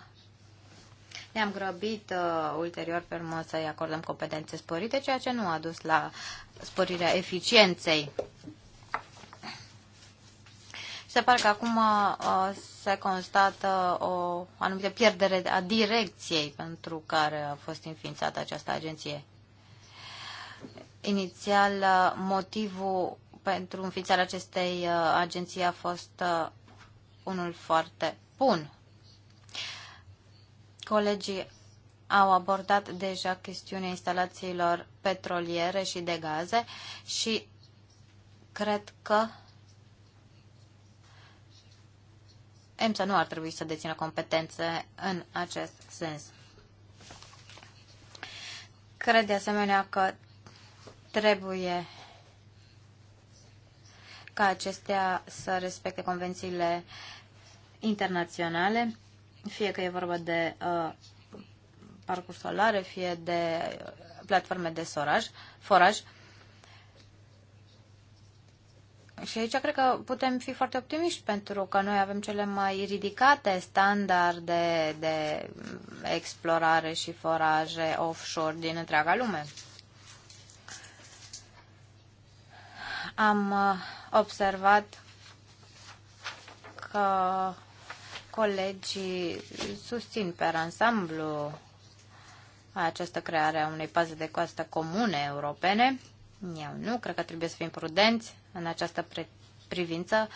ne-am grăbit uh, ulterior pe urmă să-i acordăm competențe sporite, ceea ce nu a dus la sporirea eficienței. se pare că acum uh, se constată o anumită pierdere a direcției pentru care a fost înființată această agenție. Inițial, uh, motivul pentru înființarea acestei uh, agenții a fost unul foarte bun. Colegii au abordat deja chestiunea instalațiilor petroliere și de gaze și cred că EMSA nu ar trebui să dețină competențe în acest sens. Cred de asemenea că trebuie ca acestea să respecte convențiile internaționale, fie că e vorba de uh, parcuri solare, fie de platforme de soraj, foraj. Și aici cred că putem fi foarte optimiști pentru că noi avem cele mai ridicate standarde de explorare și foraje offshore din întreaga lume. Am uh, observat că colegii susțin pe ansamblu această creare a unei paze de coastă comune europene. Eu nu, cred că trebuie să fim prudenți în această privință.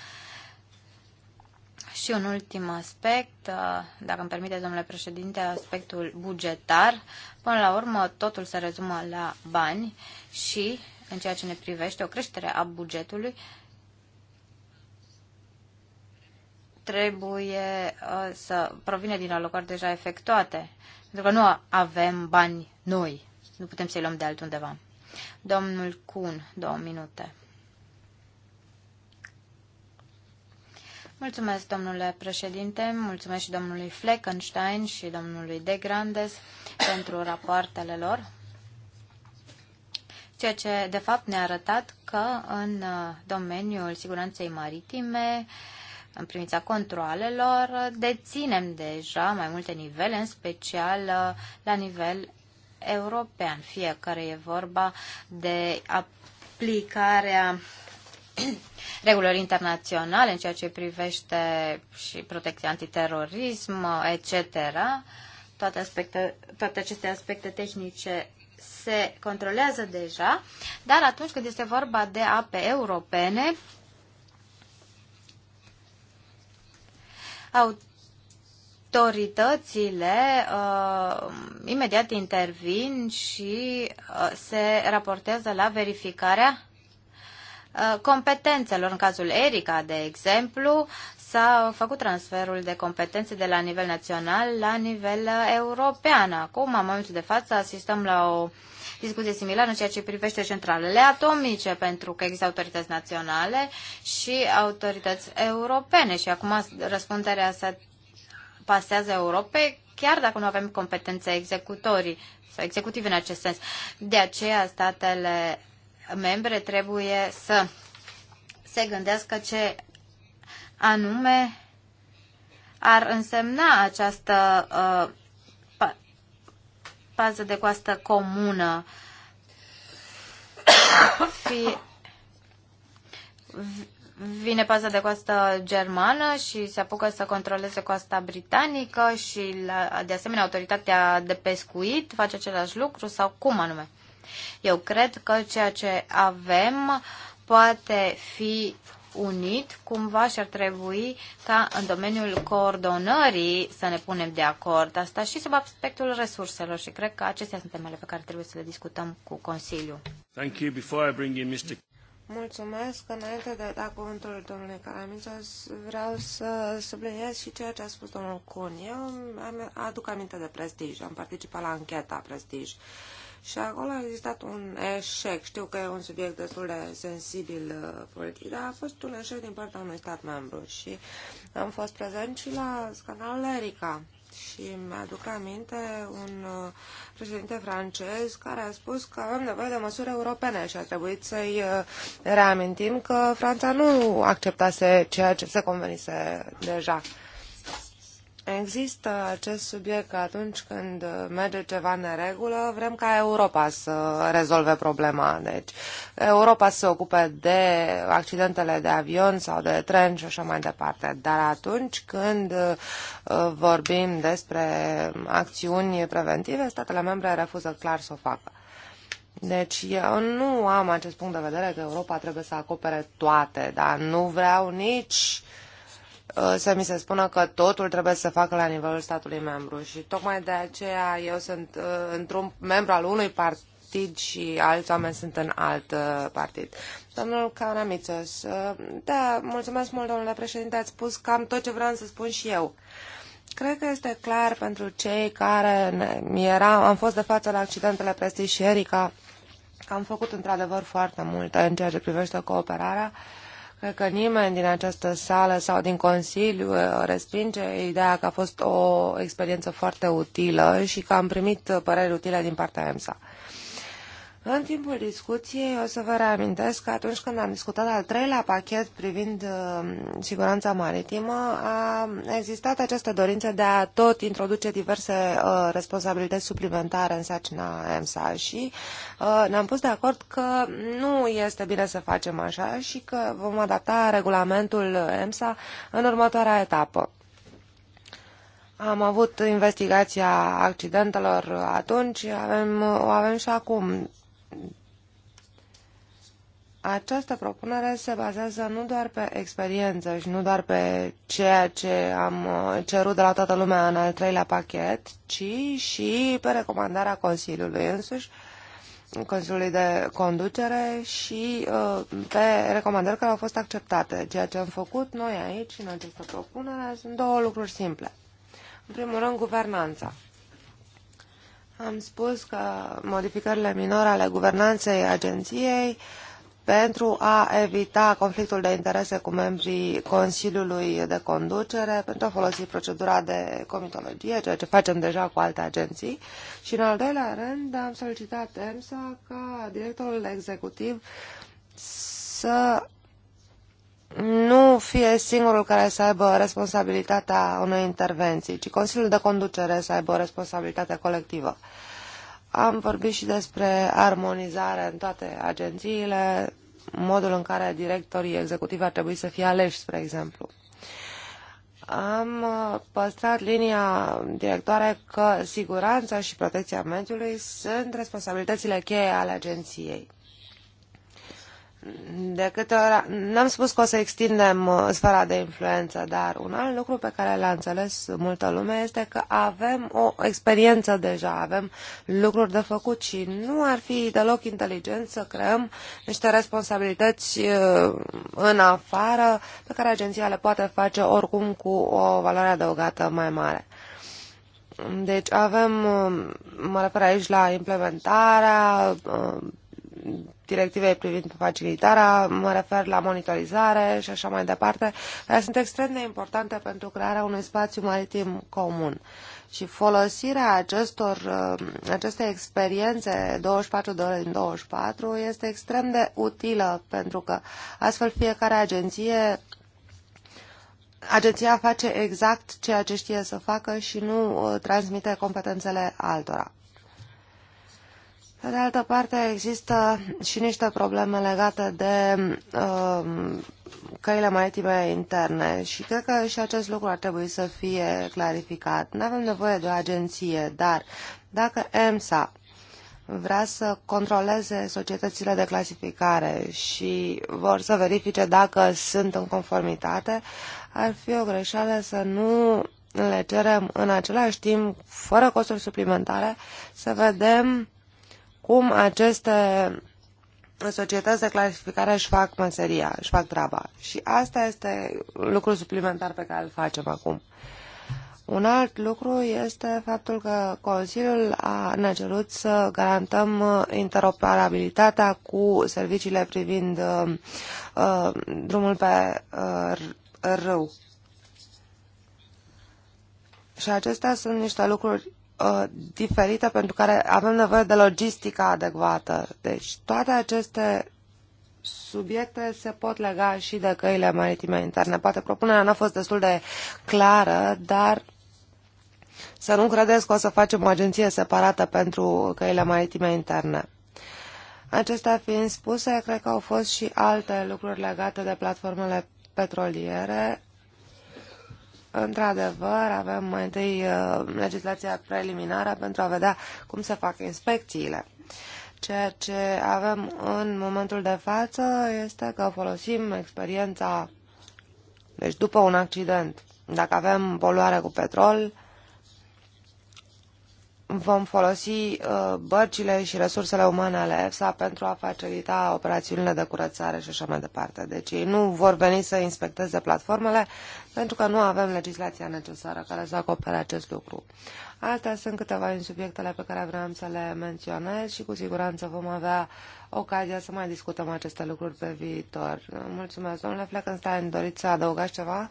Și un ultim aspect, uh, dacă îmi permite, domnule președinte, aspectul bugetar. Până la urmă, totul se rezumă la bani și, în ceea ce ne privește, o creștere a bugetului trebuie uh, să provină din alocări deja efectuate pentru că nu avem bani noi. Nu putem să-i luăm de altundeva. Domnul Kun, două minute. Mulțumesc, domnule președinte, mulțumesc și domnului Fleckenstein și domnului De Grandes pentru rapoartele lor, ceea ce de fapt ne-a arătat că în uh, domeniul siguranței maritime uh, în privința controalelor, deținem deja mai multe nivele, în special uh, la nivel european, fie care e vorba de aplicarea <clears throat> regulilor internaționale în ceea ce privește și protecția antiterorism, uh, etc. Toate, aspecte, toate aceste aspecte tehnice se controlează deja, dar atunci când este vorba de ape europene, autoritățile uh, imediat intervin și uh, se raportează la verificarea uh, competențelor. În cazul Erica, de exemplu, s-a făcut transferul de competențe de la nivel național la nivel uh, european. Acum, în momentul de față, asistăm la o uh, discuție similară în ceea ce privește centralele atomice, pentru că există autorități naționale și autorități europene și acum răspunderea se pasează Europei, chiar dacă nu avem competențe executorii sau executivi în acest sens. De aceea statele membre trebuie să se gândească ce anume ar însemna această uh, pază de coastă comună fi, vine paza de coastă germană și se apucă să controleze coasta britanică și la, de asemenea autoritatea de pescuit face același lucru sau cum anume? Eu cred că ceea ce avem poate fi unit, cumva și ar trebui ca în domeniul coordonării să ne punem de acord asta și sub aspectul resurselor și cred că acestea sunt temele pe care trebuie să le discutăm cu Consiliul. Thank you. Before I bring in Mr. Mulțumesc. Înainte de a da cuvântul domnului Caramiță, vreau să subliniez și ceea ce a spus domnul Cun. Eu aduc aminte de Prestij. Am participat la ancheta Uh, și acolo a existat un eșec. Știu că e un subiect destul de sensibil uh, politic, dar a fost un eșec din partea unui stat membru. Și am fost prezent și la scandalul Erica. Și mi-aduc aminte un uh, președinte francez care a spus că avem nevoie de măsuri europene și a trebuit să-i uh, reamintim că Franța nu acceptase ceea ce se convenise deja. Există acest subiect că atunci când uh, merge ceva în regulă, vrem ca Europa să rezolve problema. Deci Europa se ocupe de accidentele de avion sau de tren și așa mai departe. Dar atunci când uh, vorbim despre acțiuni preventive, statele membre refuză clar să o facă. Deci eu nu am acest punct de vedere că Europa trebuie să acopere toate, dar nu vreau nici uh, Uh, să mi se spună că totul trebuie să se facă la nivelul statului membru și tocmai de aceea eu sunt uh, într-un membru al unui partid și alți oameni sunt în alt uh, partid. Domnul Canamițos, da, mulțumesc mult, domnule președinte, ați spus cam tot ce vreau să spun și eu. Cred că este clar pentru cei care ne, era, am fost de față la accidentele Prestige și Erica că am făcut într-adevăr foarte multe în ceea ce privește cooperarea. Uh, Cred că nimeni din această sală sau din Consiliu uh, respinge ideea că a fost o experiență foarte utilă și că am primit păreri utile din partea EMSA. În timpul discuției o să vă reamintesc că atunci când am discutat al treilea pachet privind uh, siguranța maritimă, a existat această dorință de a tot introduce diverse uh, responsabilități suplimentare în sacina EMSA și uh, ne-am pus de acord că nu este bine să facem așa și că vom adapta regulamentul EMSA în următoarea etapă. Am avut investigația accidentelor atunci, avem, o avem și acum. Această propunere se bazează nu doar pe experiență și nu doar pe ceea ce am uh, cerut de la toată lumea în al treilea pachet, ci și pe recomandarea Consiliului însuși, Consiliului de Conducere și uh, pe recomandări care au fost acceptate. Ceea ce am făcut noi aici, în această propunere, sunt două lucruri simple. În primul rând, guvernanța. Am spus că modificările minore ale guvernanței agenției uh, pentru a evita conflictul de interese cu membrii Consiliului de Conducere, pentru a folosi procedura de comitologie, ceea ce facem deja cu alte agenții. Și în al doilea rând am solicitat EMSA ca directorul executiv să nu fie singurul care să aibă responsabilitatea unei intervenții, ci Consiliul de Conducere să aibă o responsabilitate colectivă. Am vorbit și despre armonizare în toate agențiile, modul în care directorii executivi ar trebui să fie aleși, spre exemplu. Am uh, păstrat linia directoare că siguranța și protecția mediului sunt responsabilitățile cheie ale agenției de câte ori... N-am spus că o să extindem uh, sfera de influență, dar un alt lucru pe care l-a înțeles multă lume este că avem o experiență deja, avem lucruri de făcut și nu ar fi deloc inteligent să creăm niște responsabilități uh, în afară pe care agenția le poate face oricum cu o valoare adăugată mai mare. Deci avem, uh, mă refer aici la implementarea directivei privind facilitarea, mă refer la monitorizare și așa mai departe, care sunt extrem de importante pentru crearea unui spațiu maritim comun. Și folosirea acestor, uh, aceste experiențe 24 de ore din 24 este extrem de utilă pentru că astfel fiecare agenție agenția face exact ceea ce știe să facă și nu uh, transmite competențele altora. Pe de altă parte, există și niște probleme legate de uh, căile maritime interne și cred că și acest lucru ar trebui să fie clarificat. Nu avem nevoie de o agenție, dar dacă EMSA vrea să controleze societățile de clasificare și vor să verifice dacă sunt în conformitate, ar fi o greșeală să nu le cerem în același timp, fără costuri suplimentare, să vedem cum aceste societăți de clasificare își fac meseria, își fac treaba. Și asta este lucrul suplimentar pe care îl facem acum. Un alt lucru este faptul că Consiliul a, ne cerut să garantăm interoperabilitatea cu serviciile privind uh, uh drumul pe uh, râu. Și acestea sunt niște lucruri Uh, diferită, diferite pentru care avem nevoie de logistica adecvată. Deci toate aceste subiecte se pot lega și de căile maritime interne. Poate propunerea n-a fost destul de clară, dar să nu credeți că o să facem o agenție separată pentru căile maritime interne. Acestea fiind spuse, cred că au fost și alte lucruri legate de platformele petroliere într-adevăr, avem mai întâi uh, legislația preliminară pentru a vedea cum se fac inspecțiile. Ceea ce avem în momentul de față este că folosim experiența, deci după un accident, dacă avem poluare cu petrol, vom folosi uh, bărcile și resursele umane ale EFSA pentru a facilita operațiunile de curățare și așa mai departe. Deci ei nu vor veni să inspecteze platformele pentru că nu avem legislația necesară care să acopere acest lucru. Astea sunt câteva din subiectele pe care vreau să le menționez și cu siguranță vom avea ocazia să mai discutăm aceste lucruri pe viitor. Mulțumesc, domnule Fleckenstein. Doriți să adăugați ceva?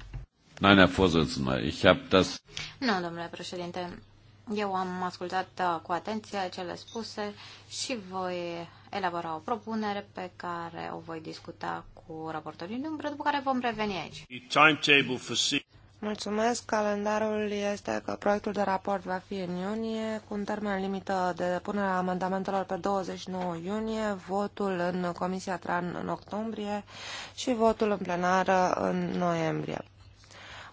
Nu, domnule președinte, eu am ascultat uh, cu atenție cele spuse și voi elabora o propunere pe care o voi discuta cu raportorii în umbră, după care vom reveni aici. Mulțumesc. Calendarul este că proiectul de raport va fi în iunie, cu un termen limită de depunere a amendamentelor pe 29 iunie, votul în Comisia TRAN în octombrie și votul în plenară în noiembrie.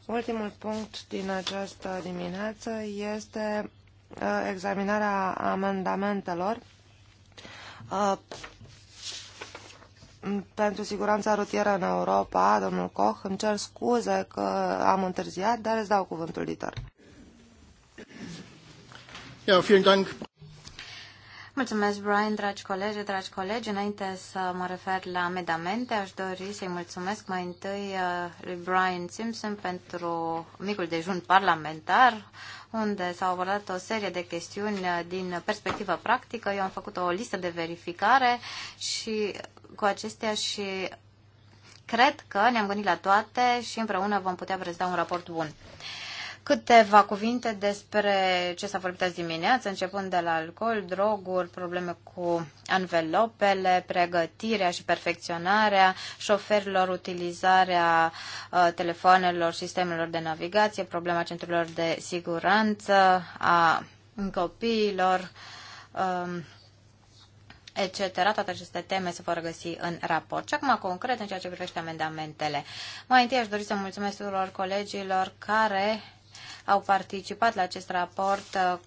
Ultimul punct din această dimineață este uh, examinarea amendamentelor uh, pentru siguranța rutieră în Europa, domnul Koch, îmi cer scuze că am întârziat, dar îți dau cuvântul, Dieter. Ja, vielen Dank. Mulțumesc, Brian, dragi colegi, dragi colegi. Înainte să mă refer la amendamente, aș dori să-i mulțumesc mai întâi uh, lui Brian Simpson pentru micul dejun parlamentar, unde s-au abordat o serie de chestiuni uh, din perspectivă practică. Eu am făcut o listă de verificare și cu acestea și cred că ne-am gândit la toate și împreună vom putea prezenta un raport bun. Uh, Câteva cuvinte despre ce s-a vorbit azi dimineață, începând de la alcool, droguri, probleme cu anvelopele, pregătirea și perfecționarea șoferilor, utilizarea uh, telefoanelor, sistemelor de navigație, problema centrelor de siguranță, a copiilor, um, etc. Toate aceste teme se vor găsi în raport. Și acum, concret, în ceea ce privește amendamentele. Mai întâi aș dori să mulțumesc tuturor colegilor care au participat la acest raport uh,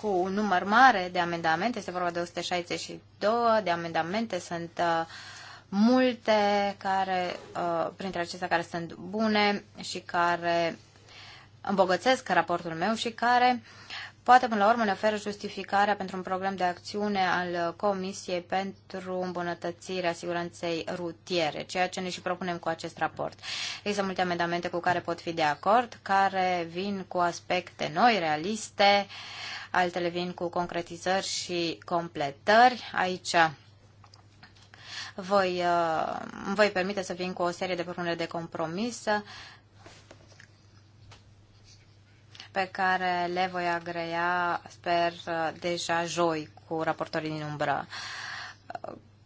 cu un număr mare de amendamente, este vorba de 162 de amendamente, sunt uh, multe care, uh, printre acestea care sunt bune și care îmbogățesc raportul meu și care uh, poate până la urmă ne oferă justificarea pentru un program de acțiune al Comisiei pentru îmbunătățirea siguranței rutiere, ceea ce ne și propunem cu acest raport. Există multe amendamente cu care pot fi de acord, care vin cu aspecte noi, realiste, altele vin cu concretizări și completări. Aici voi, uh, îmi voi permite să vin cu o serie de propuneri de compromis pe care le voi agrea, sper, uh, deja joi cu raportorii din umbră.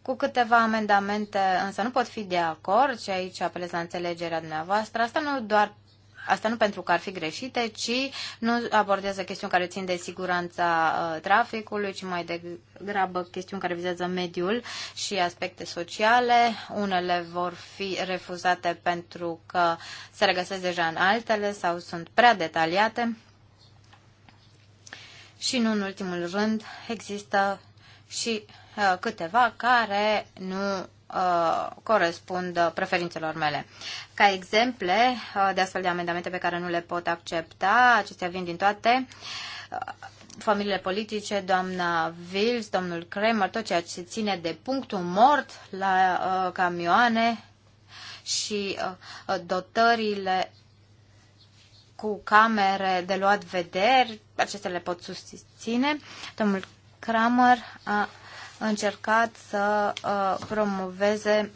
Cu câteva amendamente, însă nu pot fi de acord și aici apelez la înțelegerea dumneavoastră. Asta nu doar asta nu pentru că ar fi greșite, ci nu abordează chestiuni care țin de siguranța uh, traficului, ci mai degrabă chestiuni care vizează mediul și aspecte sociale. Unele vor fi refuzate pentru că se regăsesc deja în altele sau sunt prea detaliate. Și nu în ultimul rând există și uh, câteva care nu Uh, corespund preferințelor mele. Ca exemple uh, de astfel de amendamente pe care nu le pot accepta, acestea vin din toate uh, familiile politice, doamna Vils, domnul Kramer, tot ceea ce ține de punctul mort la uh, camioane și uh, dotările cu camere de luat vederi, acestea le pot susține. Domnul Kramer a încercat să uh, promoveze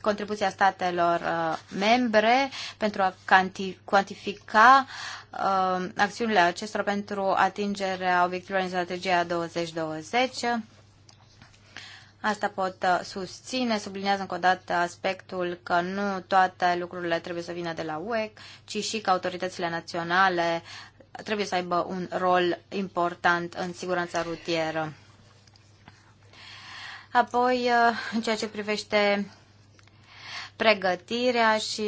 contribuția statelor uh, membre pentru a cuantifica uh, acțiunile acestora pentru atingerea obiectivelor în strategia 2020. Asta pot susține, sublinează încă o dată aspectul că nu toate lucrurile trebuie să vină de la UE, ci și că autoritățile naționale trebuie să aibă un rol important în siguranța rutieră. Apoi, uh, în ceea ce privește pregătirea și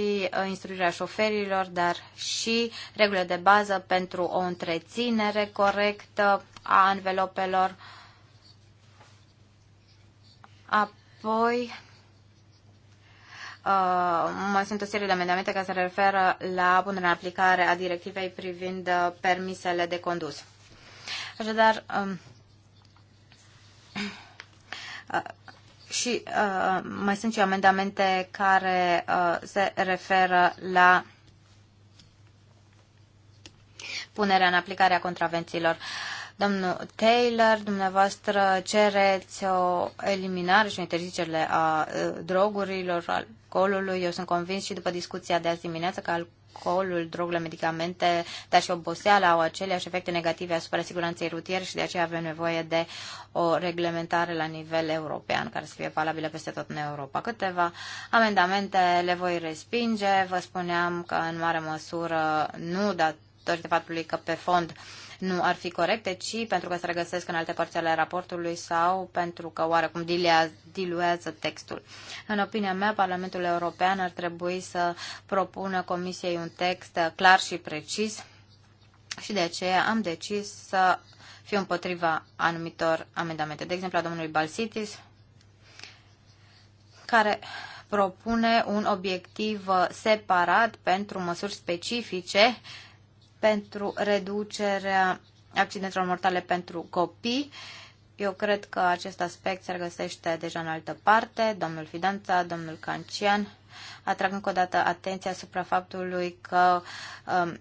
uh, instruirea șoferilor, dar și regulile de bază pentru o întreținere corectă a anvelopelor. Apoi, Uh, mai sunt o serie de amendamente care se referă la punerea în aplicare a directivei privind uh, permisele de condus. Așadar, um, Uh, și uh, mai sunt și amendamente care uh, se referă la punerea în aplicare a contravențiilor. Domnul Taylor, dumneavoastră cereți o eliminare și o interzicere a uh, drogurilor, alcoolului. Eu sunt convins și după discuția de azi dimineață că alcoolul, drogurile, medicamente, dar și oboseala au aceleași efecte negative asupra siguranței rutiere și de aceea avem nevoie de o reglementare la nivel european care să fie valabilă peste tot în Europa. Câteva amendamente le voi respinge. Vă spuneam că în mare măsură nu datorită faptului că pe fond uh, nu ar fi corecte, ci pentru că se regăsesc în alte părți ale raportului sau pentru că oarecum diluează textul. În opinia mea, Parlamentul European ar trebui să propună Comisiei un text clar și precis și de aceea am decis să fiu împotriva anumitor amendamente. De exemplu, a domnului Balsitis, care propune un obiectiv separat pentru măsuri specifice pentru reducerea accidentelor mortale pentru copii. Eu cred că acest aspect se regăsește deja în altă parte. Domnul Fidanța, domnul Cancian atrag încă o dată atenția asupra faptului că um,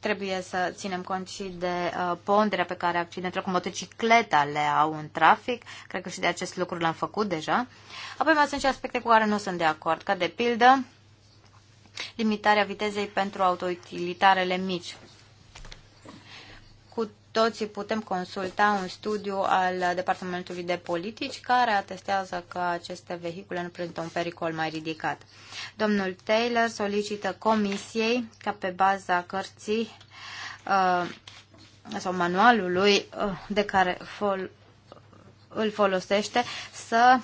trebuie să ținem cont și de uh, ponderea pe care accidentele cu motocicleta le au în trafic. Cred că și de acest lucru l-am făcut deja. Apoi mai sunt și aspecte cu care nu sunt de acord, ca de pildă limitarea vitezei pentru autoutilitarele mici. Cu toții putem consulta un studiu al Departamentului de Politici care atestează că aceste vehicule nu prezintă un pericol mai ridicat. Domnul Taylor solicită comisiei ca pe baza cărții uh, sau manualului uh, de care fol- îl folosește să uh,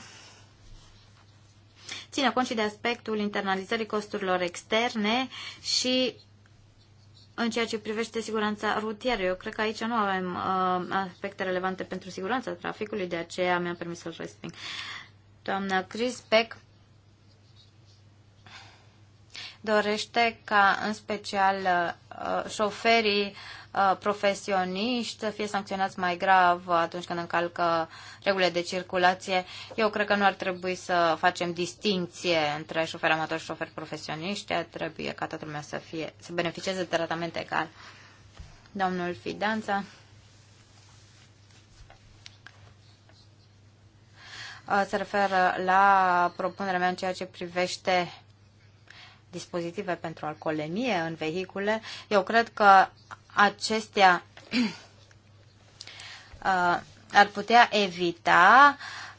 ține cont și de aspectul internalizării costurilor externe și în ceea ce privește siguranța rutieră. Eu cred că aici nu avem uh, aspecte relevante pentru siguranța traficului, de aceea mi-am permis să-l resping. Doamna Chris Beck dorește ca în special uh, șoferii uh, profesioniști să fie sancționați mai grav atunci când încalcă regulile de circulație. Eu cred că nu ar trebui să facem distinție între șoferi amatori și șoferi profesioniști. Trebuie ca toată lumea să, fie, să beneficieze de tratament egal. Domnul Fidanța. Uh, se referă la propunerea mea în ceea ce privește dispozitive pentru alcoolemie în vehicule, eu cred că acestea <clears throat> uh, ar putea evita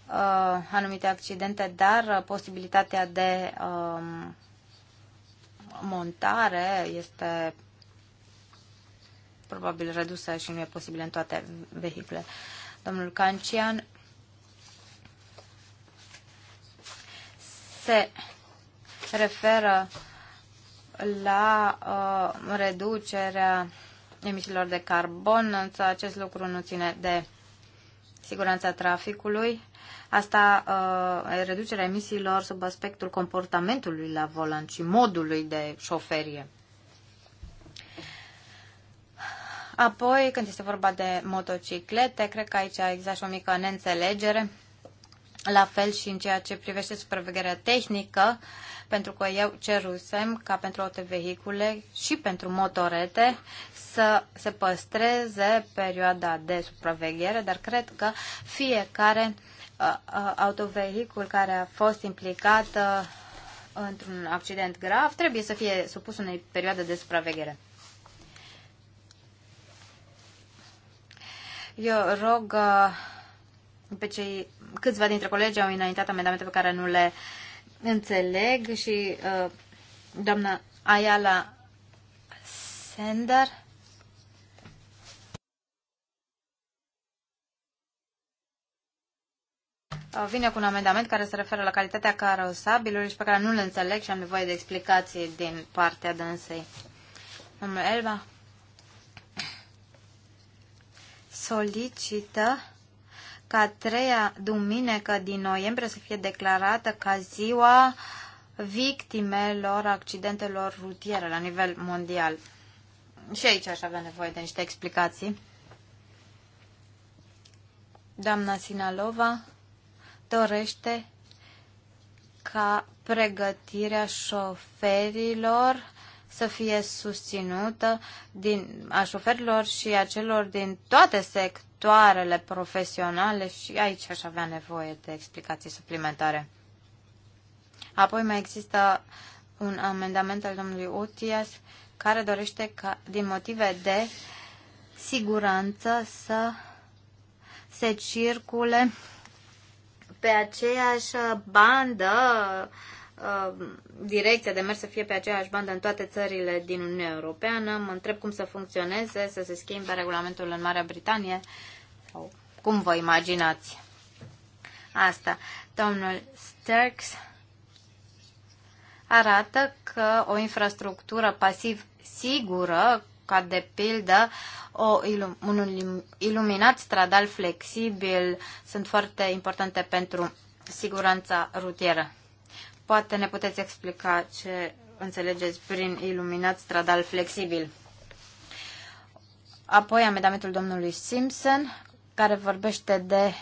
uh, anumite accidente, dar uh, posibilitatea de um, montare este probabil redusă și nu e posibil în toate vehicule. Domnul Cancian se referă la uh, reducerea emisiilor de carbon, însă acest lucru nu ține de siguranța traficului. Asta, uh, reducerea emisiilor sub aspectul comportamentului la volan și modului de șoferie. Apoi, când este vorba de motociclete, cred că aici există și o mică neînțelegere. La fel și în ceea ce privește supravegherea tehnică, uh, pentru că eu cerusem ca pentru autovehicule și pentru motorete să se păstreze perioada de supraveghere, dar cred că fiecare uh, uh, autovehicul care a fost implicat uh, într-un accident grav trebuie să fie supus unei perioade de supraveghere. Eu rog pe cei câțiva dintre colegi au înaintat amendamente pe care nu le uh, înțeleg și uh, doamna Ayala Sender uh, vine cu un amendament care se referă la calitatea carosabilului și pe care nu le înțeleg și am nevoie de explicații din partea dânsei. Domnul Elba solicită ca a treia duminică din noiembrie să fie declarată ca ziua victimelor accidentelor rutiere la nivel mondial. Și aici aș avea nevoie de niște explicații. Doamna Sinalova dorește ca pregătirea șoferilor să fie susținută din, a șoferilor și a celor din toate sectoarele profesionale și aici aș avea nevoie de explicații suplimentare. Apoi mai există un amendament al domnului Utias care dorește ca, din motive de siguranță să se circule pe aceeași bandă uh, Uh, direcția de mers să fie pe aceeași bandă în toate țările din Uniunea Europeană. Mă întreb cum să funcționeze, să se schimbe regulamentul în Marea Britanie sau cum vă imaginați asta. Domnul Sterks arată că o infrastructură pasiv sigură, ca de pildă o ilum- un iluminat stradal flexibil, sunt foarte importante pentru siguranța rutieră. Poate ne puteți explica ce înțelegeți prin iluminat stradal flexibil. Apoi amendamentul domnului Simpson, care vorbește de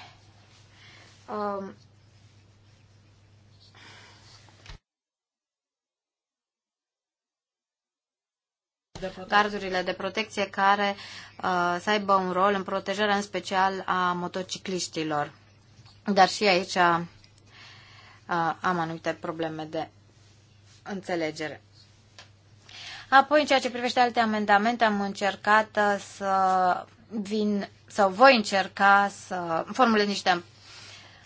um, de gardurile de protecție care uh, să aibă un rol în protejarea în special a motocicliștilor. Dar și aici Uh, am anumite probleme de înțelegere. Apoi, în ceea ce privește alte amendamente, am încercat uh, să vin sau voi încerca să formulez niște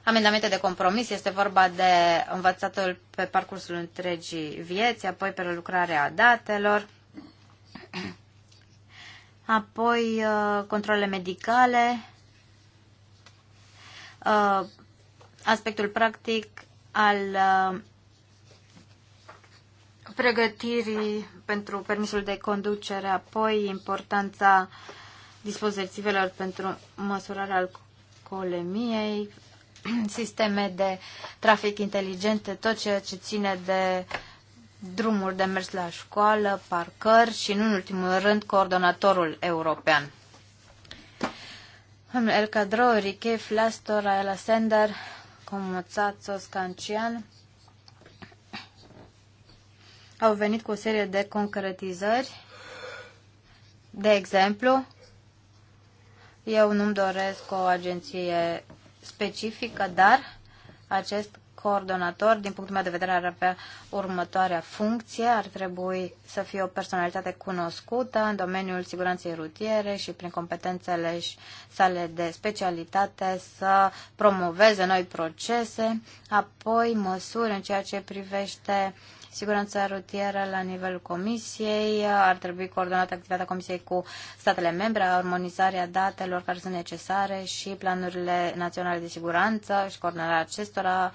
amendamente de compromis. Este vorba de învățatul pe parcursul întregii vieți, apoi lucrarea datelor, <clears throat> apoi uh, controle medicale, aspectul practic al uh, pregătirii pentru permisul de conducere, apoi importanța dispozitivelor pentru măsurarea alcoolemiei, <clears throat> sisteme de trafic inteligente, tot ceea ce ține de drumuri de mers la școală, parcări și, în ultimul rând, coordonatorul european. El Cadro, Riche, Flastor, Ayala Sender, Comoțațos Cancian au venit cu o serie de concretizări. De exemplu, eu nu-mi doresc o agenție specifică, dar acest coordonator, din punctul meu de vedere, ar avea următoarea funcție. Ar trebui să fie o personalitate cunoscută în domeniul siguranței rutiere și prin competențele sale de specialitate să promoveze noi procese, apoi măsuri în ceea ce privește siguranța rutieră la nivelul Comisiei, ar trebui coordonată activitatea Comisiei cu statele membre, armonizarea datelor care sunt necesare și planurile naționale de siguranță și coordonarea acestora,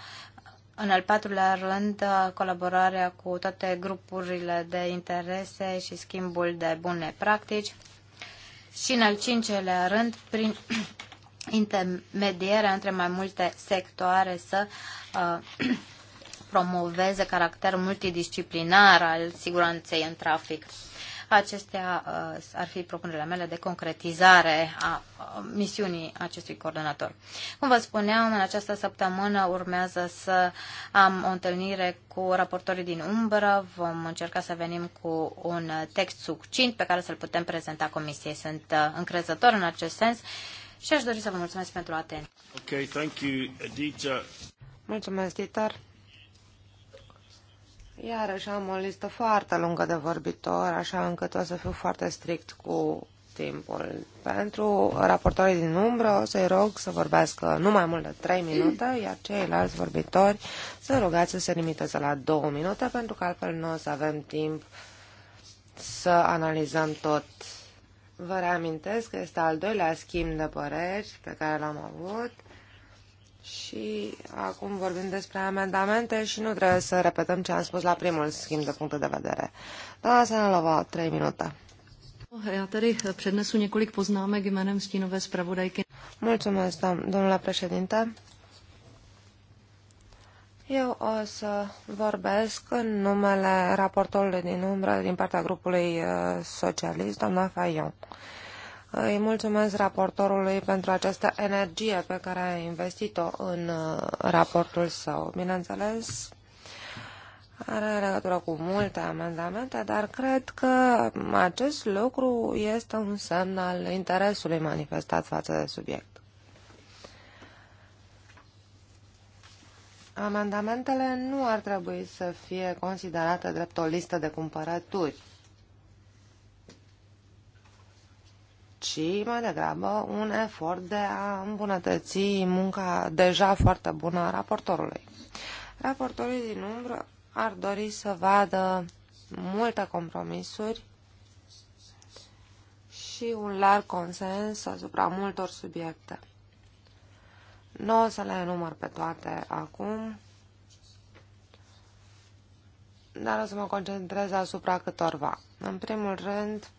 în al patrulea rând, colaborarea cu toate grupurile de interese și schimbul de bune practici. Și în al cincelea rând, prin <clears throat> intermedierea între mai multe sectoare să uh, <clears throat> promoveze caracterul multidisciplinar al siguranței în trafic. Acestea uh, ar fi propunerile mele de concretizare a misiunii acestui coordonator. Cum vă spuneam, în această săptămână urmează să am o întâlnire cu raportorii din umbră. Vom încerca să venim cu un text succint pe care să-l putem prezenta comisiei. Sunt uh, încrezător în acest sens și aș dori să vă mulțumesc pentru atenție. Okay, thank you, Mulțumesc, Dieter iar așa am o listă foarte lungă de vorbitori, așa încât o să fiu foarte strict cu timpul. Pentru raportorii din umbră o să-i rog să vorbească nu mai mult de 3 minute, iar ceilalți vorbitori să rugați să se limiteze la 2 minute, pentru că altfel nu o să avem timp să analizăm tot. Vă reamintesc că este al doilea schimb de păreri pe care l-am avut și acum vorbim despre amendamente și nu trebuie să repetăm ce am spus la primul schimb de puncte de vedere. Doamna Sanelova, trei minute. Já tady přednesu několik poznámek jménem stínové zpravodajky. Mulțumesc, domnule președinte. Eu o să vorbesc în numele raportorului din umbră din partea grupului uh, socialist, doamna Fayon. Îi mulțumesc raportorului pentru această energie pe care a investit-o în uh, raportul său. Bineînțeles, are legătură cu multe amendamente, dar cred că acest lucru este un semn al interesului manifestat față de subiect. Amendamentele nu ar trebui să fie considerate drept o listă de cumpărături ci mai degrabă un efort de a îmbunătăți munca deja foarte bună a raportorului. Raportorii din umbră ar dori să vadă multe compromisuri și un larg consens asupra multor subiecte. Nu o să le enumăr pe toate acum, dar o să mă concentrez asupra câtorva. În primul rând,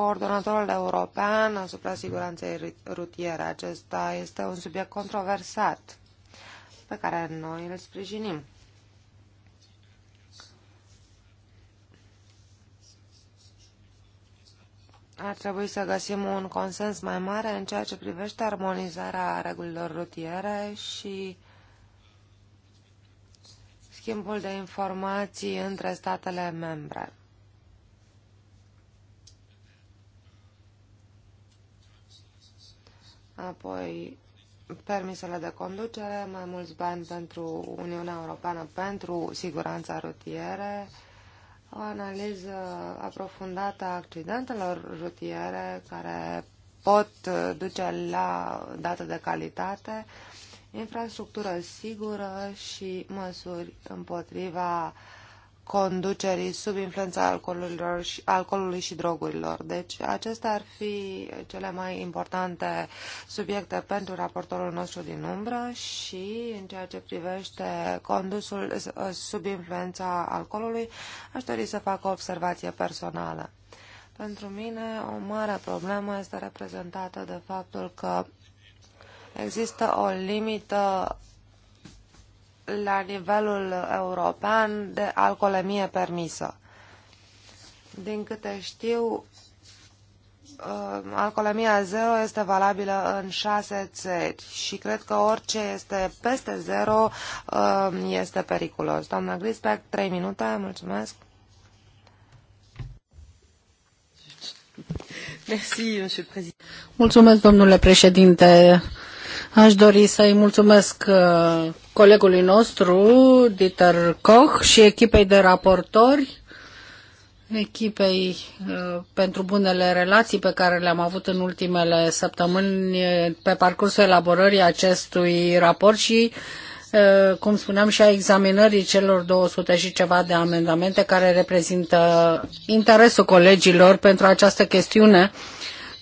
coordonatorul european asupra siguranței rutiere. Acesta este un subiect controversat pe care noi îl sprijinim. Ar trebui să găsim un consens mai mare în ceea ce privește armonizarea regulilor rutiere și schimbul de informații între statele membre. apoi permisele de conducere, mai mulți bani pentru Uniunea Europeană pentru siguranța rutiere, o analiză aprofundată a accidentelor rutiere care pot duce la date de calitate, infrastructură sigură și măsuri împotriva uh, conducerii sub influența și, alcoolului și drogurilor. Deci acestea ar fi cele mai importante subiecte pentru raportorul nostru din umbră și în ceea ce privește condusul uh, sub influența alcoolului, aș dori să fac o observație personală. Pentru mine, o mare problemă este reprezentată de faptul că există o limită la nivelul european de alcoolemie permisă. Din câte știu, uh, alcoolemia zero este valabilă în șase țări și cred că orice este peste zero uh, este periculos. Doamna Grisbeck, trei minute, mulțumesc. Mulțumesc, domnule președinte. Aș dori să-i mulțumesc uh, colegului nostru, Dieter Koch, și echipei de raportori, echipei uh, pentru bunele relații pe care le-am avut în ultimele săptămâni pe parcursul elaborării acestui raport și uh, cum spuneam, și a examinării celor 200 și ceva de amendamente care reprezintă interesul colegilor pentru această chestiune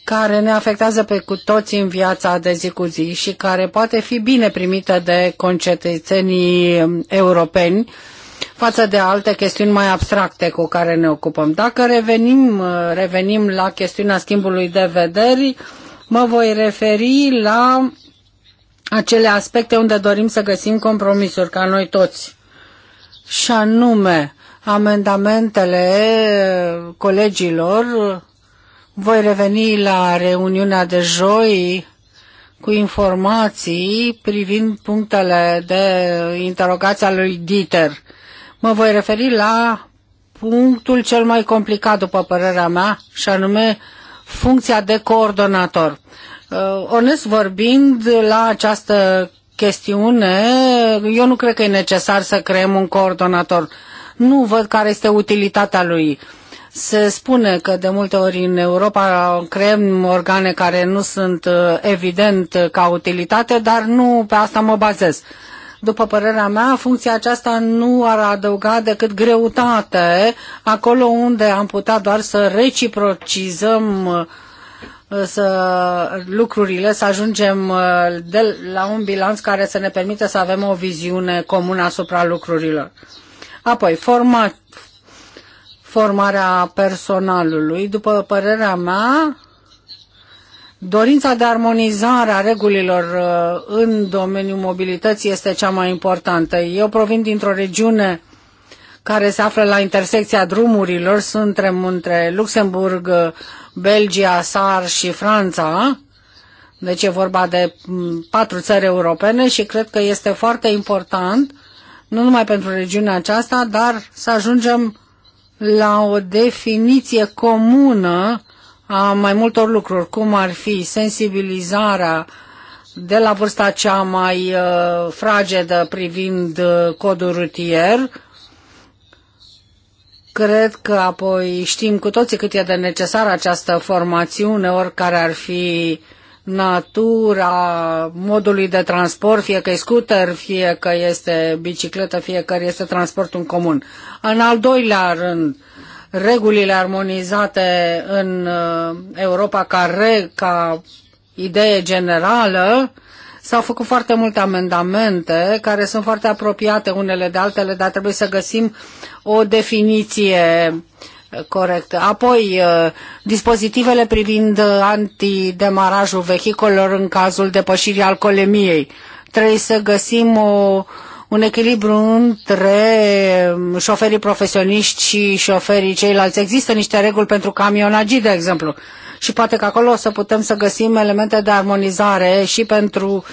care ne afectează pe cu toți în viața de zi cu zi și care poate fi bine primită de concetățenii europeni față de alte chestiuni mai abstracte cu care ne ocupăm. Dacă revenim, revenim la chestiunea schimbului de vederi, mă voi referi la acele aspecte unde dorim să găsim compromisuri, ca noi toți. Și anume, amendamentele colegilor voi reveni la reuniunea de joi cu informații privind punctele de interogație a lui Dieter. Mă voi referi la punctul cel mai complicat, după părerea mea, și anume funcția de coordonator. Uh, onest vorbind, la această chestiune, eu nu cred că e necesar să creăm un coordonator. Nu văd care este utilitatea lui. Se spune că de multe ori în Europa creăm organe care nu sunt uh, evident ca utilitate, dar nu pe asta mă bazez. După părerea mea, funcția aceasta nu ar adăuga decât greutate acolo unde am putea doar să reciprocizăm uh, să lucrurile, să ajungem uh, de la un bilanț care să ne permită să avem o viziune comună asupra lucrurilor. Apoi, forma, formarea personalului. După părerea mea, dorința de armonizare a regulilor uh, în domeniul mobilității este cea mai importantă. Eu provin dintr-o regiune care se află la intersecția drumurilor, sunt între Luxemburg, Belgia, Sar și Franța, deci e vorba de mm, patru țări europene și cred că este foarte important, nu numai pentru regiunea aceasta, dar să ajungem la o definiție comună a mai multor lucruri, cum ar fi sensibilizarea de la vârsta cea mai uh, fragedă privind uh, codul rutier. Cred că apoi știm cu toții cât e de necesară această formațiune, oricare ar fi uh, natura modului de transport, fie că e scooter, fie că este bicicletă, fie că este transportul în comun. În al doilea rând, regulile armonizate în uh, Europa care, ca idee generală, S-au făcut foarte multe amendamente care sunt foarte apropiate unele de altele, dar trebuie să găsim o definiție uh, Corect. Apoi, uh, dispozitivele privind uh, antidemarajul vehicolelor în cazul depășirii alcoolemiei. Trebuie să găsim o, un echilibru între um, șoferii profesioniști și șoferii ceilalți. Există niște reguli pentru camionagii, de exemplu, și poate că acolo o să putem să găsim elemente de armonizare și pentru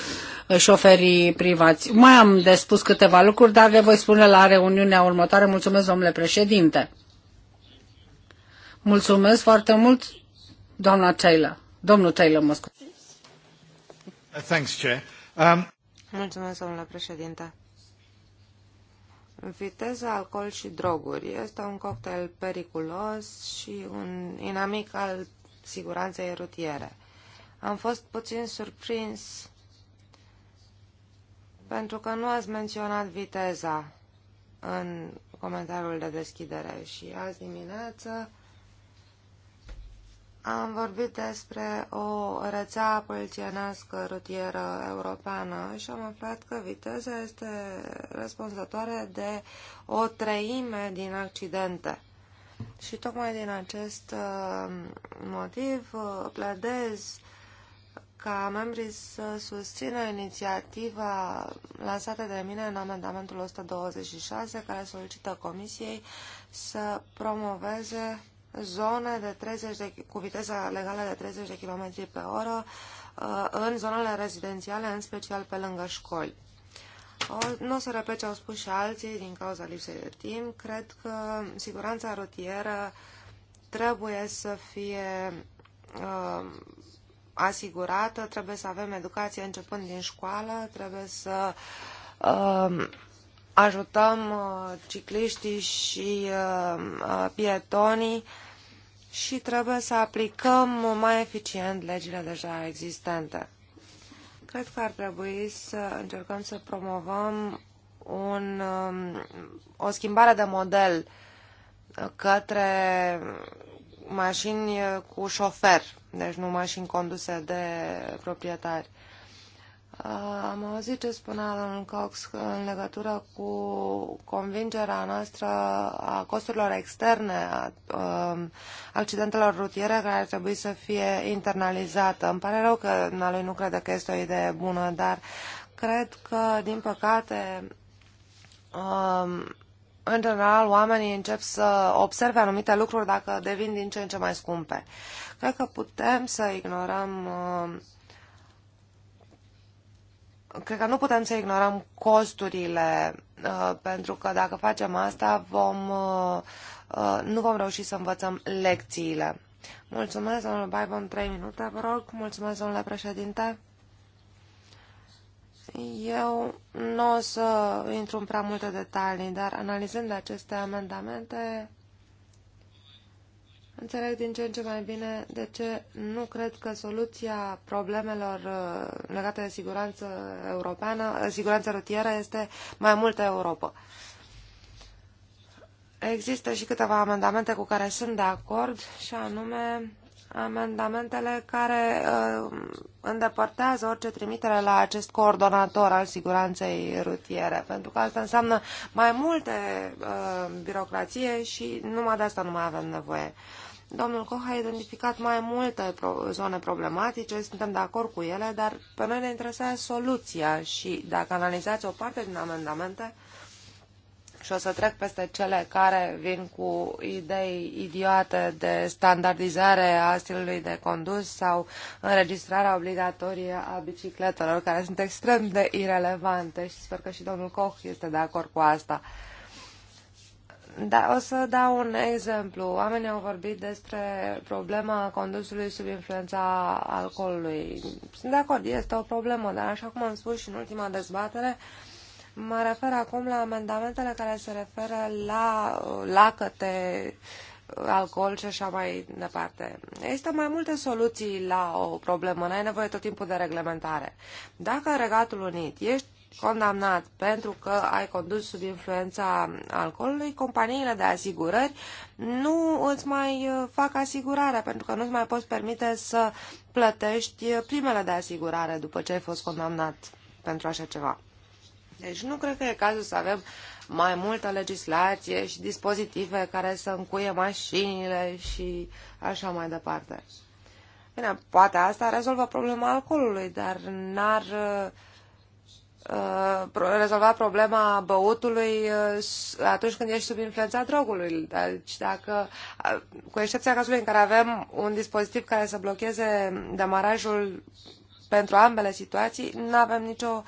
uh, șoferii privați. Mai am de spus câteva lucruri, dar le voi spune la reuniunea următoare. Mulțumesc, domnule președinte. Mulțumesc foarte mult, doamna Taylor. Domnul Taylor, mă scuze. Thanks, Chair. Um... Mulțumesc, domnule președinte. Viteza, alcool și droguri este un cocktail periculos și un inamic al siguranței rutiere. Am fost puțin surprins pentru că nu ați menționat viteza în comentariul de deschidere și azi dimineață am vorbit despre o rețea polițienească rutieră europeană și am aflat că viteza este răspunzătoare de o treime din accidente. Și tocmai din acest uh, motiv uh, pledez ca membrii să susțină inițiativa lansată de mine în amendamentul 126 care solicită Comisiei să promoveze zone de 30 de, cu viteză legală de 30 de km pe oră uh, în zonele rezidențiale, în special pe lângă școli. Nu o să repet ce au spus și alții din cauza lipsei de timp. Cred că siguranța rutieră trebuie să fie uh, asigurată, trebuie să avem educație începând din școală, trebuie să uh, ajutăm uh, cicliștii și uh, uh, pietonii și trebuie să aplicăm mai eficient legile deja existente. Cred că ar trebui să încercăm să promovăm un, um, o schimbare de model către mașini cu șofer, deci nu mașini conduse de proprietari. Uh, am auzit ce spunea domnul Cox în legătură cu convingerea noastră a costurilor externe, a, a um, accidentelor rutiere care ar trebui să fie internalizată. Îmi pare rău că lui nu crede că este o idee bună, dar cred că, din păcate, a, um, în general, oamenii încep să observe anumite lucruri dacă devin din ce în ce mai scumpe. Cred că putem să ignorăm a, um, cred că nu putem să ignorăm costurile, uh, pentru că dacă facem asta, vom, uh, uh, nu vom reuși să învățăm lecțiile. Mulțumesc, domnule Baibon, 3 minute, vă rog. Mulțumesc, domnule președinte. Eu nu o să intru în prea multe detalii, dar analizând aceste amendamente, Înțeleg din ce în ce mai bine de ce nu cred că soluția problemelor uh, legate de siguranță europeană, uh, siguranța rutieră este mai multă Europa. Există și câteva amendamente cu care sunt de acord, și anume amendamentele care uh, îndepărtează orice trimitere la acest coordonator al siguranței rutiere, pentru că asta înseamnă mai multe uh, birocrație și numai de asta nu mai avem nevoie. Uh, Domnul Koch a identificat mai multe zone problematice, suntem de acord cu ele, dar pe noi ne interesează soluția și dacă analizați o parte din amendamente, și o să trec peste cele care vin cu idei idiote de standardizare a stilului de condus sau înregistrarea obligatorie a bicicletelor, care sunt extrem de irelevante și sper că și domnul Koch este de acord cu asta. Da, o să dau un exemplu. Oamenii au vorbit despre problema condusului sub influența alcoolului. Sunt de acord, este o problemă, dar așa cum am spus și în ultima dezbatere, mă refer acum la amendamentele care se referă la lacăte, alcool și așa mai departe. Există mai multe soluții la o problemă, n-ai nevoie tot timpul de reglementare. Dacă în Regatul Unit ești condamnat pentru că ai condus sub influența alcoolului, companiile de asigurări nu îți mai uh, fac asigurarea pentru că nu îți mai poți permite să plătești uh, primele de asigurare după ce ai fost condamnat pentru așa ceva. Deci nu cred că e cazul să avem mai multă legislație și dispozitive care să încuie mașinile și așa mai departe. Bine, poate asta rezolvă problema alcoolului, dar n-ar uh, Uh, rezolva problema băutului uh, atunci când ești sub influența drogului. Deci dacă, uh, cu excepția cazului în care avem un dispozitiv care să blocheze demarajul pentru ambele situații, nu avem nicio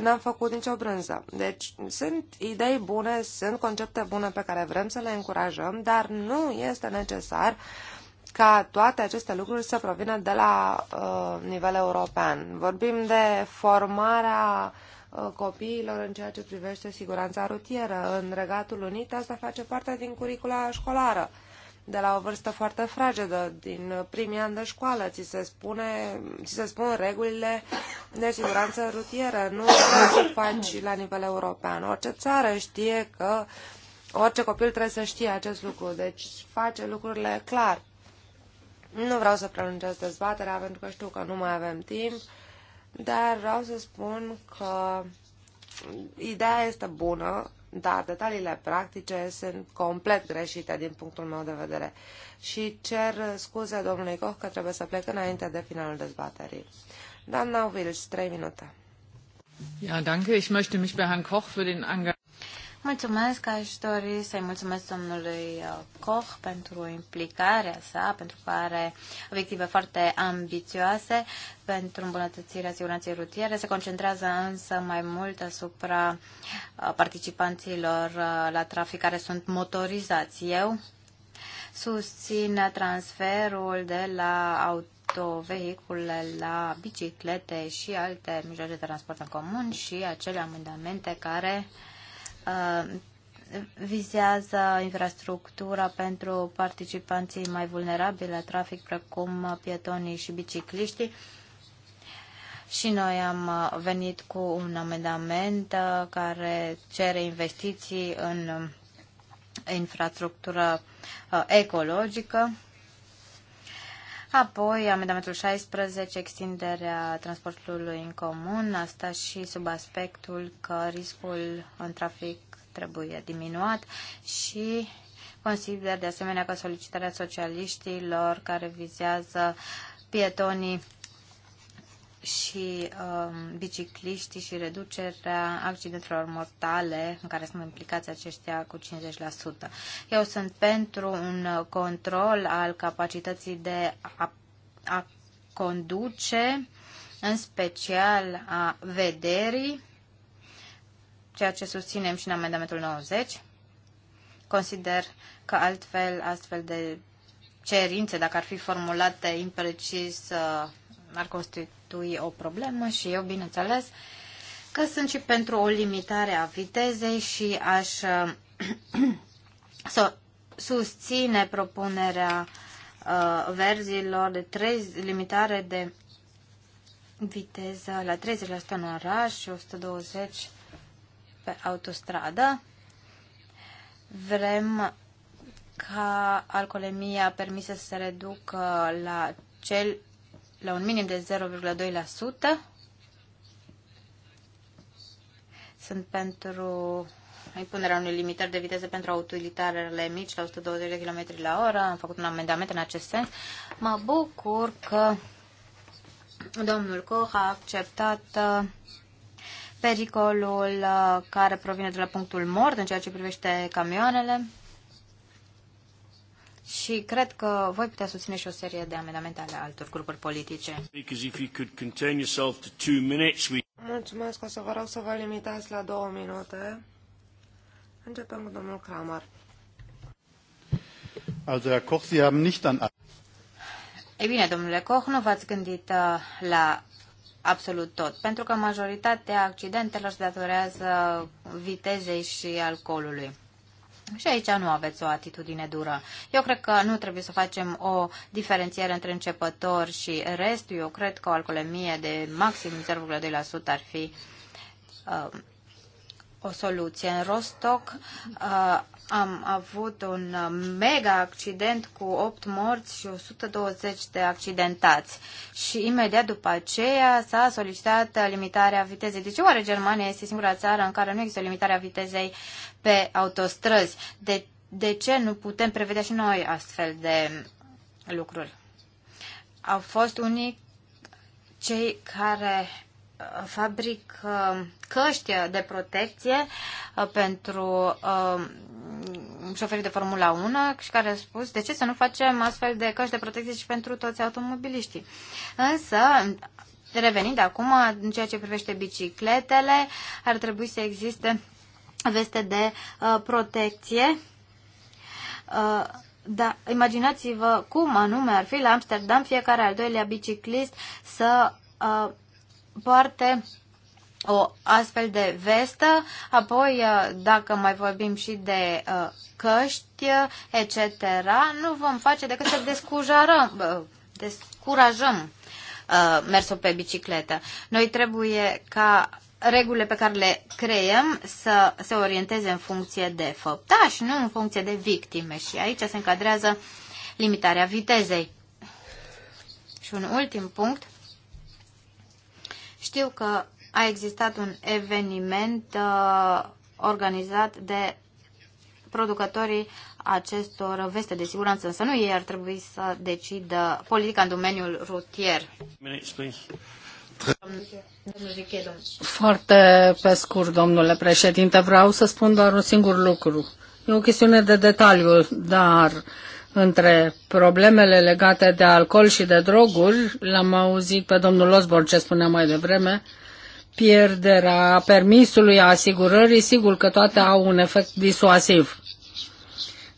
n-am făcut nicio brânză. Deci sunt idei bune, sunt concepte bune pe care vrem să le încurajăm, dar nu este necesar uh, ca toate aceste lucruri să provină de la uh, nivel european. Vorbim de formarea uh, copiilor în ceea ce privește siguranța rutieră. În Regatul Unit asta face parte din curicula școlară. De la o vârstă foarte fragedă, din primii ani de școală, ți se, spune, ți se spun regulile de siguranță rutieră. Nu să faci la nivel european. Orice țară știe că orice copil trebuie să știe acest lucru, deci face lucrurile clar. Nu vreau să prelungesc dezbaterea pentru că știu că nu mai avem timp, dar vreau să spun că ideea este bună, dar detaliile practice sunt complet greșite din punctul meu de vedere. Și cer scuze domnului Koch că trebuie să plec înainte de finalul dezbaterii. Doamna Wills, trei minute. Ja, danke. Ich möchte mich bei Herrn Koch für den Engagement Mulțumesc, aș dori să-i mulțumesc domnului uh, Koch pentru implicarea sa, pentru că are obiective foarte ambițioase pentru îmbunătățirea siguranței rutiere. Se concentrează însă mai mult asupra uh, participanților uh, la trafic care sunt motorizați. Eu susțin transferul de la auto autovehicule la biciclete și alte mijloace de transport în comun și acele amendamente care uh, Uh, vizează infrastructura pentru participanții mai vulnerabili la trafic, precum pietonii și bicicliștii. Și noi am venit cu un amendament uh, care cere investiții în uh, infrastructură ecologică Apoi, amendamentul 16, extinderea transportului în comun, asta și sub aspectul că riscul în trafic trebuie diminuat și consider de asemenea că solicitarea socialiștilor care vizează pietonii și um, bicicliștii și reducerea accidentelor mortale în care sunt implicați aceștia cu 50%. Eu sunt pentru un control al capacității de a, a conduce, în special a vederii, ceea ce susținem și în amendamentul 90. Consider că altfel astfel de cerințe, dacă ar fi formulate imprecis, uh, ar constitui constitui o problemă și eu, bineînțeles, că sunt și pentru o limitare a vitezei și aș <clears throat> susține propunerea uh, verzilor de limitare de viteză la 30% în oraș și 120 pe autostradă. Vrem ca alcoolemia permisă să se reducă la cel la un minim de 0,2%. Sunt pentru impunerea unui limitări de viteză pentru autoutilitarele mici la 120 de km la oră. Am făcut un amendament în acest sens. Mă bucur că domnul Koch a acceptat uh, pericolul uh, care provine de la punctul mort în ceea ce privește camioanele și cred că voi putea susține și o serie de amendamente ale altor grupuri politice. Mulțumesc, o să vă rog să vă limitați la două minute. Începem cu domnul Kramer. Also, Herr Koch, Sie haben nicht an... Ei bine, domnule Koch, nu v-ați gândit uh, la absolut tot, pentru că majoritatea accidentelor se datorează vitezei și alcoolului. Și aici nu aveți o atitudine dură. Eu cred că nu trebuie să facem o diferențiere între începător și restul. Eu cred că o alcoolemie de maxim 0,2% ar fi uh, o soluție. În Rostock uh, am avut un uh, mega accident cu 8 morți și 120 de accidentați. Și imediat după aceea s-a solicitat uh, limitarea vitezei. Deci oare Germania este singura țară în care nu există limitarea vitezei pe autostrăzi? De, de ce nu putem prevedea și noi astfel de lucruri? Au fost unii cei care fabric căști de protecție uh, pentru uh, șoferii de Formula 1 și care a spus de ce să nu facem astfel de căști de protecție și pentru toți automobiliștii. Însă, revenind acum, în ceea ce privește bicicletele, ar trebui să existe veste de uh, protecție. da, imaginați-vă cum anume ar fi la Amsterdam fiecare al doilea biciclist să uh, poarte o astfel de vestă, apoi uh, dacă mai vorbim și de uh, căști, uh, etc., nu vom face decât să descurajăm, descurajăm mersul pe bicicletă. Noi trebuie ca regulile pe care le creăm să se orienteze în funcție de făptași, nu în funcție de victime. Și aici se încadrează limitarea vitezei. Și un ultim punct știu că a existat un eveniment uh, organizat de producătorii acestor veste de siguranță, însă nu ei ar trebui să decidă politica în domeniul rutier. Foarte pe scurt, domnule președinte, vreau să spun doar un singur lucru. E o chestiune de detaliu, dar între problemele legate de alcool și de droguri, l-am auzit pe domnul Osborne ce spunea mai devreme, pierderea permisului, a asigurării, sigur că toate au un efect disuasiv.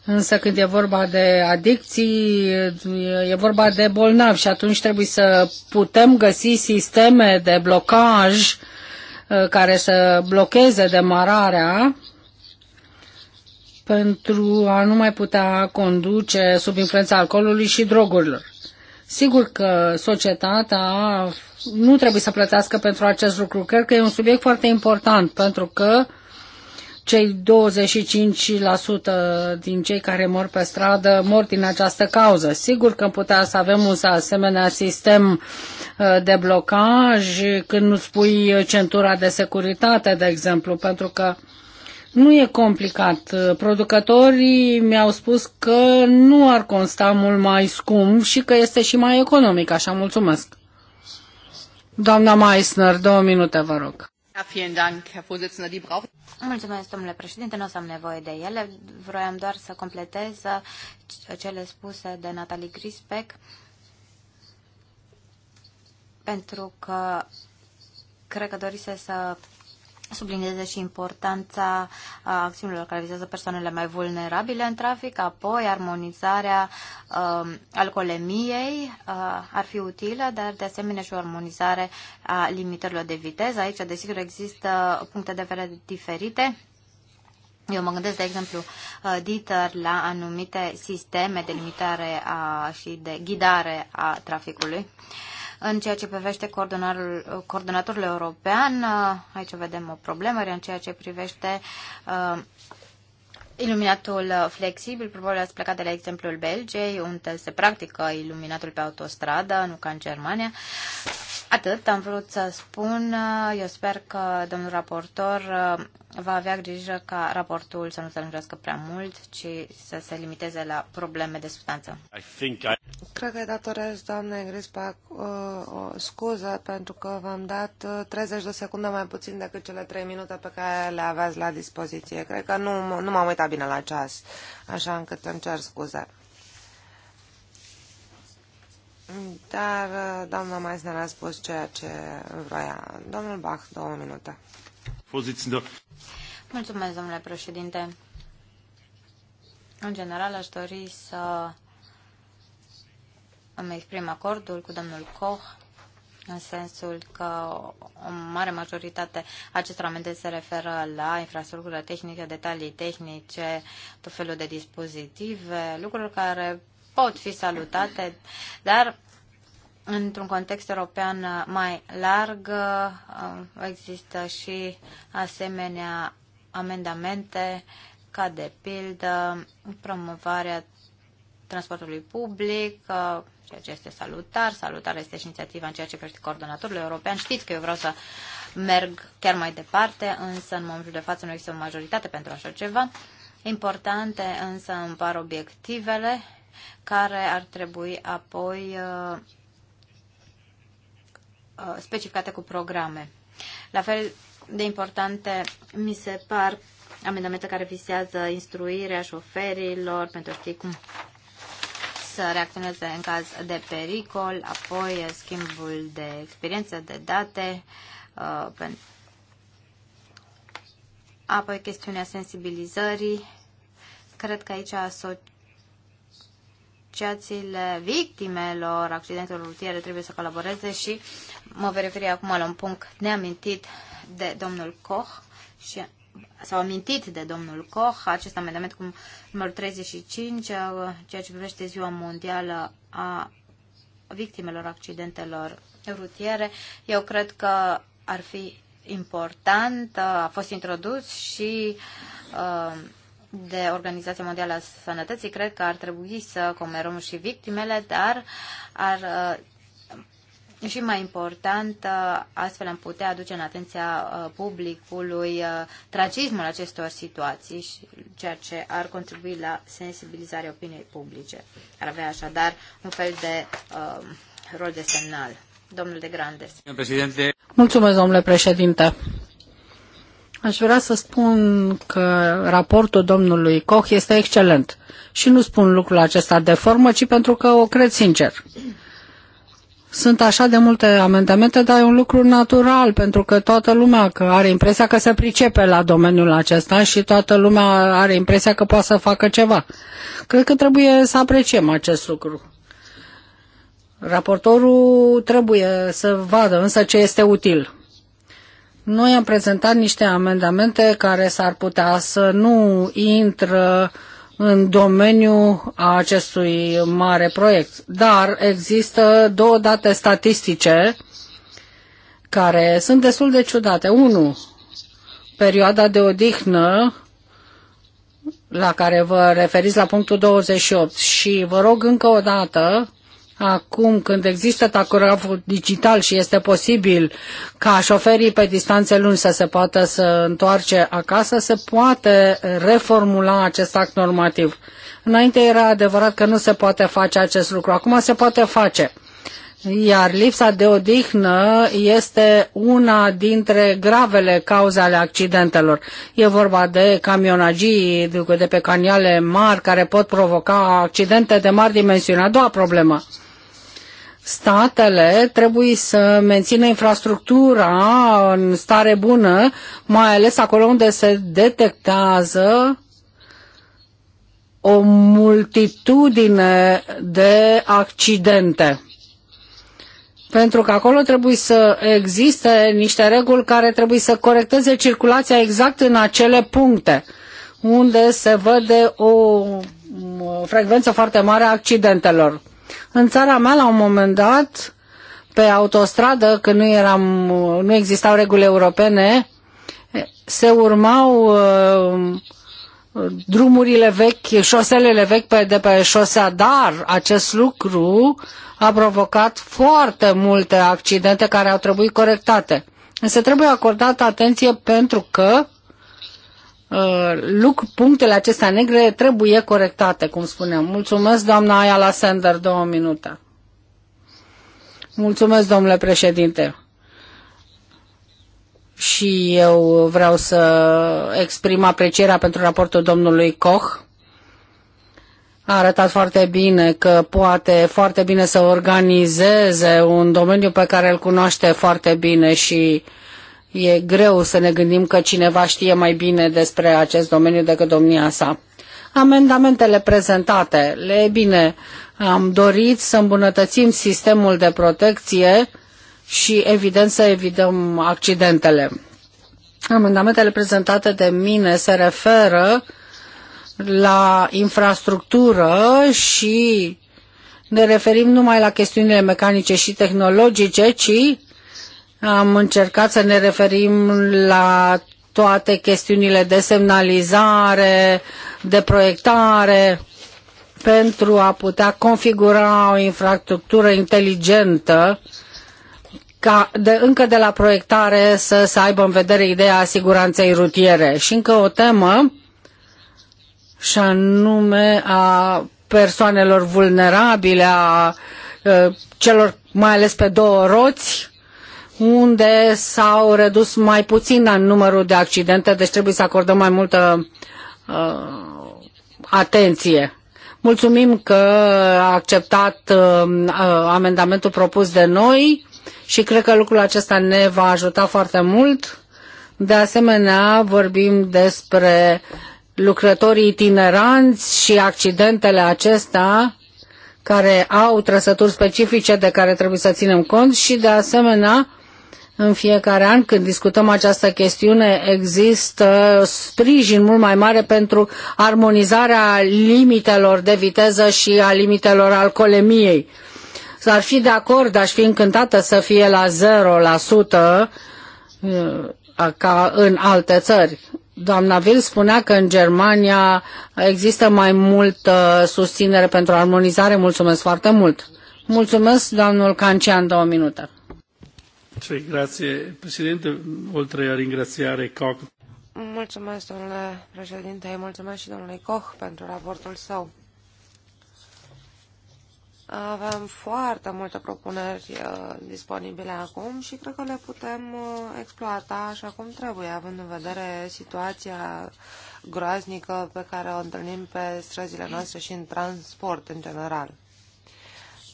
Însă când e vorba de adicții, e vorba de bolnavi și atunci trebuie să putem găsi sisteme de blocaj uh, care să blocheze demararea pentru a nu mai putea conduce sub influența alcoolului și drogurilor. Sigur că societatea nu trebuie să plătească pentru acest lucru. Cred că e un subiect foarte important pentru că cei 25% din cei care mor pe stradă mor din această cauză. Sigur că putea să avem un asemenea sistem uh, de blocaj când nu spui uh, centura de securitate, de exemplu, pentru că nu e complicat. Producătorii mi-au spus că nu ar consta mult mai scump și că este și mai economic, așa mulțumesc. Doamna Meissner, două minute, vă rog. Mulțumesc, domnule președinte, nu o să am nevoie de ele. Vroiam doar să completez cele spuse de Natalie Grisbeck, pentru că cred că dorise să sublinieze și importanța acțiunilor care vizează persoanele mai vulnerabile în trafic, apoi armonizarea uh, alcoolemiei uh, ar fi utilă, dar de asemenea și o armonizare a limitărilor de viteză. Aici, desigur, există puncte de vedere diferite. Eu mă gândesc, de exemplu, Dieter, la anumite sisteme de limitare a, și de ghidare a traficului. Uh, în ceea ce privește coordonatorul european, uh, aici vedem o problemă, în ceea ce privește uh, iluminatul flexibil, probabil ați plecat de la exemplul Belgiei, unde se practică iluminatul pe autostradă, nu ca în Germania. Atât am vrut să spun. Uh, eu sper că domnul raportor uh, va avea grijă ca raportul să nu se lungească prea mult, ci să se limiteze la probleme de substanță. I think I Cred că datorez, doamne Grispa, uh, o scuză pentru că v-am dat 30 uh, de secunde mai puțin decât cele 3 minute pe care le aveați la dispoziție. Cred că nu, nu m-am uitat bine la ceas, așa încât îmi cer scuze. Dar uh, doamna Meisner a spus ceea ce vroia. Domnul Bach, două minute. Mulțumesc, domnule președinte. În general, aș dori să îmi exprim acordul cu domnul Koch în sensul că o mare majoritate acestor amende se referă la infrastructură tehnică, detalii tehnice, tot felul de dispozitive, lucruri care pot fi salutate, dar într-un context european mai larg uh, există și asemenea amendamente ca de pildă promovarea transportului public, uh, ceea ce este salutar. Salutar este și inițiativa în ceea ce privește coordonatorul european. Știți că eu vreau să merg chiar mai departe, însă în momentul de față nu există o majoritate pentru așa ceva. Importante însă îmi par obiectivele care ar trebui apoi uh, uh specificate cu programe. La fel de importante mi se par amendamente care visează instruirea șoferilor pentru a ști cum să reacționeze în caz de pericol, apoi schimbul de experiență, de date, uh, apoi chestiunea sensibilizării. Cred că aici asociațiile victimelor accidentelor rutiere trebuie să colaboreze și mă voi referi acum la un punct neamintit de domnul Koch și s-au amintit de domnul Koch, acest amendament cu numărul 35, uh, ceea ce privește Ziua Mondială a victimelor accidentelor rutiere. Eu cred că ar fi important, uh, a fost introdus și uh, de Organizația Mondială a Sănătății, cred că ar trebui să comerăm și victimele, dar ar și mai important, uh, astfel am putea aduce în atenția uh, publicului uh, tragismul acestor situații, și ceea ce ar contribui la sensibilizarea opiniei publice. Ar avea așadar un fel de uh, rol de semnal. Domnul de Grandes. Mulțumesc, domnule președinte. Aș vrea să spun că raportul domnului Koch este excelent. Și nu spun lucrul acesta de formă, ci pentru că o cred sincer sunt așa de multe amendamente, dar e un lucru natural, pentru că toată lumea că are impresia că se pricepe la domeniul acesta și toată lumea are impresia că poate să facă ceva. Cred că trebuie să apreciem acest lucru. Raportorul trebuie să vadă însă ce este util. Noi am prezentat niște amendamente care s-ar putea să nu intră uh, în domeniul acestui mare proiect. Dar există două date statistice care sunt destul de ciudate. Unu, perioada de odihnă la care vă referiți la punctul 28 și vă rog încă o dată Acum, când există tacograful digital și este posibil ca șoferii pe distanțe lungi să se poată să întoarce acasă, se poate reformula acest act normativ. Înainte era adevărat că nu se poate face acest lucru, acum se poate face. Iar lipsa de odihnă este una dintre gravele cauze ale accidentelor. E vorba de camionagii de pe caniale mari care pot provoca accidente de mari dimensiuni. A doua problemă statele trebuie să mențină infrastructura în stare bună, mai ales acolo unde se detectează o multitudine de accidente. Pentru că acolo trebuie să existe niște reguli care trebuie să corecteze circulația exact în acele puncte unde se vede o frecvență foarte mare a accidentelor. În țara mea, la un moment dat, pe autostradă, când nu, eram, nu existau reguli europene, se urmau uh, drumurile vechi, șoselele vechi pe, de pe șosea, dar acest lucru a provocat foarte multe accidente care au trebuit corectate. Însă trebuie acordată atenție pentru că Uh, luc, punctele acestea negre trebuie corectate, cum spuneam. Mulțumesc, doamna Aia la Sender, două minute. Mulțumesc, domnule președinte. Și eu vreau să exprim aprecierea pentru raportul domnului Koch. A arătat foarte bine că poate foarte bine să organizeze un domeniu pe care îl cunoaște foarte bine și uh, E greu să ne gândim că cineva știe mai bine despre acest domeniu decât domnia sa. Amendamentele prezentate, le e bine, am dorit să îmbunătățim sistemul de protecție și, evident, să evităm accidentele. Amendamentele prezentate de mine se referă la infrastructură și ne referim numai la chestiunile mecanice și tehnologice, ci am încercat să ne referim la toate chestiunile de semnalizare, de proiectare, pentru a putea configura o infrastructură inteligentă ca de, încă de la proiectare să, să aibă în vedere ideea siguranței rutiere. Și încă o temă, și anume a persoanelor vulnerabile, a ă, celor mai ales pe două roți, unde s-au redus mai puțin în numărul de accidente, deci trebuie să acordăm mai multă uh, atenție. Mulțumim că a acceptat uh, uh, amendamentul propus de noi și cred că lucrul acesta ne va ajuta foarte mult. De asemenea, vorbim despre lucrătorii itineranți și accidentele acestea care au trăsături specifice de care trebuie să ținem cont și, de asemenea, în fiecare an, când discutăm această chestiune, există sprijin mult mai mare pentru armonizarea limitelor de viteză și a limitelor alcoolemiei. Ar fi de acord, aș fi încântată să fie la 0% uh, ca în alte țări. Doamna Vil spunea că în Germania există mai multă susținere pentru armonizare. Mulțumesc foarte mult! Mulțumesc, domnul Cancian, două minute. Sì, grazie Presidente. Oltre a ringraziare Koch. Mulțumesc, domnule președinte, mulțumesc și domnului Koch pentru raportul său. Avem foarte multe propuneri uh, disponibile acum și cred că le putem uh, exploata așa cum trebuie, având în vedere situația groaznică pe care o întâlnim pe străzile noastre și în transport în general.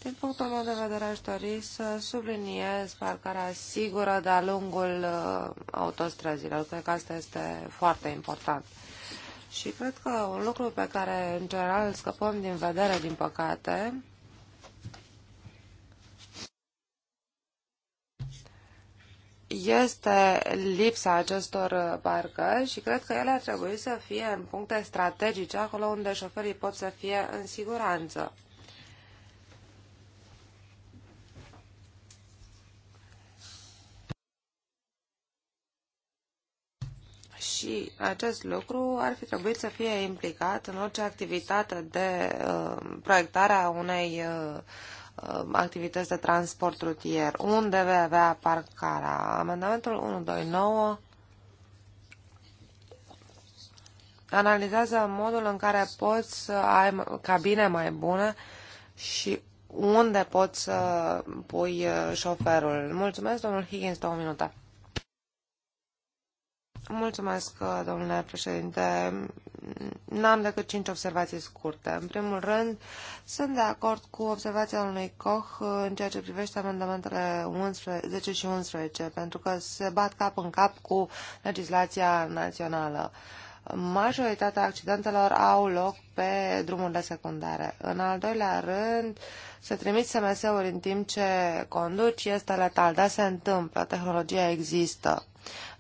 Din punctul meu de vedere, aș dori să subliniez parcarea sigură de-a lungul uh, autostrăzilor. Cred că asta este foarte important. Și cred că un lucru pe care, în general, scăpăm din vedere, din păcate, este lipsa acestor parcări și cred că ele ar trebui să fie în puncte strategice, acolo unde șoferii pot să fie în siguranță. și acest lucru ar fi trebuit să fie implicat în orice activitate de uh, proiectare a unei uh, uh activități de transport rutier. Unde vei avea parcarea? Amendamentul 129 analizează modul în care poți să ai cabine mai bune și unde poți să pui uh, șoferul. Mulțumesc, domnul Higgins, două minute. Mulțumesc, uh, domnule președinte. N-am decât cinci observații scurte. În primul rând, sunt de acord cu observația domnului Koch uh, în ceea ce privește amendamentele 11, 10 și 11, pentru că se bat cap în cap cu legislația națională. Majoritatea accidentelor au loc pe drumurile secundare. În al doilea rând, să trimiți SMS-uri în timp ce conduci este letal, dar se întâmplă, tehnologia există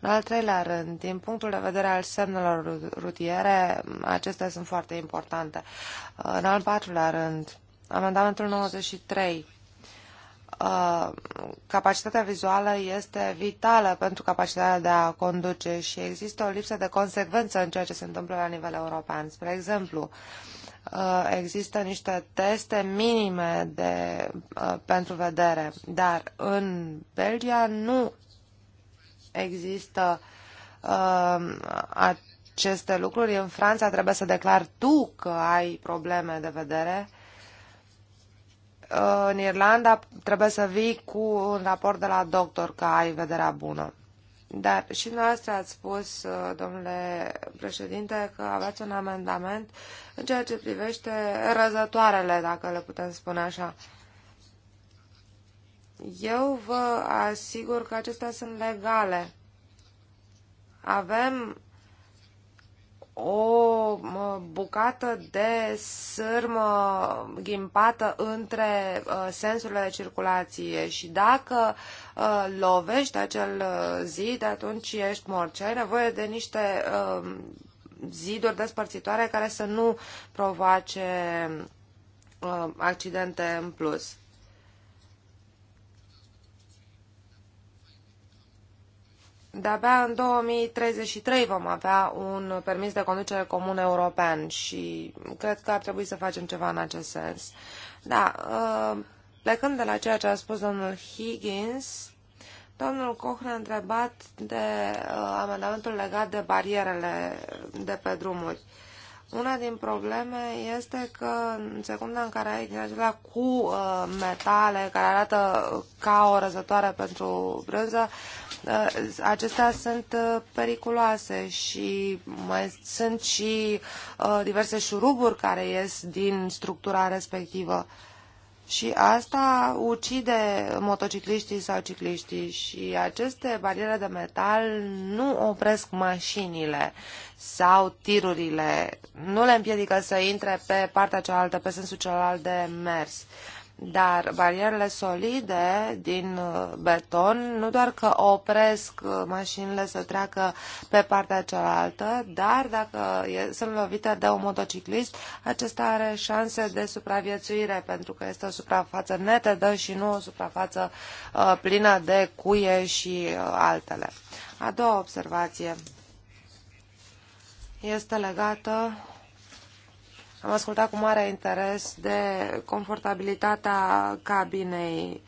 în al treilea rând, din punctul de vedere al semnelor rutiere, acestea sunt foarte importante. În al patrulea rând, amendamentul 93 uh, capacitatea vizuală este vitală pentru capacitatea de a conduce și există o lipsă de consecvență în ceea ce se întâmplă la nivel european. Spre exemplu, uh, există niște teste minime de, uh, pentru vedere, dar în Belgia nu există uh, aceste lucruri. În Franța trebuie să declar tu că ai probleme de vedere. Uh, în Irlanda trebuie să vii cu un raport de la doctor că ai vederea bună. Dar și noastră ați spus, uh, domnule președinte, că aveți un amendament în ceea ce privește răzătoarele, dacă le putem spune așa. Eu vă asigur că acestea sunt legale. Avem o bucată de sârmă ghimpată între ă, sensurile de circulație și dacă ă, lovești acel ă, zid, atunci ești mort. Și ai nevoie de niște ziduri despărțitoare care să nu provoace accidente în plus. de-abia în 2033 vom avea un permis de conducere comun european și cred că ar trebui să facem ceva în acest sens. Da, uh, plecând de la ceea ce a spus domnul Higgins, domnul Koch ne-a întrebat de uh, amendamentul legat de barierele de pe drumuri. Una din probleme este că în secunda în care ai din acelea cu uh, metale care arată ca o răzătoare pentru brânză, uh, acestea sunt uh, periculoase și mai sunt și uh, diverse șuruburi care ies din structura respectivă. Uh, și asta ucide motocicliștii sau cicliștii și aceste bariere de metal nu opresc mașinile sau tirurile, nu le împiedică să intre pe partea cealaltă, pe sensul celălalt de mers. Dar barierele solide din uh, beton nu doar că opresc uh, mașinile să treacă pe partea cealaltă, dar dacă sunt lovite de un motociclist, acesta are șanse de supraviețuire pentru că este o suprafață netedă și nu o suprafață uh, plină de cuie și altele. A doua observație este legată am ascultat cu mare interes de confortabilitatea cabinei.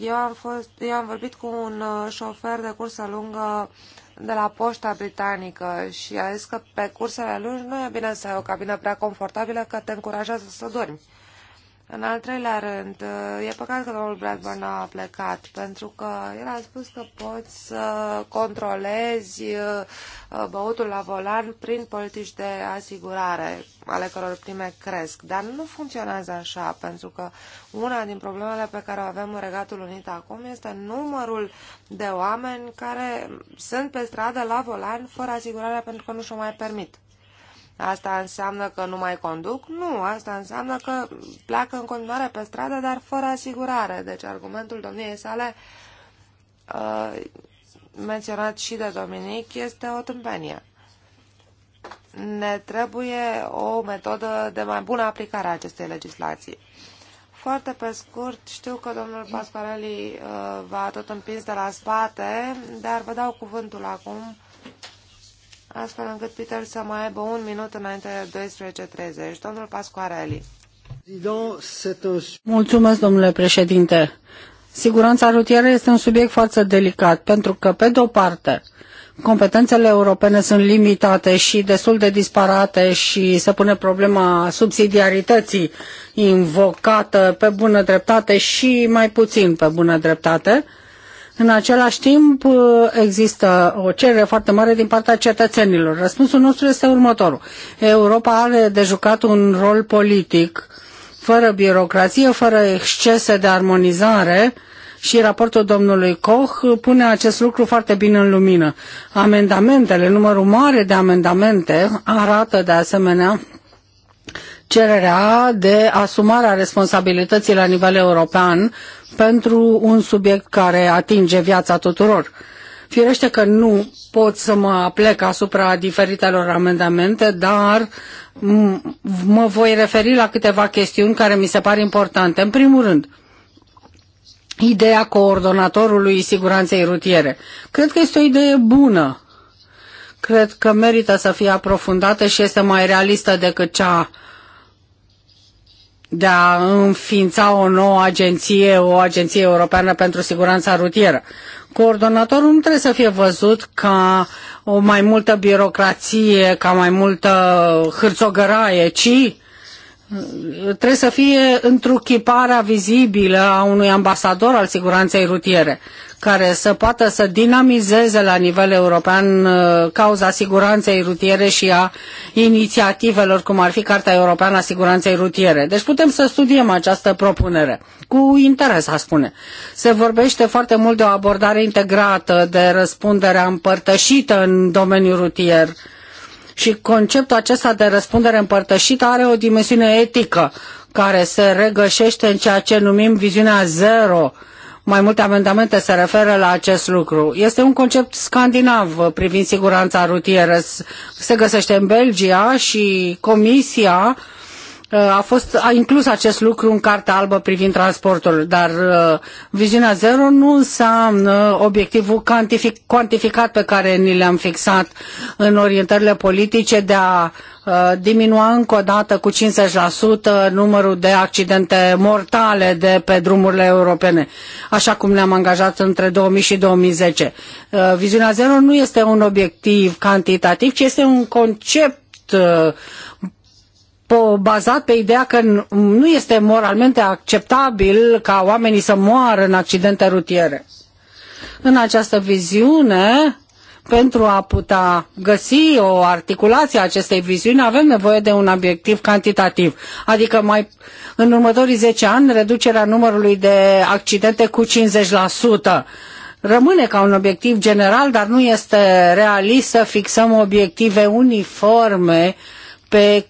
Eu am, fost, eu am vorbit cu un uh, șofer de cursă lungă de la poșta britanică și a zis că pe cursele lungi nu e bine să ai o cabină prea confortabilă că te încurajează să dormi. În al treilea rând, e păcat că domnul Bradburn a plecat, pentru că el a spus că poți să controlezi uh, băutul la volan prin politici de asigurare, ale căror prime cresc. Dar nu funcționează așa, pentru că una din problemele pe care o avem în Regatul Unit acum este numărul de oameni care sunt pe stradă la volan fără asigurare pentru că nu și-o mai permit. Asta înseamnă că nu mai conduc? Nu, asta înseamnă că pleacă în continuare pe stradă, dar fără asigurare. Deci argumentul domniei sale, uh, menționat și de Dominic, este o tâmpenie. Ne trebuie o metodă de mai bună aplicare a acestei legislații. Foarte pe scurt, știu că domnul Pasquarelli uh, va tot împins de la spate, dar vă dau cuvântul acum astfel încât Peter să mai aibă un minut înainte de 12.30. Domnul Pascuarelli. Mulțumesc, domnule președinte. Siguranța rutieră este un subiect foarte delicat, pentru că, pe de-o parte, competențele europene sunt limitate și destul de disparate și se pune problema subsidiarității invocată pe bună dreptate și mai puțin pe bună dreptate, uh, în același timp, uh, există o cerere foarte mare din partea cetățenilor. Răspunsul nostru este următorul. Europa are de jucat un rol politic, fără birocrație, fără excese de armonizare, și raportul domnului Koch pune acest lucru foarte bine în lumină. Amendamentele, numărul mare de amendamente arată de asemenea cererea de asumarea responsabilității la nivel european pentru un subiect care atinge viața tuturor. Firește că nu pot să mă aplec asupra diferitelor amendamente, dar mă voi referi la câteva chestiuni care mi se par importante. În primul rând, ideea coordonatorului siguranței rutiere. Cred că este o idee bună. Cred că merită să fie aprofundată și este mai realistă decât cea de a înființa o nouă agenție, o agenție europeană pentru siguranța rutieră. Coordonatorul nu trebuie să fie văzut ca o mai multă birocrație, ca mai multă hârțogăraie, ci trebuie să fie întruchiparea vizibilă a unui ambasador al siguranței rutiere, care să poată să dinamizeze la nivel european uh, cauza siguranței rutiere și a inițiativelor, cum ar fi Carta Europeană a Siguranței Rutiere. Deci putem să studiem această propunere. Cu interes, a spune. Se vorbește foarte mult de o abordare integrată, de răspunderea împărtășită în domeniul rutier, uh, și conceptul acesta de răspundere împărtășită are o dimensiune etică care se regășește în ceea ce numim viziunea zero. Mai multe amendamente se referă la acest lucru. Este un concept scandinav privind siguranța rutieră. Se găsește în Belgia și Comisia uh, a fost a inclus acest lucru în Cartea Albă privind transportul, dar uh, viziunea zero nu înseamnă obiectivul cantific, cuantificat pe care ni le am fixat în orientările politice de a uh, diminua încă o dată cu 50% numărul de accidente mortale de pe drumurile europene, așa cum ne-am angajat între 2000 și 2010. Uh, viziunea zero nu este un obiectiv cantitativ, ci este un concept bazat pe ideea că nu este moralmente acceptabil ca oamenii să moară în accidente rutiere. În această viziune, pentru a putea găsi o articulație a acestei viziuni, avem nevoie de un obiectiv cantitativ, adică mai în următorii 10 ani reducerea numărului de accidente cu 50%. Rămâne ca un obiectiv general, dar nu este realist să fixăm obiective uniforme uh, pe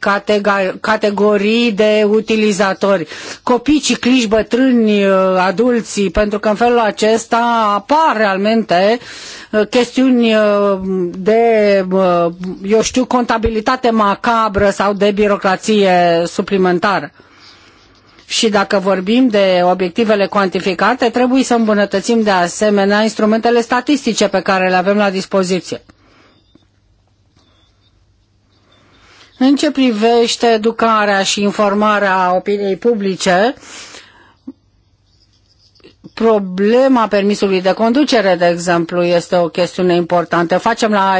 categorii de utilizatori. Copii, cicliști, bătrâni, uh, adulții, pentru că în felul acesta apar realmente uh, chestiuni uh, de, eu știu, contabilitate macabră sau de birocrație suplimentară. Și dacă vorbim de obiectivele cuantificate, trebuie să îmbunătățim de asemenea instrumentele statistice pe care le avem la dispoziție. În ce privește educarea și informarea opiniei publice, problema permisului de conducere, de exemplu, este o chestiune importantă. Facem la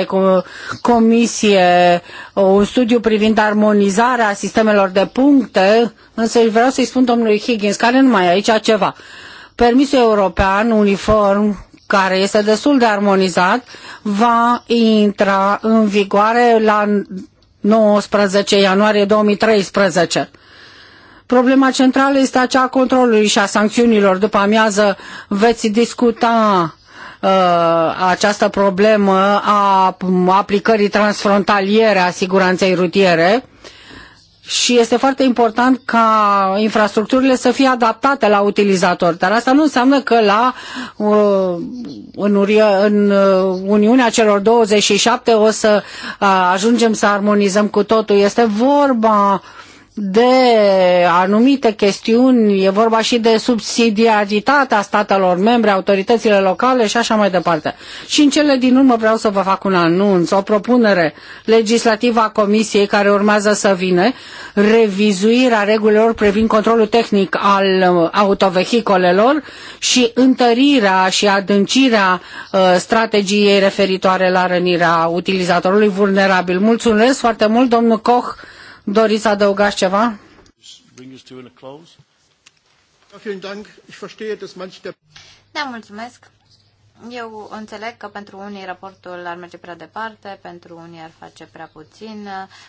comisie un studiu privind armonizarea sistemelor de puncte, însă vreau să-i spun domnului Higgins, care nu mai e aici ceva. Permisul european uniform care este destul de armonizat, va intra în vigoare la 19 ianuarie 2013. Problema centrală este aceea controlului și a sancțiunilor. După amiază veți discuta uh, această problemă a aplicării transfrontaliere a siguranței rutiere și este foarte important ca infrastructurile să fie adaptate la utilizator, dar asta nu înseamnă că la, uh, în, în uh, Uniunea celor 27 o să uh, ajungem să armonizăm cu totul. Este vorba uh, de anumite chestiuni, e vorba și de subsidiaritatea statelor membre, autoritățile locale și așa mai departe. Și în cele din urmă vreau să vă fac un anunț, o propunere legislativă a Comisiei care urmează să vină, revizuirea regulilor privind controlul tehnic al uh, autovehicolelor și întărirea și adâncirea uh, strategiei referitoare la rănirea utilizatorului vulnerabil. Mulțumesc foarte mult, domnul Koch, Doriți să adăugați ceva? Da, mulțumesc. Eu înțeleg că pentru unii raportul ar merge prea departe, pentru unii ar face prea puțin.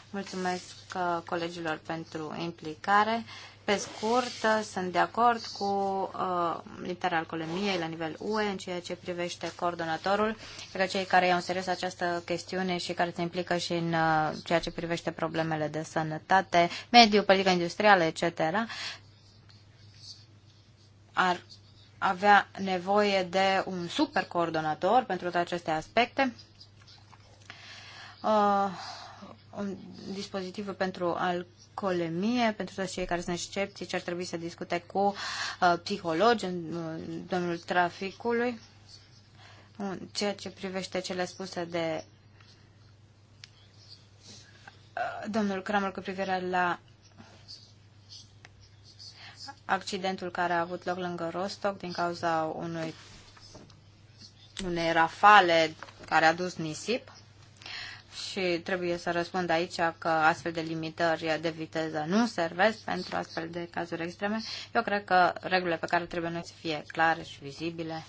Mulțumesc uh, colegilor pentru implicare. Pe scurt, uh, sunt de acord cu uh, limitarea alcoolemiei la nivel UE în ceea ce privește coordonatorul. Cred că cei care iau în serios această chestiune și care se implică și în uh, ceea ce privește problemele de sănătate, mediu, politică industrială, etc., ar avea nevoie de un super coordonator pentru toate aceste aspecte. Uh, un dispozitiv pentru alcool colemie. Pentru toți cei care sunt sceptici, ar trebui să discute cu uh, psihologi în uh, domnul traficului. Ceea ce privește cele spuse de uh, domnul Kramer cu privire la accidentul care a avut loc lângă Rostock din cauza unui, unei rafale care a dus nisip și trebuie să răspund aici că astfel de limitări de viteză nu servesc pentru astfel de cazuri extreme. Eu cred că regulile pe care trebuie noi să fie clare și vizibile.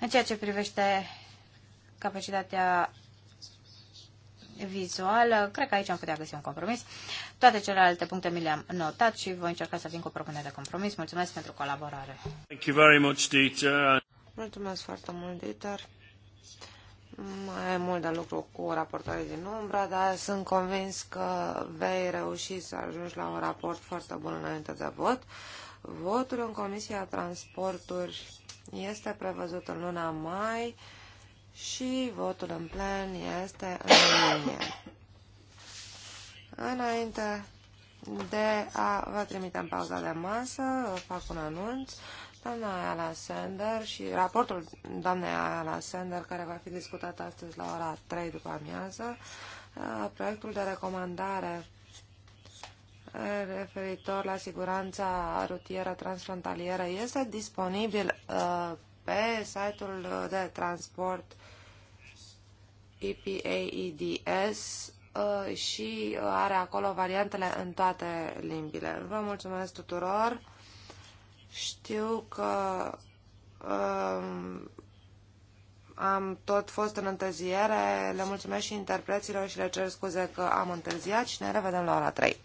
În ceea ce privește capacitatea vizuală, cred că aici am putea găsi un compromis. Toate celelalte puncte mi le-am notat și voi încerca să vin cu propunere de compromis. Mulțumesc pentru colaborare. Thank you very much, Dieter. Mulțumesc foarte mult, Dieter mai ai mult de lucru cu raportorii din umbră, dar sunt convins că vei reuși să ajungi la un raport foarte bun înainte de vot. Votul în Comisia Transporturi este prevăzut în luna mai și votul în plen este în iunie. Înainte de a vă trimite în pauza de masă, vă fac un anunț. Doamna Ayala Sender și raportul doamnei Ayala Sender, care va fi discutat astăzi la ora 3 după amiază, uh, proiectul de recomandare uh, referitor la siguranța rutieră transfrontalieră este disponibil uh, pe site-ul de transport EPAEDS și are acolo variantele în toate limbile. Vă mulțumesc tuturor! Știu că um, am tot fost în întârziere. Le mulțumesc și interpreților și le cer scuze că am întârziat și ne revedem la ora 3.